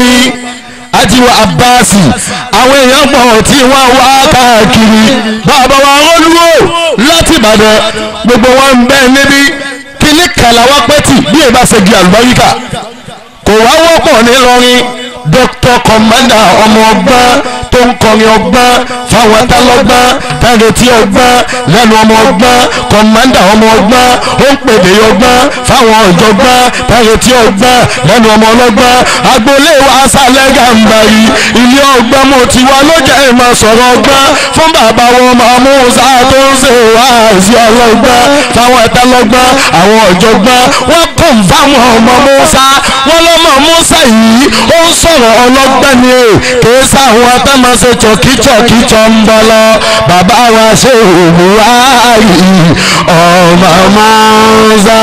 àti abasi àwọn èèyàn pọ̀ tí wọ́n wá káàkiri bàbá wa olúwo láti ìbàdàn gbogbo wọn ń bẹ níbí kíní kàlàwá pẹ́tì bí èèyàn bá ṣe di kò wá wọ́pọ̀ nílọrin dr commander ọmọ ọgbọ́n tó ń kọrin ọgbọ́n fáwọn atálọ́gbọ́n tàrètí ọgbọ́n lẹ́nu ọmọ ọgbọ́n kọ̀mándà ọmọ ọgbọ́n ó ń pèdè ọgbọ́n fáwọn ọ̀jọ̀gbọ́n tàrètí ọgbọ́n lẹ́nu ọmọ ọlọ́gbọ́n agboolé wa sálẹ̀ gàǹbarì ilé ọgbọ́n mo ti wá lọ́jà ìmọ̀ sọ̀rọ̀ ọgbọ́n fún bàbá wọn mọ̀músá tó ń ṣe wáàzí ọlọ́gbọ́n fáwọn atálọ́gbọ́n àwọn ọ̀jọ̀gbọ́n wọ́n kùn fáwọn mọ̀músá wọ́n lọ́mọ Mùsá yìí ó ń má ṣe tọkítọkítọ ń bọ́ lọ wa ṣe òwò ààyè ọmọ máa ń zá.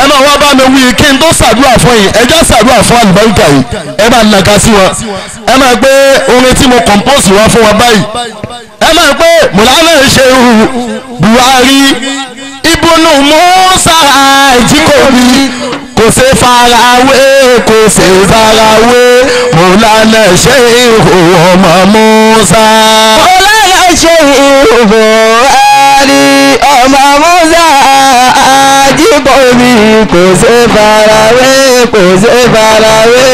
ẹ máa wá bá mi wí kí n tó ṣàdúrà fún yìí ẹ já ṣàdúrà fún àlùbáríkà yìí ẹ bá nàka sí wọn ẹ máa gbé orin tí mo kọ̀ǹpọ́sì wá fún wa báyìí ẹ máa gbé mùlánà ṣe Buhari ibùnú Musa àìjíkòbí kò ṣe farawé kò ṣe farawé mọ̀lánà ṣe ìhò ọmọ Musa. mọ̀lánà ṣe ìhò Àlì ọmọ Musa Àjíbọ̀mí kò ṣe farawé kò ṣe farawé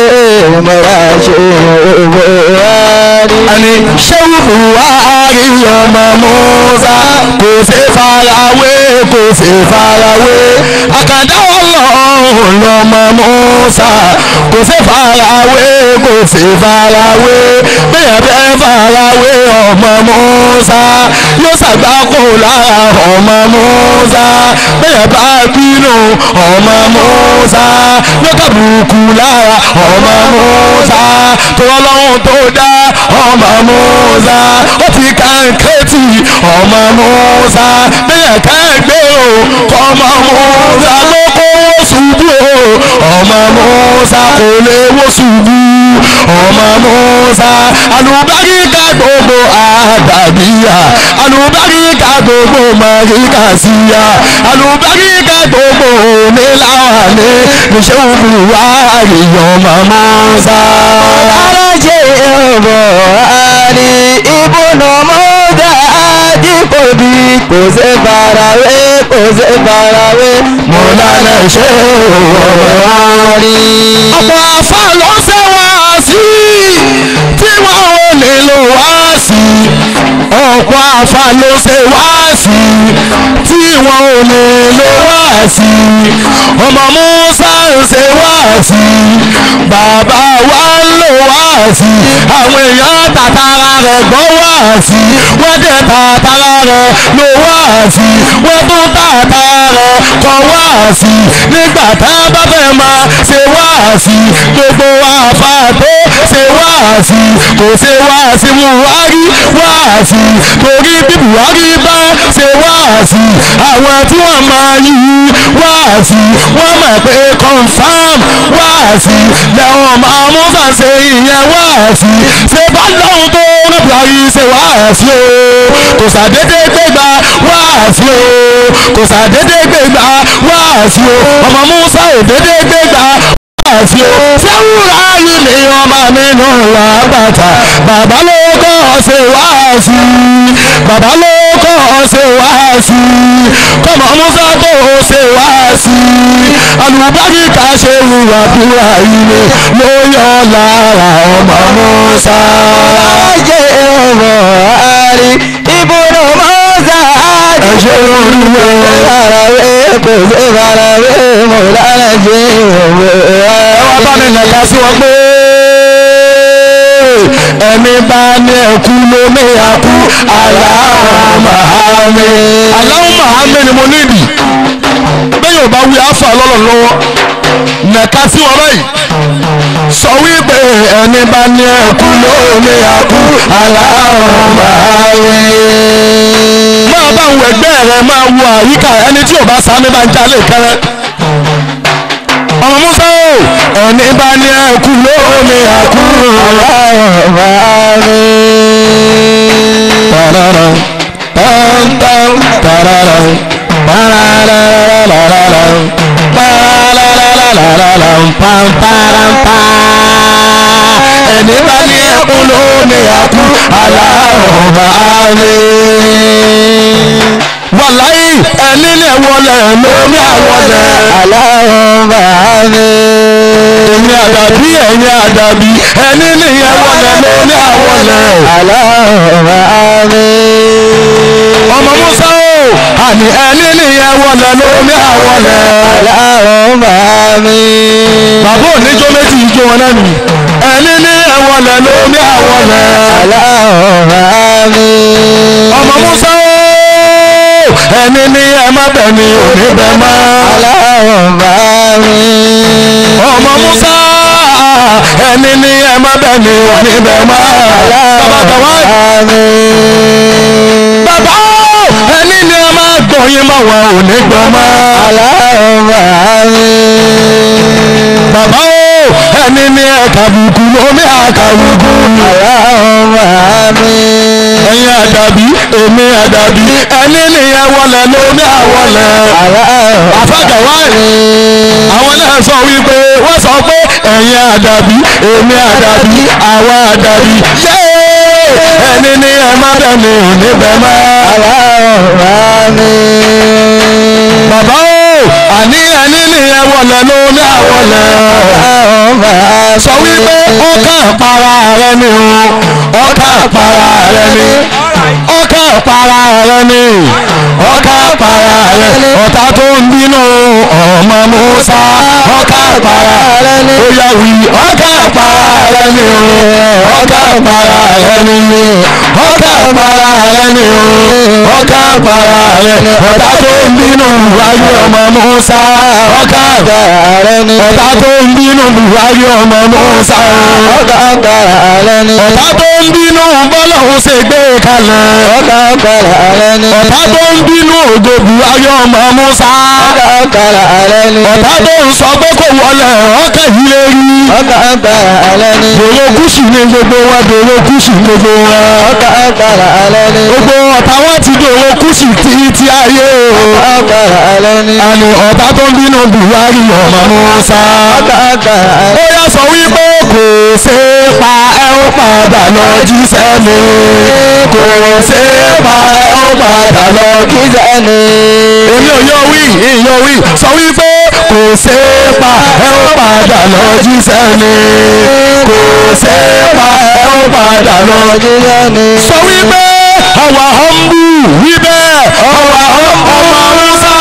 mọ̀ra ṣe owó Àlì. Àní ṣéwù Buhari ọmọ Musa kò ṣe farawé kò ṣe farawé àkàndá ọlọ́run lọ́mọ Musa kò ṣe farawé kò ṣe farawé bẹ́ẹ̀ bẹ́ẹ̀ farawé ọmọ Musa yóò ṣàgbákò lá ọmọ Mùsá bẹ́ẹ̀ bá bínú ọmọ Mùsá lọ́kà burúkú lára ọmọ Mùsá tó ọlọ́run tó dá ọmọ Mùsá ó ti kàǹkẹ́tì ọmọ Mùsá bẹ́ẹ̀ kẹ́gbẹ́ ọmọ Mùsá ló kówó ṣubú ọmọ Mùsá kò lè wó ṣubú ọmọ Mùsá alùbáríkà gbogbo àdàbíyà alùbáríkà gbogbo màríkàsíyà alùbáríkà gbogbo oníláwàní níṣẹ́ òbúwa àríyàn ọmọ Mùsá. ọ̀làjẹ̀ ọ̀bọ̀ àrí ibùdó mọ́tà àdìpọ̀ bí kò ṣe fara wé òṣè farawé mo lálẹ́ ṣe òwò wa rí. ọ̀pọ̀ àfa ló ṣe wá sí tí wọ́n ò lè lò wá sí ọ̀pọ̀ àfa ló ṣe wá sí tí wọn ò lè lọ I ọmọ Musa ń ṣe I bàbá wa ń lò wáàsí àwọn èèyàn tàtàrà rẹ̀ gbọ́ wáàsí wọ́n dẹ̀ tàtàrà rẹ̀ lò wáàsí wọ́n tún tàtàrà rẹ̀ kọ́ wáàsí nígbà tá a bá fẹ́ máa ṣe wáàsí gbogbo àfa tó ṣe wáàsí kò ṣe wáàsí Buhari wáàsí torí bí Buhari bá ṣe wáàsí àwọn tí wọ́n máa yí wáàsí wọ́n mọ̀ pé confam wáàsí lẹ́wọ̀n máa mú fàṣẹ ìyẹn wáàsí ṣe bá lọ́hùn tó rẹ̀bùrà yìí ṣe wáàsí o kò sàdédé gbégbá wáàsí o kò sàdédé gbégbá wáàsí o ọmọ Musa ò dédé gbégbá àti o. Sẹ́wúrà yìí ni ọmọ mi nù lágbàtà. Bàbá ló kọ́ ọ̀sẹ̀ wáàsí. Bàbá ló kọ́ ọ ṣe wá sí i kọ́mọ musa kọ́ ọ ṣe wá sí i alùpàgì ká ṣe ìwà dúrà ilé ló yọ lára ọmọ musa. ọlọ́jẹ́ ọmọ àárí ibùdó musa àárí. ẹ̀ṣẹ̀ olúwe lára rẹ̀ kò sí ìbára rẹ̀ mọ̀ lára jẹ́ ìwọ̀n ẹ wá bá mi nàka sí wọn pé ẹ̀mí bá ní ẹ̀kú lómi àkú aláàmàhámi. aláàmàhámi ni mo níbi bẹ́ẹ̀ yóò bá wí àfà lọ́lọ́ lọ́wọ́ nẹ̀ka sí wọn báyìí sọ wípé ẹni bá ní ẹ̀kú lómi àkú aláàmàhámi. máa bá àwọn ẹgbẹ́ rẹ máa wo àyíká ẹni tí ò bá sá ní bá ń jalè kẹrẹ. ọmọ musa ẹni bá ní ẹkú lómi ẹkú ọ̀rọ̀ mi. tarara tantan tarara parararararara parararararara pamparampa. ẹni bá ní ẹkú lómi ẹkú ọ̀rọ̀ mi. wàláyé ẹni lè wọlé lómi àwọlé aláwọ̀ bá mi ẹ̀yin àdàbí ẹ̀yin àdàbí ẹni nìyẹn wọlé ló ní àwọn lẹ. aláàrá mi. ọmọ musa o àní ẹni nìyẹn wọlé ló ní àwọn lẹ. aláàrá mi. bàbá oníjó méjì ijó wọn náà nì. ẹni nìyẹn wọlé ló ní àwọn lẹ. aláàrá mi. ọmọ musa o ẹni ní ẹ má bẹ̀ mí ò bẹ̀ mọ́. ọmọ Musa ẹni ní ẹ má bẹ̀ mí ò bẹ̀ mọ́. bàbá ẹni ní ẹ má gbọ̀yìn mọ́ wọn ò ní gbọ́ mọ́. bàbá o ẹni ní ẹ kàbùkù lómi àkàbùkù. aláwọ̀ ẹ̀yin àdàbí èmi àdàbí ẹni nìyẹn wọlé lómi àwọlé àfàgàwá yìí àwọn náà sọ wípé wọ́n sọ pé ẹ̀yin àdàbí èmi àdàbí àwa àdàbí ẹni nìyẹn má dẹ̀mí òní bẹ́ẹ̀ mọ́. bàbá o àníyàn ní ẹwọ̀lẹ̀ ló ní àwọ̀lẹ̀ sọ wípé ọkà para rẹ ni o ọkà para rẹ ni ọkà para rẹ ni ọkà para rẹ ọ̀tá tó ń bínú ọmọ Musa ọkà para rẹ ni ó yà wí ọkà para rẹ ni o ọkà para rẹ ni ọkà para rẹ ni o ọ̀ká para rẹ̀ ọ̀tá tó ń bínú wáyé ọmọ Musa ọ̀ká para rẹ̀ ni ọ̀tá tó ń bínú wáyé ọmọ Musa ọ̀ká para rẹ̀ ni ọ̀tá tó ń bínú bọ́lọ́hún ṣe gbé kalẹ̀ ọ̀ká para rẹ̀ ni ọ̀tá tó ń bínú òjò buwáyé ọmọ Musa ọ̀ká para rẹ̀ ni ọ̀tá tó ń sọ pé wọlé ọ̀kẹ́ yìí lè rí ọ̀ká para rẹ̀ ni dòwó kùsù ní gbogbo wa dòwó kùsù ní gbogbo wa ọ̀ká para rẹ̀ ni gbogbo ọ̀tá wọn ti dòwò kú sí títí ayé o. àní ọba tó ń bínú Buhari ọmọ Musa. ó yá sọ wípé kò ṣe é pa ẹ ó padà lọ jíṣẹ́ mi. kò ṣe é pa ẹ ó padà lọ jíṣẹ́ mi. èmi ò yọ wí ìyọ wí sọ wípé kò ṣe é pa ẹ ó padà lọ jíṣẹ́ mi. kò ṣe é pa ẹ ó padà lọ jíṣẹ́ mi. sọ wípé àwa humble wí bẹ́ẹ̀ ọwà ọmọ Musa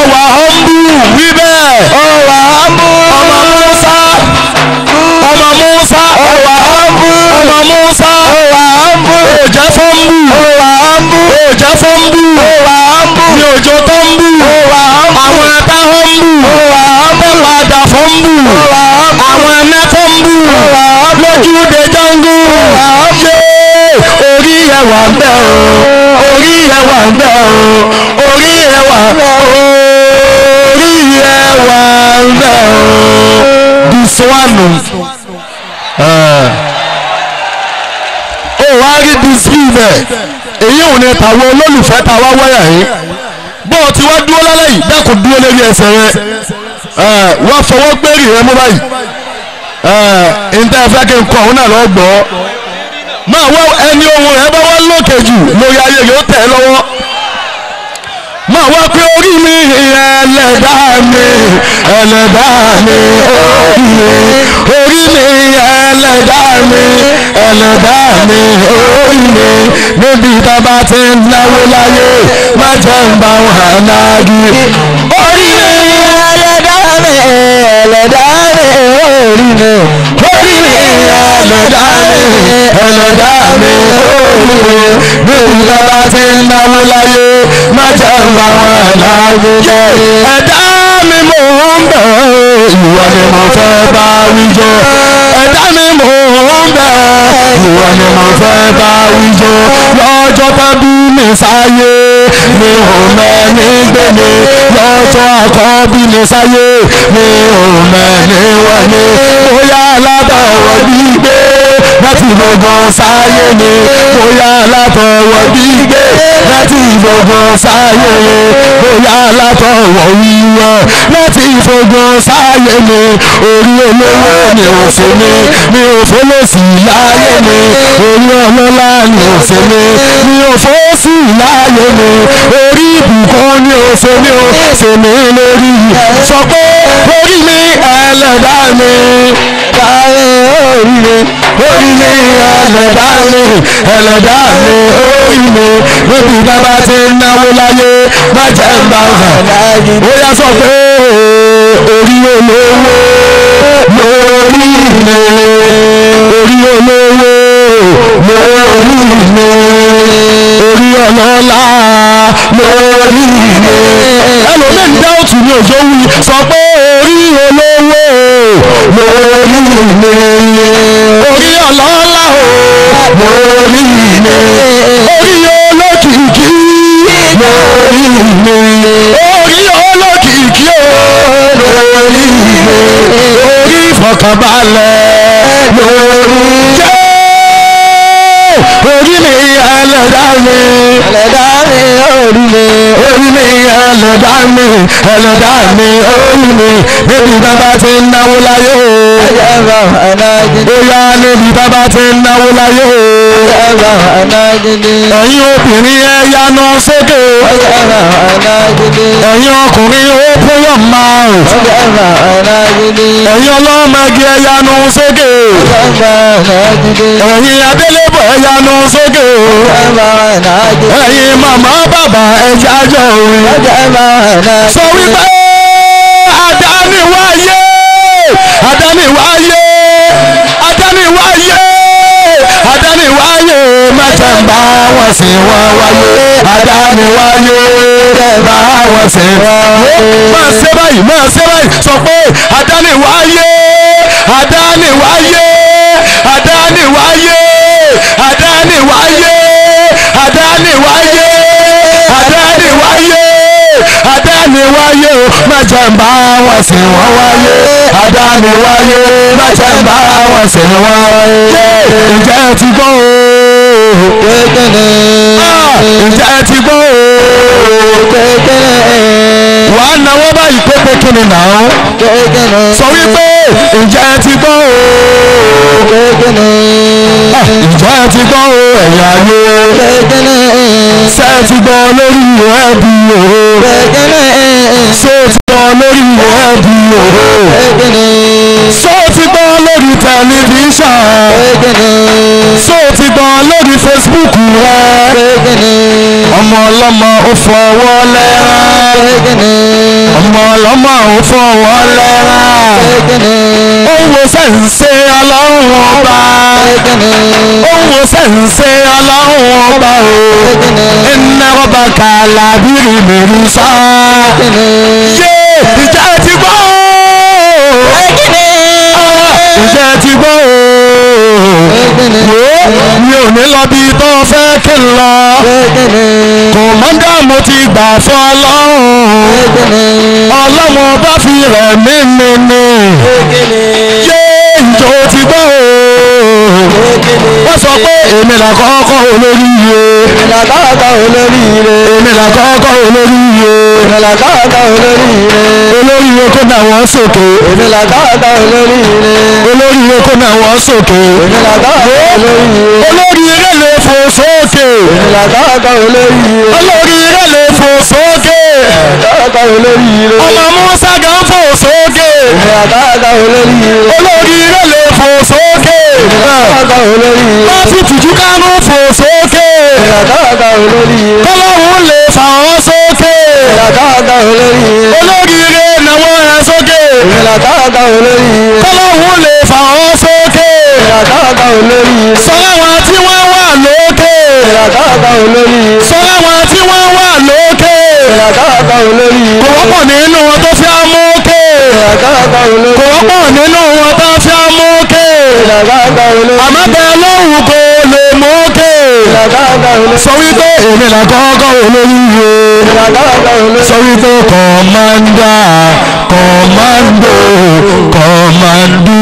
ọwà ọmbu wí bẹ́ẹ̀ ọwà ọmọ Musa ọmọ Musa ọwà ọmbu ọmọ Musa ọwà ọmbu òjẹ́ fọ́nbù ọwà ọmbu òjẹ́ fọ́nbù ọwà ọmbu ní òjò tó ń bù ọwà ọmbu àwọn ẹ̀ta fọ́nbù ọwà ọmbu padà fọ́nbù ọwà ọmbu àwọn ẹ̀nẹ́ fọ́nbù ọwà ọmbu lójú de jọ́ngù ọwà ọmbu orí ẹ̀wà ń bẹ̀ orí ẹ wà ńbẹ o orí ẹ wà orí ẹ wà o this one o wá rí this three bẹ́ẹ̀ èyí ò ní tàwọn olólùfẹ́ tàwa wáyà yìí bó o ti wá dúró lálẹ́ yìí dákun dúró lórí ẹsẹ̀ rẹ wá fọwọ́ gbẹ́rì rẹ mú báyìí ǹtẹ́ fẹ́ kí n kọ òun náà lọ gbọ́ máa wá ẹni ohun rẹ bá wá lókè jù lórí ayé yóò tẹ̀ ẹ́ lọ́wọ́ máa wá pé orí mi ẹlẹ́dá mi ẹlẹ́dá mi orí mi orí mi ẹlẹ́dá mi ẹlẹ́dá mi orí mi níbi tábà ti ń náwó láyé má jẹ́ ń bá wọn náà gí ẹlẹ́dá mi orí mi orí mi ẹlẹ́dá mi ẹlẹ́dá mi orí mi bí nǹkan bá ti ń náwó láyé má jẹ́ nǹkan wọn láàyè jẹ́ ẹ̀dá mi mò ń bẹ̀ ìwọ ni mo fẹ́ bá wí jẹ́ ẹ̀dá mi mò ń bẹ̀. ìwọ ni mo fẹ́ bá wíjọ lọ́jọ́ tó bí mi sáyé mi ò mẹ́ni gbélé lọ́jọ́ àkọ́bí mi sáyé mi ò mẹ́ni wọlé bóyá alábàwọ̀ bí gbé láti gbọ̀ngàn sáyé ni bóyá látọwọ́ gbígbé láti gbọ̀ngàn sáyé ni bóyá látọwọ́ wíwọ́ láti gbọ̀ngàn sáyé ni orí olówó ni òsè mi mi ò fọlọ́sì láyé mi orí ọlọ́lá ni òsè mi mi ò fọ́sì láyé mi orí ìbùkún ni òsè mi ò sèmi lórí sọ pé orí mi ẹlẹ́dàá mi sáré oríire oríire ẹlẹ́dá mi ẹlẹ́dá mi oríire níbi bàbá ti ń náwó láyé má jẹ́ ń bá hàn ó yá sọ pé orí olówó lóríire orí olówó lóríire orí ọlọ́lá lóríire ẹlòmíín dáhùn tù ní òjò wí sọ pé mo rí mi orí ọlọ́lá o mo rí mi orí olókìkí mo rí mi orí olókìkí o mo rí mi orí fọkànbalẹ̀ mo rí jẹ́ orí mi ẹlẹ́dá mi ẹlẹ́dá mi orí mi orí mi ẹlẹ́dá mi ẹlẹ́dá mi orí mi níbi bàbá ti ń náwó láyé o. bóyá níbi bàbá ti ń náwó láyé o. ẹ̀yin obìnrin ẹ̀ yáná sókè o. ọkùnrin o open your mouth. ẹ̀yin ọlọ́mọge ẹ̀yanu sókè. ẹ̀yin adélébọ̀ ẹ̀yanu sókè. ẹ̀yin màmá bàbá ẹ̀já jọ òun. sọ wípé àdániwáyé àdániwáyé àdániwáyé àdániwáyé mẹ́tẹ̀ẹ̀mbá àwọn sì wọ́n wáyé àdáni wáyé bá àwọn sì wọ́n wáyé. máa ṣe báyìí máa ṣe báyìí sọ pé àdáni wáyé àdáni wáyé àdáni wáyé àdáni wáyé àdáni wáyé àdáni wáyé àdáni wáyé o mẹjẹ ń bá wọn sì wọn wáyé àdáni mẹjẹ ń bá wọn sì wọn wáyé ǹjẹ́ ti gbọ́ o kékeré. Ah, ǹjẹ́ ẹ ti gbọ́ o. kékeré. wà á náwó báyìí pé pé kí ni náà. kékeré. sọ wípé ǹjẹ́ ẹ ti gbọ́ o. kékeré. Ah, ǹjẹ́ ẹ ti gbọ́ o ẹ̀yà ayé. kékeré. ṣé ẹ ti gbọ́ lórí ẹ̀bí o. kékeré. ṣé ẹ ti gbọ́ lórí ẹ̀bí o. ọlọ́mọ ó fọwọ́ lẹ́rán ọmọ ọlọ́mọ ó fọwọ́ lẹ́rán òun wo sẹ́ǹsẹ́ ọlọ́run ọba òun wo sẹ́ǹsẹ́ ọlọ́run ọba o iná ọba kàlà bírì mèrú sá yé ìjà ti gbọ́ ìjà ti gbọ́ o ah, wo mi ò ní lọ bí tó fẹ́ kí n lọ kọ̀mọ́dà mo ti gbà fún ọlọ́run ọlọ́run ọba fi rẹ̀ mí mi ni yé ìjọ ti gbọ́ wọ́n sọ pé èmi là kọ́kọ́ olórí yìí o. èmi là kọ́kọ́ olórí yìí o. èmi là kọ́kọ́ olórí yìí o. èmi là kọ́kọ́ olórí yìí o. olórí yìí kó náà wọ́n sòkè. èmi là kọ́kọ́ olórí yìí olórí yìí kó náà wọ́n sòkè. èmi là kọ́kọ́ olórí yìí olórí yìí lè fò sókè. èmi là kọ́kọ́ olórí yìí olórí yìí lè fò sókè. kọ́kọ́ olórí yìí ọmọ Musa gan fò sókè. èmi là kọ́kọ́ olórí yìí olórí yìí lè kọ́lọ́wọ́ olórí má fi tìjú kánú fò sókè kọ́lọ́wọ́ lè fà ọ́ sókè olórí olórí náwó ẹ sókè kọ́lọ́wọ́ lè fà ọ́ sókè kọ́lọ́wọ́ tí wọ́n wà lókè kọ́lọ́wọ́ tí wọ́n wà lókè kò wọ́pọ̀ nínú wọn tó fi á mókè kọ́lọ́wọ́ kò wọ́pọ̀ nínú wọn tó fi á àmọ́ bẹ́ẹ̀ lóhùn kò lè mú òkè sọ wípé èmi là kọ́kọ́ olóríire sọ wípé kọ̀mándà kọ̀mándò kọ̀mándù.